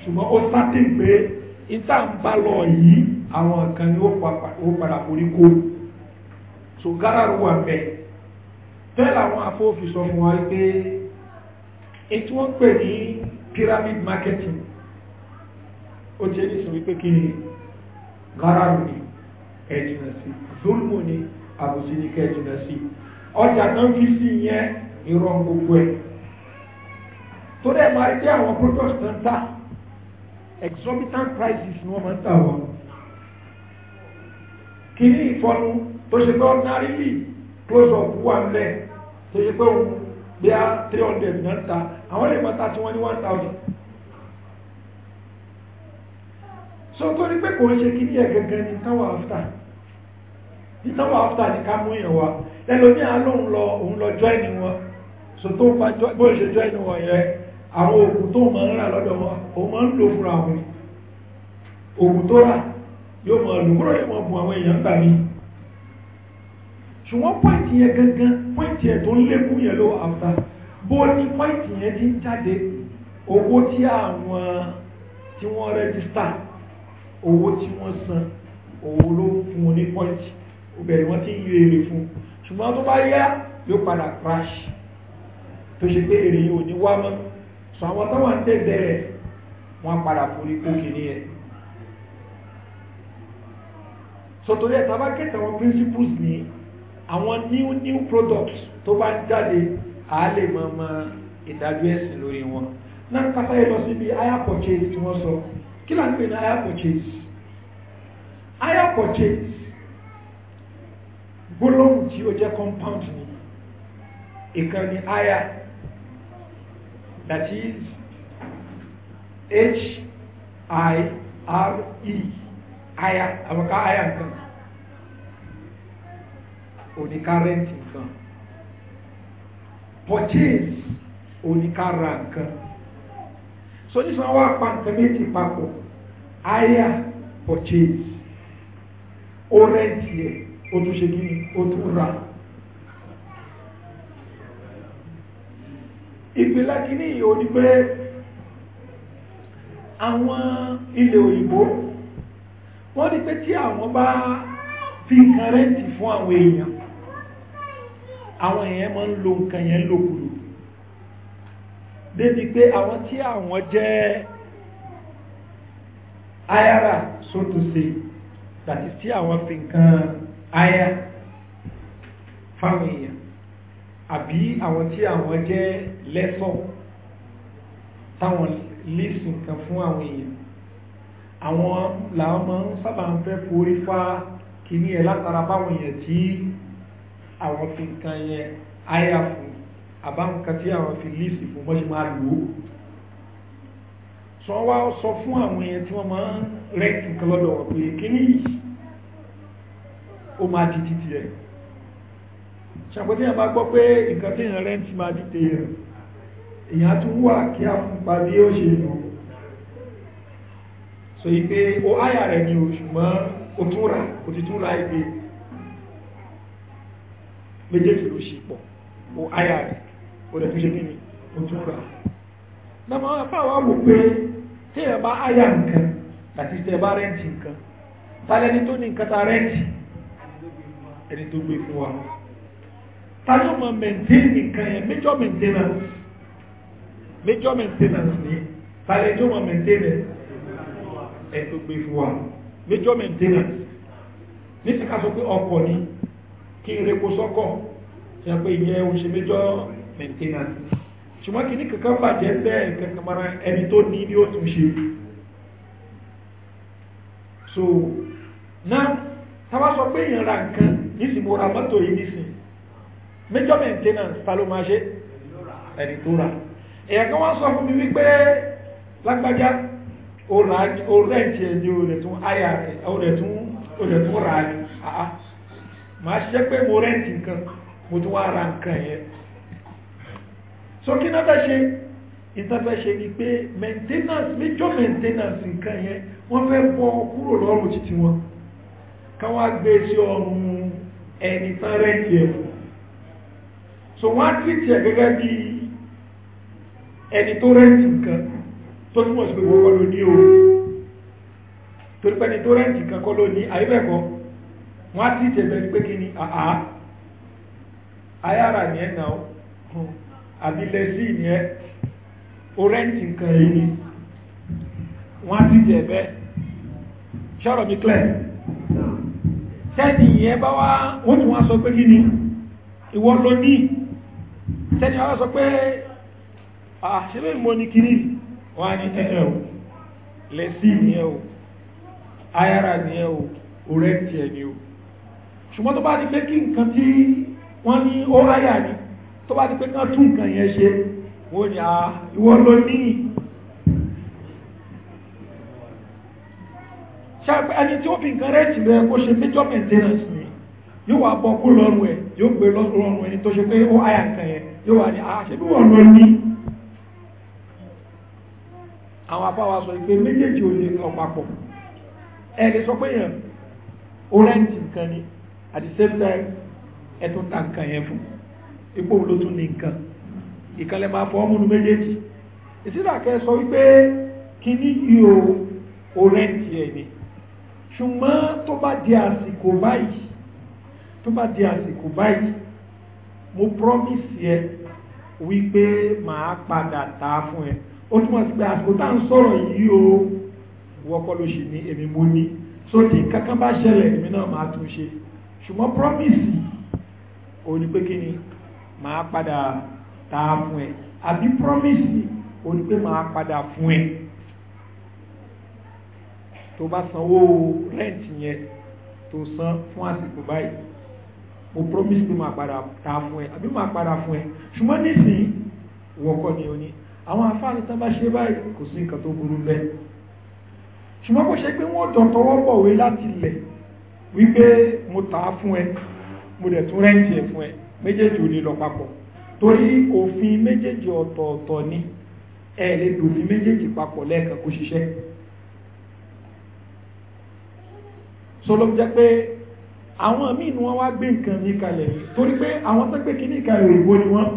ṣùgbọ́n ó sáté pé ìta ń bá lọ yìí àwọn kan ni ó padà forí kó so gara wà bẹ́ẹ̀ tẹ́lẹ̀ àwọn afọ́fisọ fún wa pé ètí wọ́n pè ní pyramid marketing ó jẹ́ ní sùn wípé kí ni gararu ni ẹ̀jìnà sí zulmu ni àbùsí ni kẹjìnà sí ọjà náà fi sí yẹn ìrọ̀ gbogbo ẹ̀ tó dẹ̀ máa jẹ́ àwọn products náà ta exorbitant prices ni wọ́n máa ń tà wọ́n kí ní ìfọnu tó ṣe pé ordinarily close up wà ń lẹ̀ tó ṣe pé òun bí a three hundred náà ta àwọn lè mọ́ta tí wọ́n so tó ní pé kò ń ṣe kí ní ẹ̀gẹ́gẹ́ ní táwọn after ní táwọn after ní ká mú èèyàn wa lẹ́lọ́ní àlóhun lọ òun lọ so tó ń bá bó se join ya, àwọn oògùn tó máa ń rà lọ́dọ̀ wọn òun máa ń lò fúnra wọn oògùn tó rà yóò máa lò kúrò yóò máa àwọn èèyàn gbà mí ṣùgbọ́n fáìtì ẹ̀ tó ń lékún yẹn ló àfta bó ní fáìtì yẹn ti ń jáde owó tí àwọn tí wọ́n rẹ́gísítà owó tí wọ́n san owó ló fún wọn ní fáìtì obìnrin wọn ti ń yọ èrè fún ṣùgbọ́n tó bá yá yóò padà crash tó ṣe pé èrè yìí ò ní wá mọ́ sọ àwọn táwọn ń tẹ̀sẹ̀ rẹ̀ wọ́n padà forí kókè ní ẹ̀ sọtòrí ẹ̀ tá a bá kẹta àwọn principles ní àwọn new new products tó bá ń jáde a lè mọ mọ ìdájọ́ ẹ̀sìn lórí wọn náà kápá yẹn lọ síbi higher purchase tí wọ́n sọ kí là ń pè ní higher purchase higher purchase gbólóhùn tí ó jẹ́ compound ni ìkan ni higher that is h i r e higher àwọn ká higher nǹkan oníkárẹ́ǹtì nǹkan purchase oníkárà nǹkan so nísìnyí wọ́n á pa nǹkan méjì papọ̀ hire purchase ó rẹ́ǹtì ẹ̀ ó tún ṣe kí ni ó tún ra ìpìlẹ̀ kìíní yìí ó ní pé àwọn ilẹ̀ òyìnbó wọ́n ní pé tí àwọn bá fi nǹkan rẹ́ǹtì fún àwọn èèyàn àwọn èèyàn máa ń lo nǹkan yẹn lòkulò débi pé àwọn tí àwọn jẹ́ ayára sótòsí tàbí tí àwọn fi nǹkan ayá fáwọn èèyàn àbí àwọn tí àwọn jẹ́ lẹ́sọ̀ táwọn lísì nǹkan fún àwọn èèyàn àwọn làwọn máa ń sábà ń fẹ́ forí fá kìíní ẹ̀ látara báwọn èèyàn tí àwọn fi nǹkan yẹn àyà fún àbá nǹkan tí àwọn fi líìsì fún bọ́n ṣe máa lò ó sọ wá sọ fún àwọn yẹn tí wọ́n máa ń rẹ́ǹtì nǹkan lọ́dọ̀ wọn pé kíní yìí ó máa di títì ẹ̀ ṣàpótí yẹn bá gbọ́ pé nǹkan tí èèyàn rẹ́ǹtì máa di tè rẹ̀ èèyàn tún wà kí á fún pa bí ó ṣe lò so ìpè ó àyà rẹ̀ ni ò ṣùgbọ́n ó tún ra ó ti tún ra ìpè méjèèjì ló ṣe pọ̀ o àyà rẹ̀ o lè fi ṣe kíni o tún rà lọ́mọ apá wa wò pé tí ẹ bá àyà nǹkan àti tẹ bá rẹ́ǹtì nǹkan tálẹ́ ní tó ní nǹkan ta rẹ́ǹtì ẹni tó gbé fún wa ta mọ maintain nǹkan yẹn major maintenance major maintenance ni tálẹ́ tó mọ maintain ẹ tó gbé fún wa major maintenance ní ti ká sọ pé ọkọ̀ ni kí n repo sọ́kọ̀ tí a pé ìyẹn oṣù méjọ́ maintenance ṣùgbọ́n kì ní kankan bàjẹ́ bẹ́ẹ̀ kankan mara ẹni tó ní ní ó tún ṣe so náà tàbá sọ pé èèyàn ra nǹkan nísìn mo ra mọ́tò yìí nísìn major maintenance ta ló máa ṣe ẹni tó ra èèyàn kan wá sọ fún mi wípé lágbájá o rẹ̀ tí ẹni o rẹ̀ tún ayà rẹ̀ o rẹ̀ tún ra ni máa ṣiṣẹ́ pé mo rẹ́ǹtì nǹkan mo tún wá ra nǹkan yẹn so kí náà fẹ́ ṣe ìtafẹ́ ṣe ni pé maintenance major maintenance nǹkan yẹn wọ́n fẹ́ bọ́ kúrò lọ́rùn títí wọn káwá gbé sí ọrùn ẹni tán rẹ́ǹtì ẹ̀ fún so wọ́n á tìtì ẹ̀ gẹ́gẹ́ bí ẹni tó rẹ́ǹtì nǹkan tó túmọ̀ sí pé gbogbo ló ní o torípẹ́ni tó rẹ́ǹtì nǹkan kọ́ ló ní àyíbẹ̀kọ́ wọ́n á ti tẹ̀bẹ̀ pé kí ni àá ayára ni ẹ̀ náà àbílẹ̀ sí ni ẹ̀ orẹ́ǹtì nǹkan yìí ni wọ́n ti tẹ̀bẹ̀ ṣọ́rọ̀ mi clear tẹ́ni yẹn bá wọ́n tún wá ni ìwọ ló ní tẹ́ni sọ pé àṣírí ní kiri ni o ayára ni o ṣùgbọ́n tó bá di pé kí nǹkan tí wọ́n ní ó ráyà ní tó bá di pé kán tún nǹkan yẹn ṣe ó ní à ìwọ ló ní ṣàpẹ́ ẹni tí ó fi nǹkan rẹ̀tì rẹ̀ kó ṣe major maintenance ni yóò wà bọ́ kó lọ́rùn ẹ̀ yóò gbé lọ́rùn ẹni tó ṣe pé ó áyà nǹkan yẹn yóò wà ní àṣẹ bí wọ́n ló ní àwọn apáwa sọ ìpé méjèèjì ò lè kan papọ̀ ẹ̀ lè sọ pé yẹn ó rẹ̀ǹtì nǹkan ni at the same time ẹ tún ta nǹkan yẹn fún ipò ló tún ní nǹkan ìkànlẹ̀ máa fọ́ ọmọ méjèèjì ìsìnàkẹ́ sọ wípé kí ní yíò orẹ́ntì ẹ̀ ni ṣùgbọ́n tó bá di àsìkò báyìí tó bá di àsìkò báyìí mo promise ẹ wípé màá padà ta fún ẹ ó túnmọ̀ sí pé àsìkò tá ń sọ̀rọ̀ yìí o wọ́kọ́ ló ṣì ní èmi mú ní so tí kankan bá ṣẹlẹ̀ èmi náà máa tún ṣe ṣùgbọ́n promise o ní pé kí ni máa padà ta fún ẹ àbí promise o ní pé máa padà fún ẹ tó bá sanwó rent yẹn tó san fún àsìkò báyìí mo promise pé máa padà ta fún ẹ àbí máa padà fún ẹ ṣùgbọ́n nísìnyí wọ́kọ́ ni o ní àwọn afáàlì tán bá ṣe báyìí kò sí nǹkan tó burú bẹ́ẹ̀ ṣùgbọ́n kò ṣe pé wọ́n dọ̀tọ̀wọ́ bọ̀wé láti ilẹ̀ wípé mo tà á fún ẹ mo dẹ̀ tún rẹ́ǹtì ẹ̀ fún ẹ méjèèjì ò ní lọ papọ̀ torí òfin méjèèjì ọ̀tọ̀ọ̀tọ̀ ni ẹ lè dòfin méjèèjì papọ̀ lẹ́ẹ̀kan kó ṣiṣẹ́ sọlọ́m jẹ́ pé àwọn míì ni wọ́n wá gbé nǹkan ní kalẹ̀ torí pé àwọn tó gbé kí ní ìkàlẹ̀ òyìnbó ni wọ́n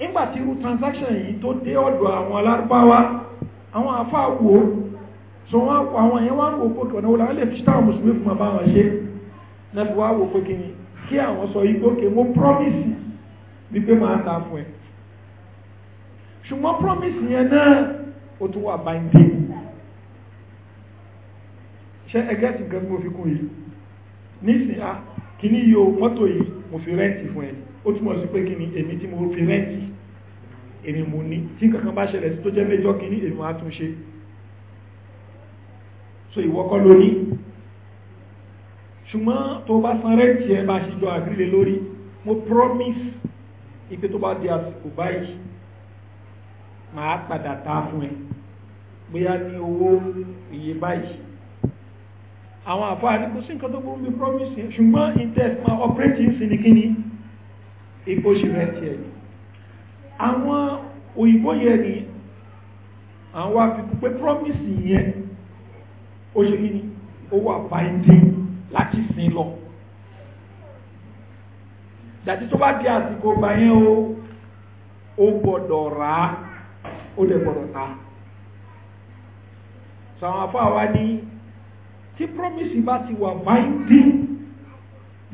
nígbàtí irú transaction yìí tó dé ọ̀dọ̀ àwọn alárúbáwá àwọn àfáà so wọ́n àwọn èèyàn wá ń wò pé ọ̀nà wọ́n lè fi táwọn mùsùlùmí fún ọba wọn ṣe náà fi wá wò pé kí ni kí àwọn sọ yìí gbókè mo promise wípé máa ta fún ẹ ṣùgbọ́n promise yẹn náà ó tún wà báyìí ṣe ẹgẹ́ ti gẹ́gẹ́ mo fi kún yìí nísìn a kì ní yóò mọ́tò yìí mo fi rẹ́ǹtì fún ẹ ó túnmọ̀ sí pé kí ni èmi tí mo fi rẹ́ǹtì èmi mo ní tí kankan bá ṣẹlẹ̀ tó jẹ́ méjọ́ kí èmi máa tún ṣe so ìwọ́kọ́ ló ní ṣùgbọ́n tó bá san rẹ́ǹtì ẹ bá ṣíjọ àgírílẹ̀ lórí mo promise ipe tó bá di àsìkò báyìí màá padà ta fún ẹ bóyá ní owó iye báyìí àwọn àfáà ní sí nǹkan tó burú bí promise yẹn ṣùgbọ́n interest máa operating sí ní kíní ipò ṣì rẹ́ǹtì ẹ̀ àwọn òyìnbó yẹn ni àwọn àfikún pé promise yẹn ó ṣe kí ni ó wà binding láti sin lọ dàtí tó bá di àsìkò gbà yẹn o ó gbọ́dọ̀ rà á ó lè gbọ́dọ̀ ta sàwọn afáwa ní tí promise bá ti wà binding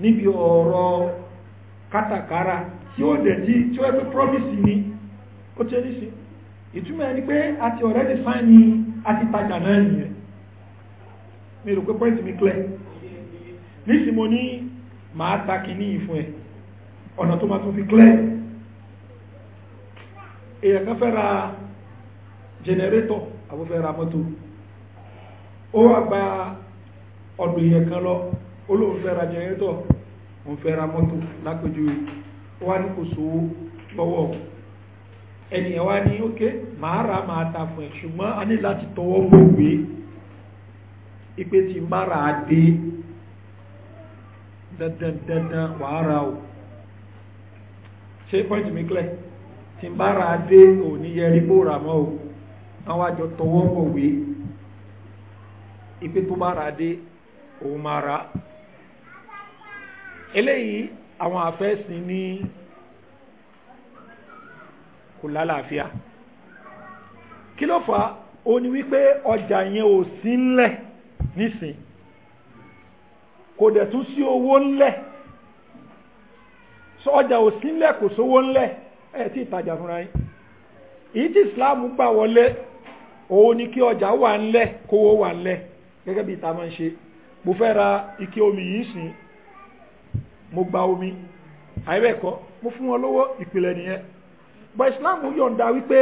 níbi ọ̀rọ̀ kátàkárà tí ó dẹ̀ tí tí ó ẹgbẹ́ promise ni ó tẹ́ ní ìtumọ̀ ẹni pé àti ọ̀rẹ́dì sáìn ni a ti tajà náà nìyẹn mi rò pé pọ́ìntì mi clear nísì mo ní màá ta kìíní ìfún ẹ̀ ọ̀nà tó máa tún fi clear èèyàn kan fẹ́ ra generator mọ́tò ó gba ọ̀dọ̀ èèyàn kan lọ olóòun fẹ́ ra òun fẹ́ mọ́tò lápèjúwe ó wá ní kò sówó ẹnìyàn wá ní ókè ta fún ẹ̀ ṣùgbọ́n a ní láti tọwọ́ gbogbo ipé ti mára dé dandandandan wàhálà o ṣe pọ́ìntì mi clear ti mára dé òní yẹrí bó rà mọ́ o àwọn àjọ tọwọ́ bọ̀wé ipé tó mára dé òun mára eléyìí àwọn àfẹ́sìn ní kò lálàáfíà kí ló fà ó ní wípé ọjà yẹn ò sí ńlẹ̀ nísìn kò dẹ̀ tún sí owó ńlẹ̀ ọjà ò sílẹ̀ kò sówó ńlẹ̀ ẹ̀ tí ìtajà fúnra yín èyí tí Islam gbà wọlé òun ni kí ọjà wà ńlẹ̀ kówó wà ńlẹ̀ gẹ́gẹ́ bí ìta máa ń ṣe mo fẹ́ ra ike omi yìí sìn mo gba omi àìbẹ̀kọ́ mo fún wọn lọ́wọ́ ìpìlẹ̀ nìyẹn but Islam yọ̀ǹda wípé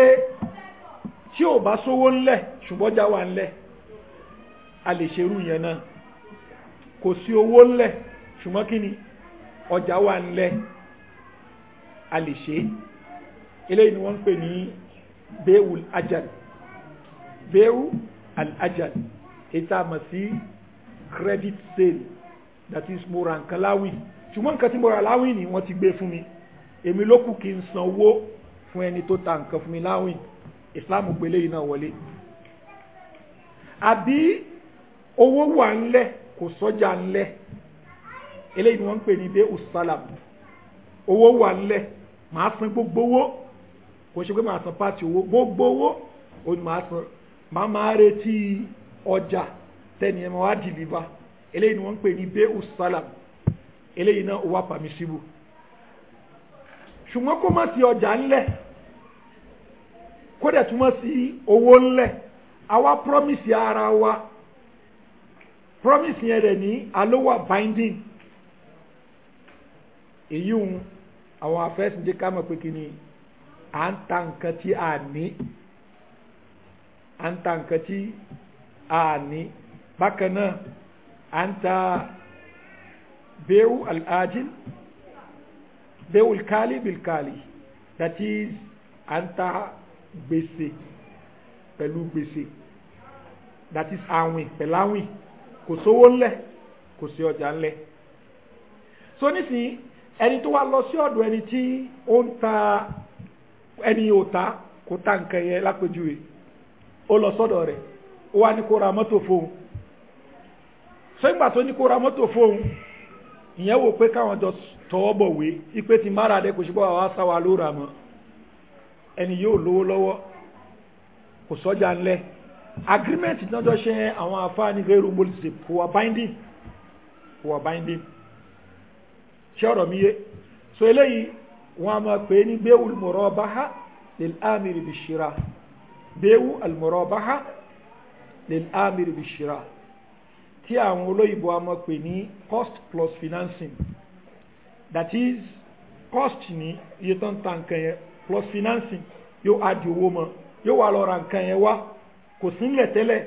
tí ò bá sówó ńlẹ̀ ṣùgbọ́n ọjà wà ńlẹ̀ a lè ṣerú yẹn náà kò sí owó ńlẹ̀ ṣùgbọ́n kí ni ọjà wà ńlẹ̀ a lè ṣe eléyìí ni wọ́n ń pè ní béèwù ajal béèwù ajal ètò àmọ̀ sí credit sale that is mo ra nǹkan láwìn ṣùgbọ́n nǹkan tí mo láwìn ni wọ́n ti gbé fún mi èmi ló kù kí n sanwó fún ẹni tó ta nǹkan fún mi láwìn islam gbélé yìí náà wọlé àbí owó wà ńlẹ̀ kò sọ́jà ńlẹ̀ eléyìí ni wọ́n ń pè ní dé usalam owó wà ńlẹ̀ màá san gbogbo owó kò ṣe pé màá san pàtì owó gbogbo owó òun màá san màá máa retí ọjà tẹ́ni ẹ̀ máa wá dìlíbà eléyìí ni wọ́n ń pè ní dé usalam eléyìí náà owó wà pàmísíbù ṣùgbọ́n kó má sí ọjà ńlẹ̀ kó dẹ̀ túmọ̀ sí owó ńlẹ̀ àwa promise ara wa promise yẹn rẹ̀ ní alowa binding èyí ń àwọn afẹ́sìndé ká mọ̀ pé kí ni à ń ta nǹkan tí a ní à ń ta nǹkan tí a ní bákan náà à ń ta bẹ́ẹ̀wù al-ajil bẹ́ẹ̀wù kálí bilkálí that is à ń ta gbèsè pẹ̀lú gbèsè that is àwìn pẹ̀láwìn. kò sówó ńlẹ̀ kò sí ọjà ńlẹ̀ so nísìnyí ẹni tó wà lọ sí ọ̀dọ̀ ẹni tí ó ń ta ẹni ò ta kò ta nǹkan yẹn ó lọ sọ́dọ̀ rẹ̀ ó wà ní kó ra mọ́tò fóun ní kó ra fóun ìyẹn wò pé káwọn jọ tọwọ́ ti mára kò agreement náà jọ ṣe àwọn afáàní rẹ́rù mọ́lìsì kò wà binding kò wà binding ṣé ọ̀rọ̀ mi yé so eléyìí wọn a máa pè é ní bẹ́ẹ̀ olùmọ̀rọ̀ bá há lil'amiri bishira bewu almurabaha lil'amiri bishira tí àwọn olóyìnbó a máa pè ní cost plus financing that is cost ni iye tó ń ta nǹkan yẹn plus financing yóò adi owó mọ́ yóò wà lọ ra nǹkan yẹn wá kò sílẹ̀ tẹ́lẹ̀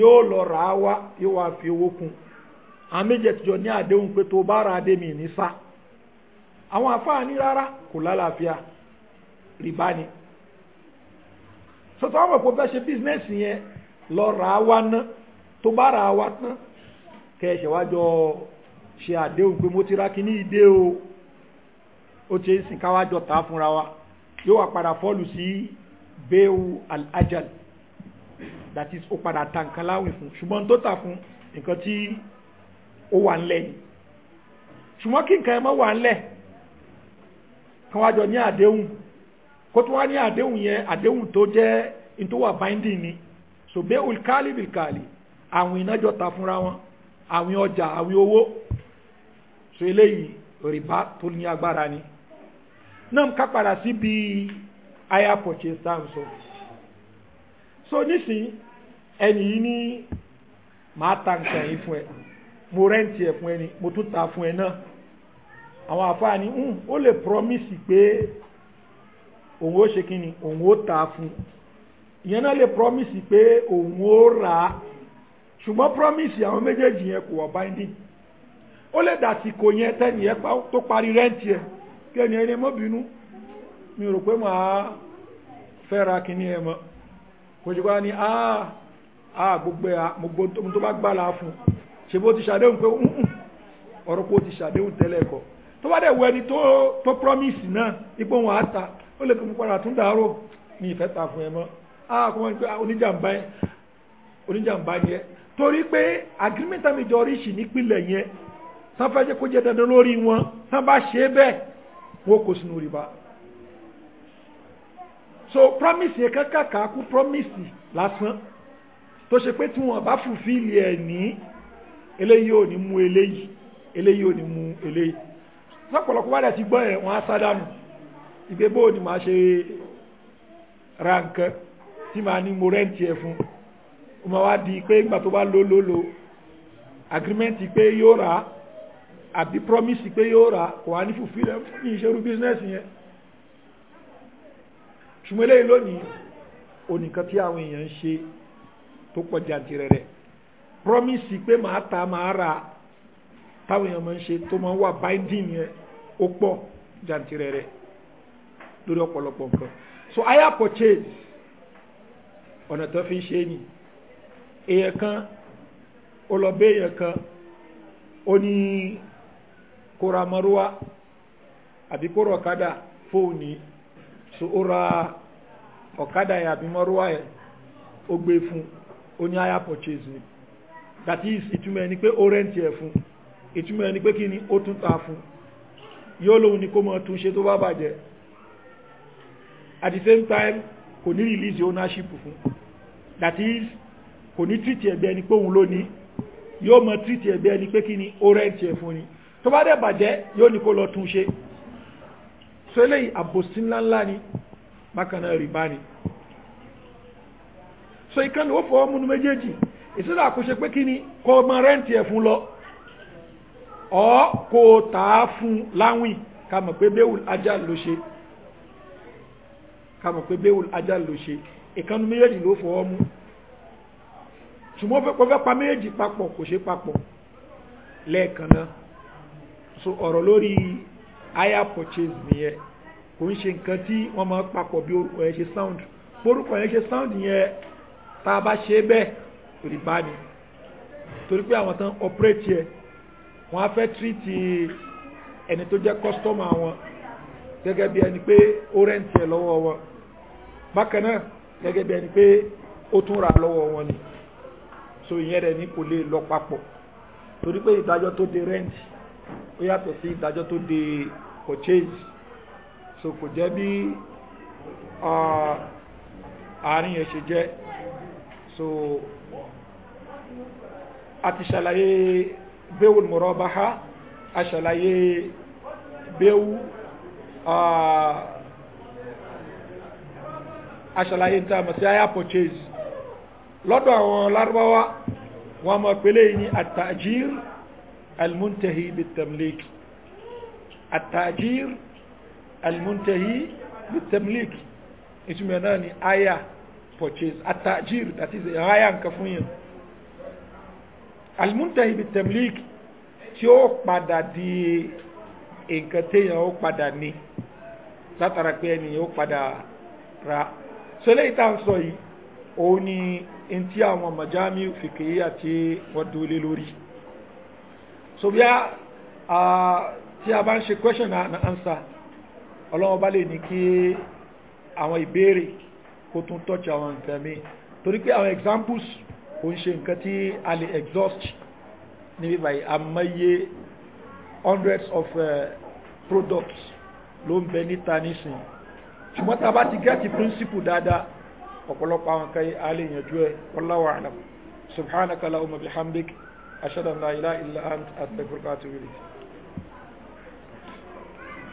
yóò lọ rà á wá yóò wá fi owó kún àwọn méjèèjì jọ ní àdéhùn pé tó bá ra adé mi ní sá àwọn àfáà ní rárá kò lálàáfíà rìbá ni sọtọ́ àwọn òpó fẹ́ ṣe bísínẹ́sì yẹn lọ rà á wá ná tó bá rà á wá tán kẹ́ẹ̀ṣẹ̀ wájọ ṣe àdéhùn pé mo ti ra kíní ìdé o ó ti ń sìn káwájọ tà fúnra wa yóò wá padà fọ́ọ̀lù sí bẹ́ẹ̀wù al-ajal. ajal that is ó padà ta nǹkan láwìn fún ṣùgbọ́n tó tà fún nǹkan tí ó wà ńlẹ̀ ni ṣùgbọ́n kí nǹkan ẹ mọ́ wà ńlẹ̀ kan wájọ ní àdéhùn kó tó wá ní àdéhùn yẹn àdéhùn tó jẹ́ in tó wà binding ni so bẹ́ẹ̀ olùkálí bìkálí àwọn ìnájọ ta fúnra wọn àwọn ọjà àwọn owó so eléyìí rìbá tó ní agbára ni náà ká padà sí bí higher purchase time so. so nísìnyí ẹnì yìí ní màá ta nǹkan yìí fún ẹ mo rẹ́ǹtì ẹ̀ fún ẹ ni mo tún ta fún ẹ náà àwọn àfáàní ń hmm, ó lè promise pé òun ó ṣe kí ni òun ó ta fún ìyẹn náà lè promise pé òun ó rà á ṣùgbọ́n promise àwọn méjèèjì yẹn kò wà binding ó lè dàsìkò yẹn tẹ́nì yẹn tó parí rẹ́ǹtì ẹ̀ kí ẹni ẹni mọ́ bínú mi rò pé màá kò ni a ní àà ah, ah, gbogbo gbogbo tó bá gbàlá fún ṣe bó ti ṣàdéhùn pé ń ọ̀rọ̀ kó ti ṣàdéhùn tẹ́lẹ̀ kọ tó bá dẹ̀ wọ ẹni tó promise náà ipò wọn àta ó lè kó mú padà tún dàárò ní ìfẹ́ ta fún ẹ mọ́ àà kó wọn pé ah, oníjàmbá yẹn oníjàmbá yẹn torí pé agreement àmì jọ oríṣi nípìnlẹ̀ yẹn sanfẹ́jẹ́ kó jẹ́ dandan lórí wọn tán ṣe é bẹ́ẹ̀ wọn kò sínú rìbá so promise yẹn kankanka kú promise lásán tó ṣe pé tí wọn bá fulfill ẹ ní eléyìí ò ní mú eléyìí eléyìí ò ní mú eléyìí sọpọlọpọ wàdà ti gbọ́ ẹ wọn á sádànù ìgbé bó ni màá ṣe ra nǹkan tí màá ní mo rẹ́ǹtì ẹ fún ó máa wá di pé ìgbà tó bá lò lò lò agreement pé yóò rà àbí promise pé yóò rà kò wá ní fulfill ẹ fún ìṣerú business yẹn ṣùgbọ́n eléyìí lónìí onìkan tí àwọn èèyàn ń ṣe tó pọ̀ jàǹtìrẹ rẹ̀ promise pé màá ta màá ra táwọn èèyàn máa ń ṣe tó máa ń wà binding yẹn ó pọ̀ jàǹtìrẹ rẹ̀ lórí ọ̀pọ̀lọpọ̀ nǹkan so hire purchase ọ̀nà tó fi ń ṣe ni èèyàn kan ó lọ bẹ èèyàn kan ó ní kóra mọ́rúwá àbí kóra ọ̀kadà fóònù yìí so ó ra ọ̀kadà yẹn àbí mọ́rúwá yẹn ó gbé fún ó ní higher purchase ni that is ìtumọ̀ ẹni pé ó rẹ́ǹtì ẹ̀ fún ìtumọ̀ ẹni pé kí ni ó tún ta fún yóò lóun ni kó mọ tún ṣe tó bá bàjẹ́ at the same time kò ní release ownership fún that is kò ní tìtì ẹ̀bẹ̀ ẹni pé òun ló ní yóò mọ tìtì ẹ̀bẹ̀ ẹni pé kí ni ó rẹ́ǹtì ẹ̀ fún ni tó bá dẹ̀ bàjẹ́ yóò ní kó lọ tún ṣe so eléyìí àbòsí ńláńlá ni bákan náà rìbá ni so ìkànnì ó fọwọ́ múnú méjèèjì ìsìlá àkóṣe pé kí ni kọ́ ọmọ rẹ́ǹtì ẹ̀ fún lọ ọ́ kò tà á fún láwìn ká mọ̀ pé béwùl ajá ló ṣe ká mọ̀ pé béwùl ajá ló ṣe ìkànnì méjèèjì ló fọwọ́ mú ṣùgbọ́n fẹ́ pa méjèèjì papọ̀ kò ṣe papọ̀ lẹ́ẹ̀kan náà so ọ̀rọ̀ lórí higher purchase nìyẹn kò ń ṣe nǹkan tí wọ́n máa papọ̀ bí orúkọ yẹn ṣe sound orúkọ yẹn ṣe sound yẹn tá a bá ṣe bẹ́ẹ̀ rìbá ni torí pé àwọn tán operate yẹ wọ́n á fẹ́ treat ẹni tó jẹ́ customer wọn gẹ́gẹ́ bí ẹni pé ó rẹ́ǹtì ẹ̀ lọ́wọ́ wọn bákan náà gẹ́gẹ́ bí ẹni pé ó tún ra lọ́wọ́ wọn ni so ìyẹn rẹ̀ ní kò lè lọ papọ̀ torí pé ìdájọ́ tó de rẹ́ǹtì ó yàtọ̀ sí ìdájọ́ tó de purchase so kò jẹ́ bí àárín yẹn ṣe jẹ́ so a ti ṣàlàyé bẹ́wò murabaha a ṣàlàyé bẹ́wò a ṣàlàyé ní tàbí sí àyà purchase lọ́dọ̀ àwọn lárúbáwá wọn mọ̀ pẹ̀lẹ́ ní àtàjír almuntahi bitamliki Atajir almuntahi bitamlik ìtumọ̀ náà ni aya purchase àtàjír that is aya nǹkan fún yẹn almuntahi bitamlik tí ó padà di nǹkan téèyàn ó padà ní látara pé ẹnìyàn ó padà ra sọlẹ́ ìta ń sọ yìí òun ni ntí àwọn mọ̀jámi fìkìyà tí wọ́n dúró so bia a ah, tí a bá ń ṣe question and answer ọlọ́wọ́n bá lè ní kí àwọn ìbéèrè kó tún touch àwọn nǹkan mi torí pé àwọn examples ò ń ṣe nǹkan tí a lè exhaust níbi báyìí àmọye hundreds of uh, products ló ń bẹ níta nísìnyí ṣùgbọ́n tá a bá ti gẹ́ẹ̀tì principle dáadáa ọ̀pọ̀lọpọ̀ àwọn kan a lè yànjú ẹ̀ wallahu a'lam subhanaka lahumma bihamdik ashhadu an la ilaha illa ant astaghfiruka wa atubu